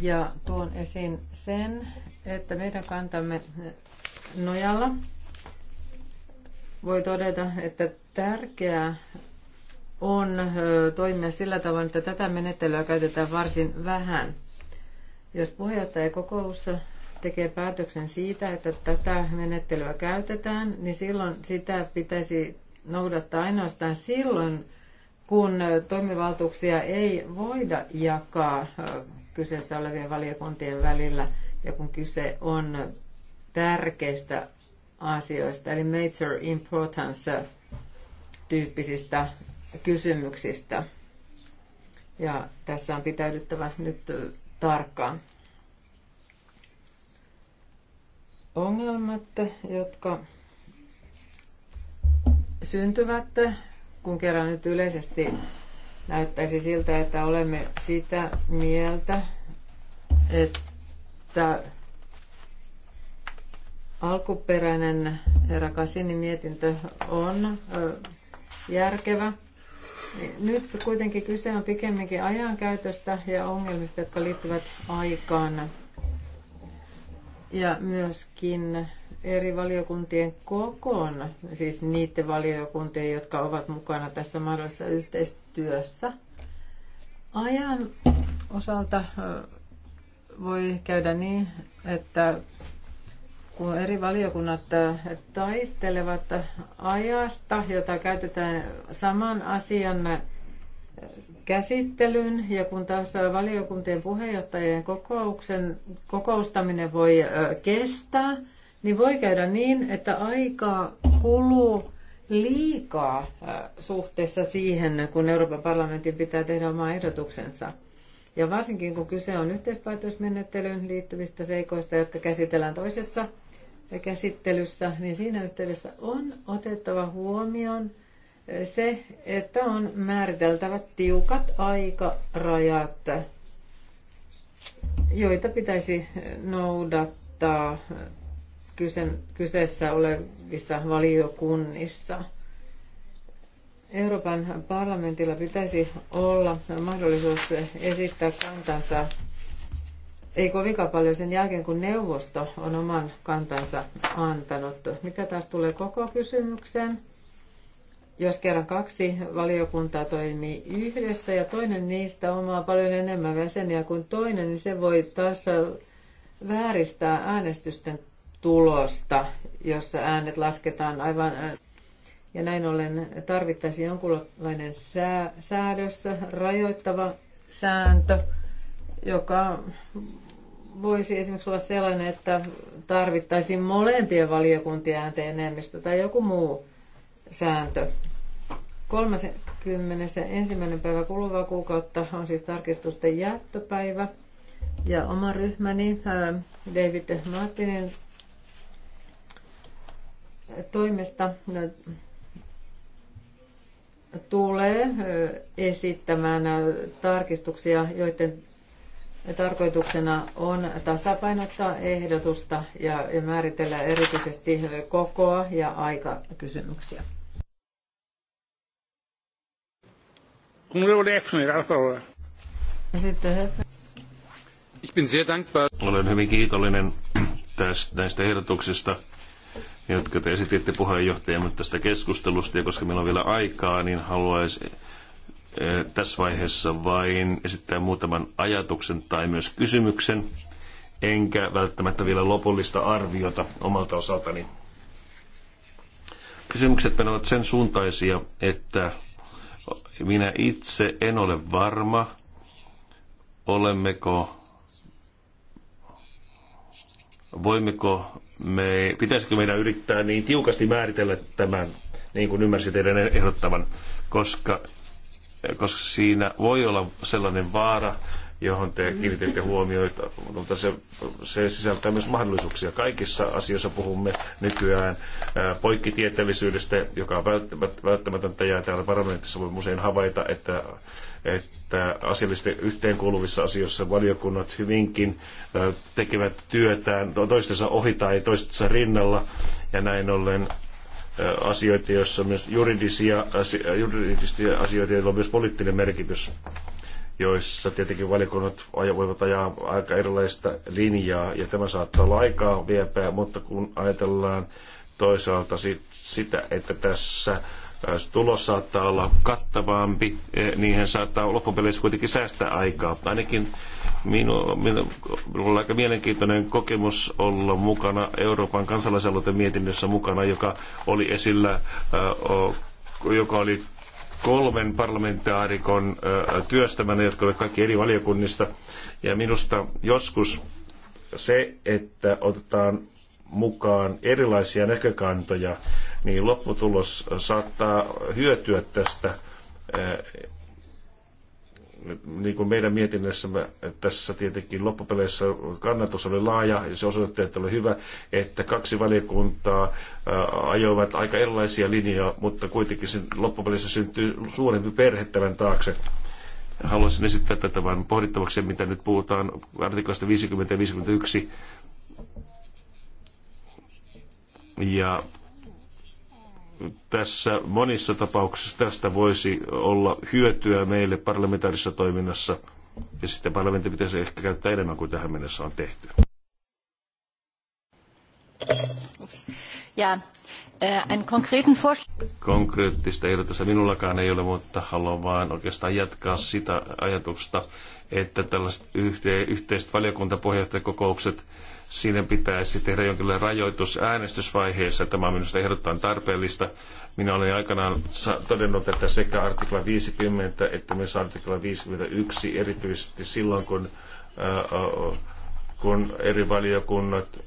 Ja tuon esiin sen, että meidän kantamme äh, nojalla voi todeta, että tärkeää on äh, toimia sillä tavalla, että tätä menettelyä käytetään varsin vähän. Jos puheenjohtajakokoussa tekee päätöksen siitä, että tätä menettelyä käytetään, niin silloin sitä pitäisi noudattaa ainoastaan silloin, kun toimivaltuuksia ei voida jakaa kyseessä olevien valiokuntien välillä ja kun kyse on tärkeistä asioista, eli major importance tyyppisistä kysymyksistä. Ja tässä on pitäydyttävä nyt tarkkaan. ongelmat, jotka syntyvät, kun kerran nyt yleisesti näyttäisi siltä, että olemme sitä mieltä, että alkuperäinen rakasini mietintö on järkevä. Nyt kuitenkin kyse on pikemminkin ajankäytöstä ja ongelmista, jotka liittyvät aikaan ja myöskin eri valiokuntien kokoon, siis niiden valiokuntien, jotka ovat mukana tässä mahdollisessa yhteistyössä. Ajan osalta voi käydä niin, että kun eri valiokunnat taistelevat ajasta, jota käytetään saman asian Käsittelyn ja kun taas valiokuntien puheenjohtajien kokouksen, kokoustaminen voi kestää, niin voi käydä niin, että aika kuluu liikaa suhteessa siihen, kun Euroopan parlamentin pitää tehdä oma ehdotuksensa. Ja varsinkin kun kyse on yhteispäätösmenettelyyn liittyvistä seikoista, jotka käsitellään toisessa käsittelyssä, niin siinä yhteydessä on otettava huomioon se, että on määriteltävä tiukat aikarajat, joita pitäisi noudattaa kyseessä olevissa valiokunnissa. Euroopan parlamentilla pitäisi olla mahdollisuus esittää kantansa ei kovinkaan paljon sen jälkeen, kun neuvosto on oman kantansa antanut. Mitä taas tulee koko kysymykseen? jos kerran kaksi valiokuntaa toimii yhdessä ja toinen niistä omaa paljon enemmän jäseniä kuin toinen, niin se voi taas vääristää äänestysten tulosta, jossa äänet lasketaan aivan Ja näin ollen tarvittaisiin jonkunlainen sää, säädös, rajoittava sääntö, joka voisi esimerkiksi olla sellainen, että tarvittaisiin molempien valiokuntien äänteen enemmistö tai joku muu sääntö. 31. päivä kuluvaa kuukautta on siis tarkistusten jättöpäivä. Ja oma ryhmäni David Martinin toimesta tulee esittämään tarkistuksia, joiden tarkoituksena on tasapainottaa ehdotusta ja määritellä erityisesti kokoa ja aikakysymyksiä. Ich bin sehr dankbar. Olen
hyvin kiitollinen tästä, näistä ehdotuksista, jotka te esititte puheenjohtajamme tästä keskustelusta. Ja koska meillä on vielä aikaa, niin haluaisin eh, tässä vaiheessa vain esittää muutaman ajatuksen tai myös kysymyksen, enkä välttämättä vielä lopullista arviota omalta osaltani. Kysymykset menevät sen suuntaisia, että minä itse en ole varma, olemmeko, voimmeko me, pitäisikö meidän yrittää niin tiukasti määritellä tämän, niin kuin ymmärsin teidän ehdottavan, koska, koska siinä voi olla sellainen vaara, johon te mm-hmm. kiinnititte huomioita, mutta se, se sisältää myös mahdollisuuksia. Kaikissa asioissa puhumme nykyään poikkitieteellisyydestä, joka on välttämätöntä, ja täällä parlamentissa voi usein havaita, että, että asiallisesti yhteenkuuluvissa asioissa valiokunnat hyvinkin tekevät työtään toistensa ohi tai toistensa rinnalla, ja näin ollen asioita, joissa on myös juridisia, juridisia asioita, joilla on myös poliittinen merkitys joissa tietenkin valiokunnat voivat ajaa aika erilaista linjaa, ja tämä saattaa olla aikaa viepää, mutta kun ajatellaan toisaalta sit, sitä, että tässä tulos saattaa olla kattavampi, niin hän saattaa loppupeleissä kuitenkin säästää aikaa. Ainakin minu, minu, minulla on aika mielenkiintoinen kokemus olla mukana Euroopan kansalaisaloitemietinnössä mukana, joka oli esillä, joka oli kolmen parlamentaarikon työstämänä, jotka olivat kaikki eri valiokunnista. Ja minusta joskus se, että otetaan mukaan erilaisia näkökantoja, niin lopputulos saattaa hyötyä tästä niin kuin meidän mietinnössämme tässä tietenkin loppupeleissä kannatus oli laaja ja se osoitti, että oli hyvä, että kaksi valiokuntaa ajoivat aika erilaisia linjoja, mutta kuitenkin sen loppupeleissä syntyy suurempi perhe tämän taakse. Haluaisin esittää tätä vain pohdittavaksi, mitä nyt puhutaan artiklasta 50 ja 51. Ja tässä monissa tapauksissa tästä voisi olla hyötyä meille parlamentaarisessa toiminnassa, ja sitten parlamentti pitäisi ehkä käyttää enemmän kuin tähän mennessä on tehty.
Ja, äh,
Konkreettista ehdotusta minullakaan ei ole, mutta haluan vain oikeastaan jatkaa sitä ajatusta, että tällaiset yhteiset valiokuntapuheenjohtajakokoukset siinä pitäisi tehdä jonkinlainen rajoitus äänestysvaiheessa. Tämä on minusta ehdottaan tarpeellista. Minä olen aikanaan todennut, että sekä artikla 50 että myös artikla 51, erityisesti silloin kun, kun eri valiokunnat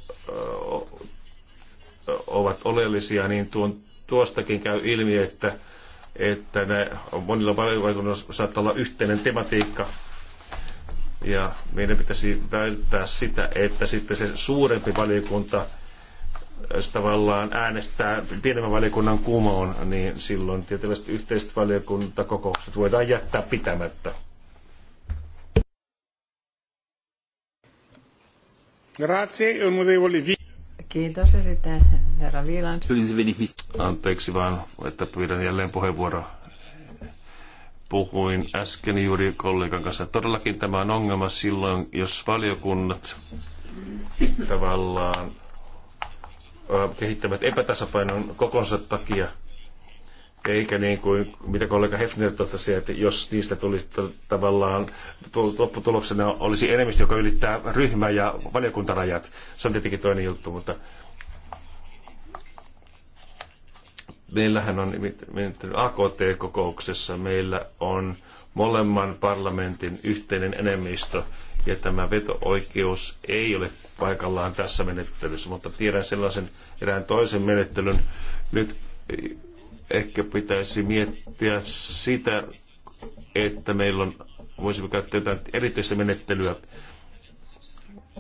ovat oleellisia, niin tuon, tuostakin käy ilmi, että, että ne, monilla valiokunnilla saattaa olla yhteinen tematiikka ja meidän pitäisi välttää sitä, että sitten se suurempi valiokunta äh, tavallaan äänestää pienemmän valiokunnan kumoon, niin silloin tietysti yhteiset valiokuntakokoukset voidaan jättää pitämättä.
Grazie, Kiitos ja sitten herra Viilan.
Anteeksi vaan, että pyydän jälleen puheenvuoroa puhuin äsken juuri kollegan kanssa. Todellakin tämä on ongelma silloin, jos valiokunnat tavallaan kehittävät epätasapainon kokonsa takia, eikä niin kuin mitä kollega Hefner totesi, että jos niistä tulisi tavallaan lopputuloksena olisi enemmistö, joka ylittää ryhmä- ja valiokuntarajat. Se on tietenkin toinen juttu, mutta meillähän on AKT-kokouksessa, meillä on molemman parlamentin yhteinen enemmistö, ja tämä veto-oikeus ei ole paikallaan tässä menettelyssä, mutta tiedän sellaisen erään toisen menettelyn. Nyt eh, ehkä pitäisi miettiä sitä, että meillä on, voisimme käyttää jotain erityistä menettelyä,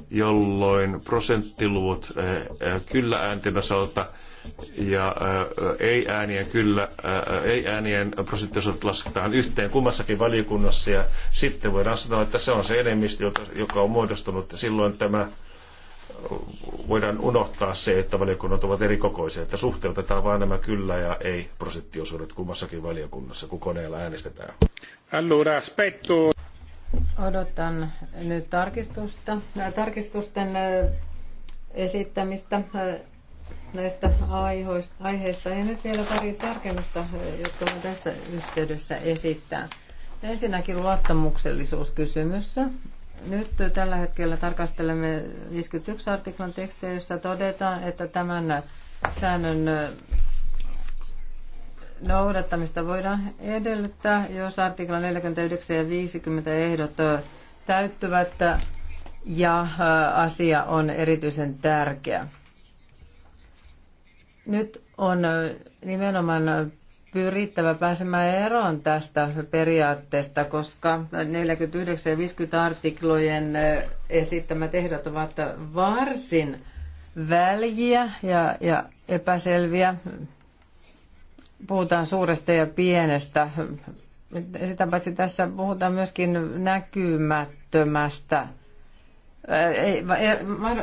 jolloin prosenttiluvut eh, eh, kyllä äänten osalta – ja ei-äänien, kyllä, ei-äänien prosenttiosuudet lasketaan yhteen kummassakin valiokunnassa ja sitten voidaan sanoa, että se on se enemmistö, joka on muodostunut ja silloin tämä voidaan unohtaa se, että valiokunnat ovat erikokoisia, että suhteutetaan vain nämä kyllä ja ei prosenttiosuudet kummassakin valiokunnassa, kun koneella äänestetään. Allora, aspetto.
Odotan nyt tarkistusta, tarkistusten esittämistä näistä aiheista. Ja nyt vielä pari tarkennusta, eh, jotka on tässä yhteydessä esittää. Ensinnäkin luottamuksellisuuskysymys. Nyt tällä hetkellä tarkastelemme 51 artiklan tekstejä, jossa todetaan, että tämän säännön eh, noudattamista voidaan edellyttää, jos artikla 49 ja 50 ehdot eh, täyttyvät ja asia on erityisen tärkeä. Nyt on nimenomaan pyrittävä pääsemään eroon tästä periaatteesta, koska 49 ja 50 artiklojen esittämät ehdot ovat varsin väljiä ja, ja epäselviä. Puhutaan suuresta ja pienestä. Sitä paitsi tässä puhutaan myöskin näkymättömästä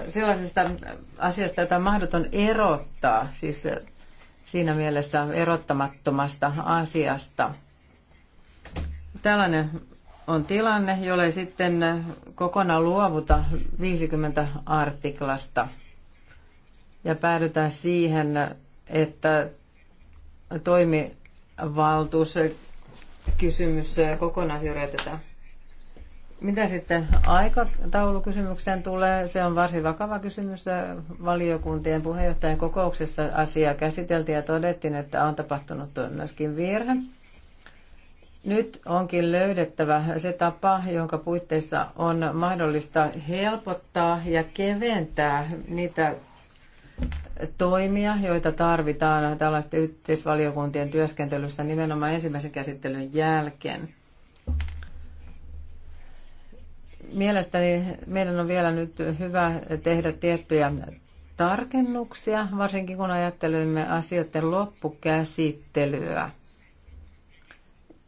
sellaisesta asiasta, jota on mahdoton erottaa, siis siinä mielessä erottamattomasta asiasta. Tällainen on tilanne, jolle sitten kokonaan luovuta 50 artiklasta ja päädytään siihen, että toimivaltuus kysymys kokonaan mitä sitten aikataulukysymykseen tulee? Se on varsin vakava kysymys. Valiokuntien puheenjohtajan kokouksessa asiaa käsiteltiin ja todettiin, että on tapahtunut myöskin virhe. Nyt onkin löydettävä se tapa, jonka puitteissa on mahdollista helpottaa ja keventää niitä toimia, joita tarvitaan tällaisten yhteisvaliokuntien työskentelyssä nimenomaan ensimmäisen käsittelyn jälkeen. Mielestäni meidän on vielä nyt hyvä tehdä tiettyjä tarkennuksia, varsinkin kun ajattelemme asioiden loppukäsittelyä.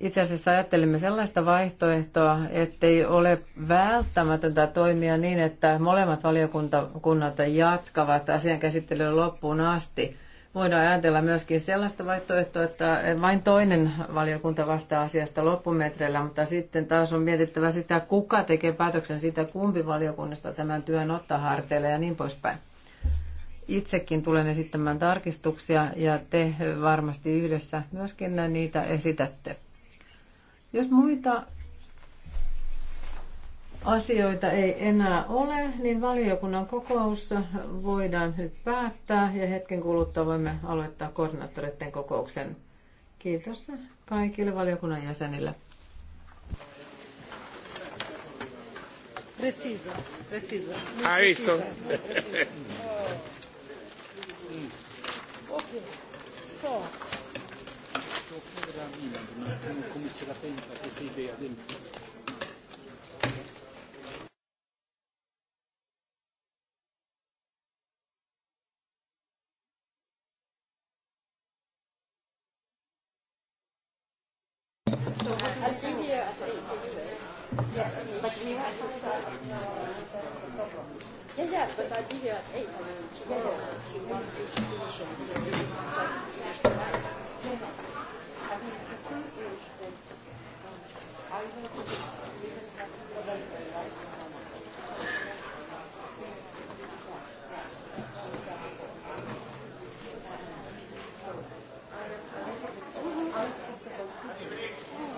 Itse asiassa ajattelimme sellaista vaihtoehtoa, ettei ole välttämätöntä toimia niin, että molemmat valiokunnat jatkavat asian käsittelyä loppuun asti voidaan ajatella myöskin sellaista vaihtoehtoa, että vain toinen valiokunta vastaa asiasta loppumetreillä, mutta sitten taas on mietittävä sitä, kuka tekee päätöksen siitä, kumpi valiokunnasta tämän työn ottaa harteille ja niin poispäin. Itsekin tulen esittämään tarkistuksia ja te varmasti yhdessä myöskin niitä esitätte. Jos muita asioita ei enää ole, niin valiokunnan kokous voidaan nyt päättää ja hetken kuluttua voimme aloittaa koordinaattoreiden kokouksen. Kiitos kaikille valiokunnan jäsenille. Preciso, preciso. Ha visto?
so.
So I'll be here at 8 Yeah, but we have to start. Yeah, yeah, but I'll be here at 8 you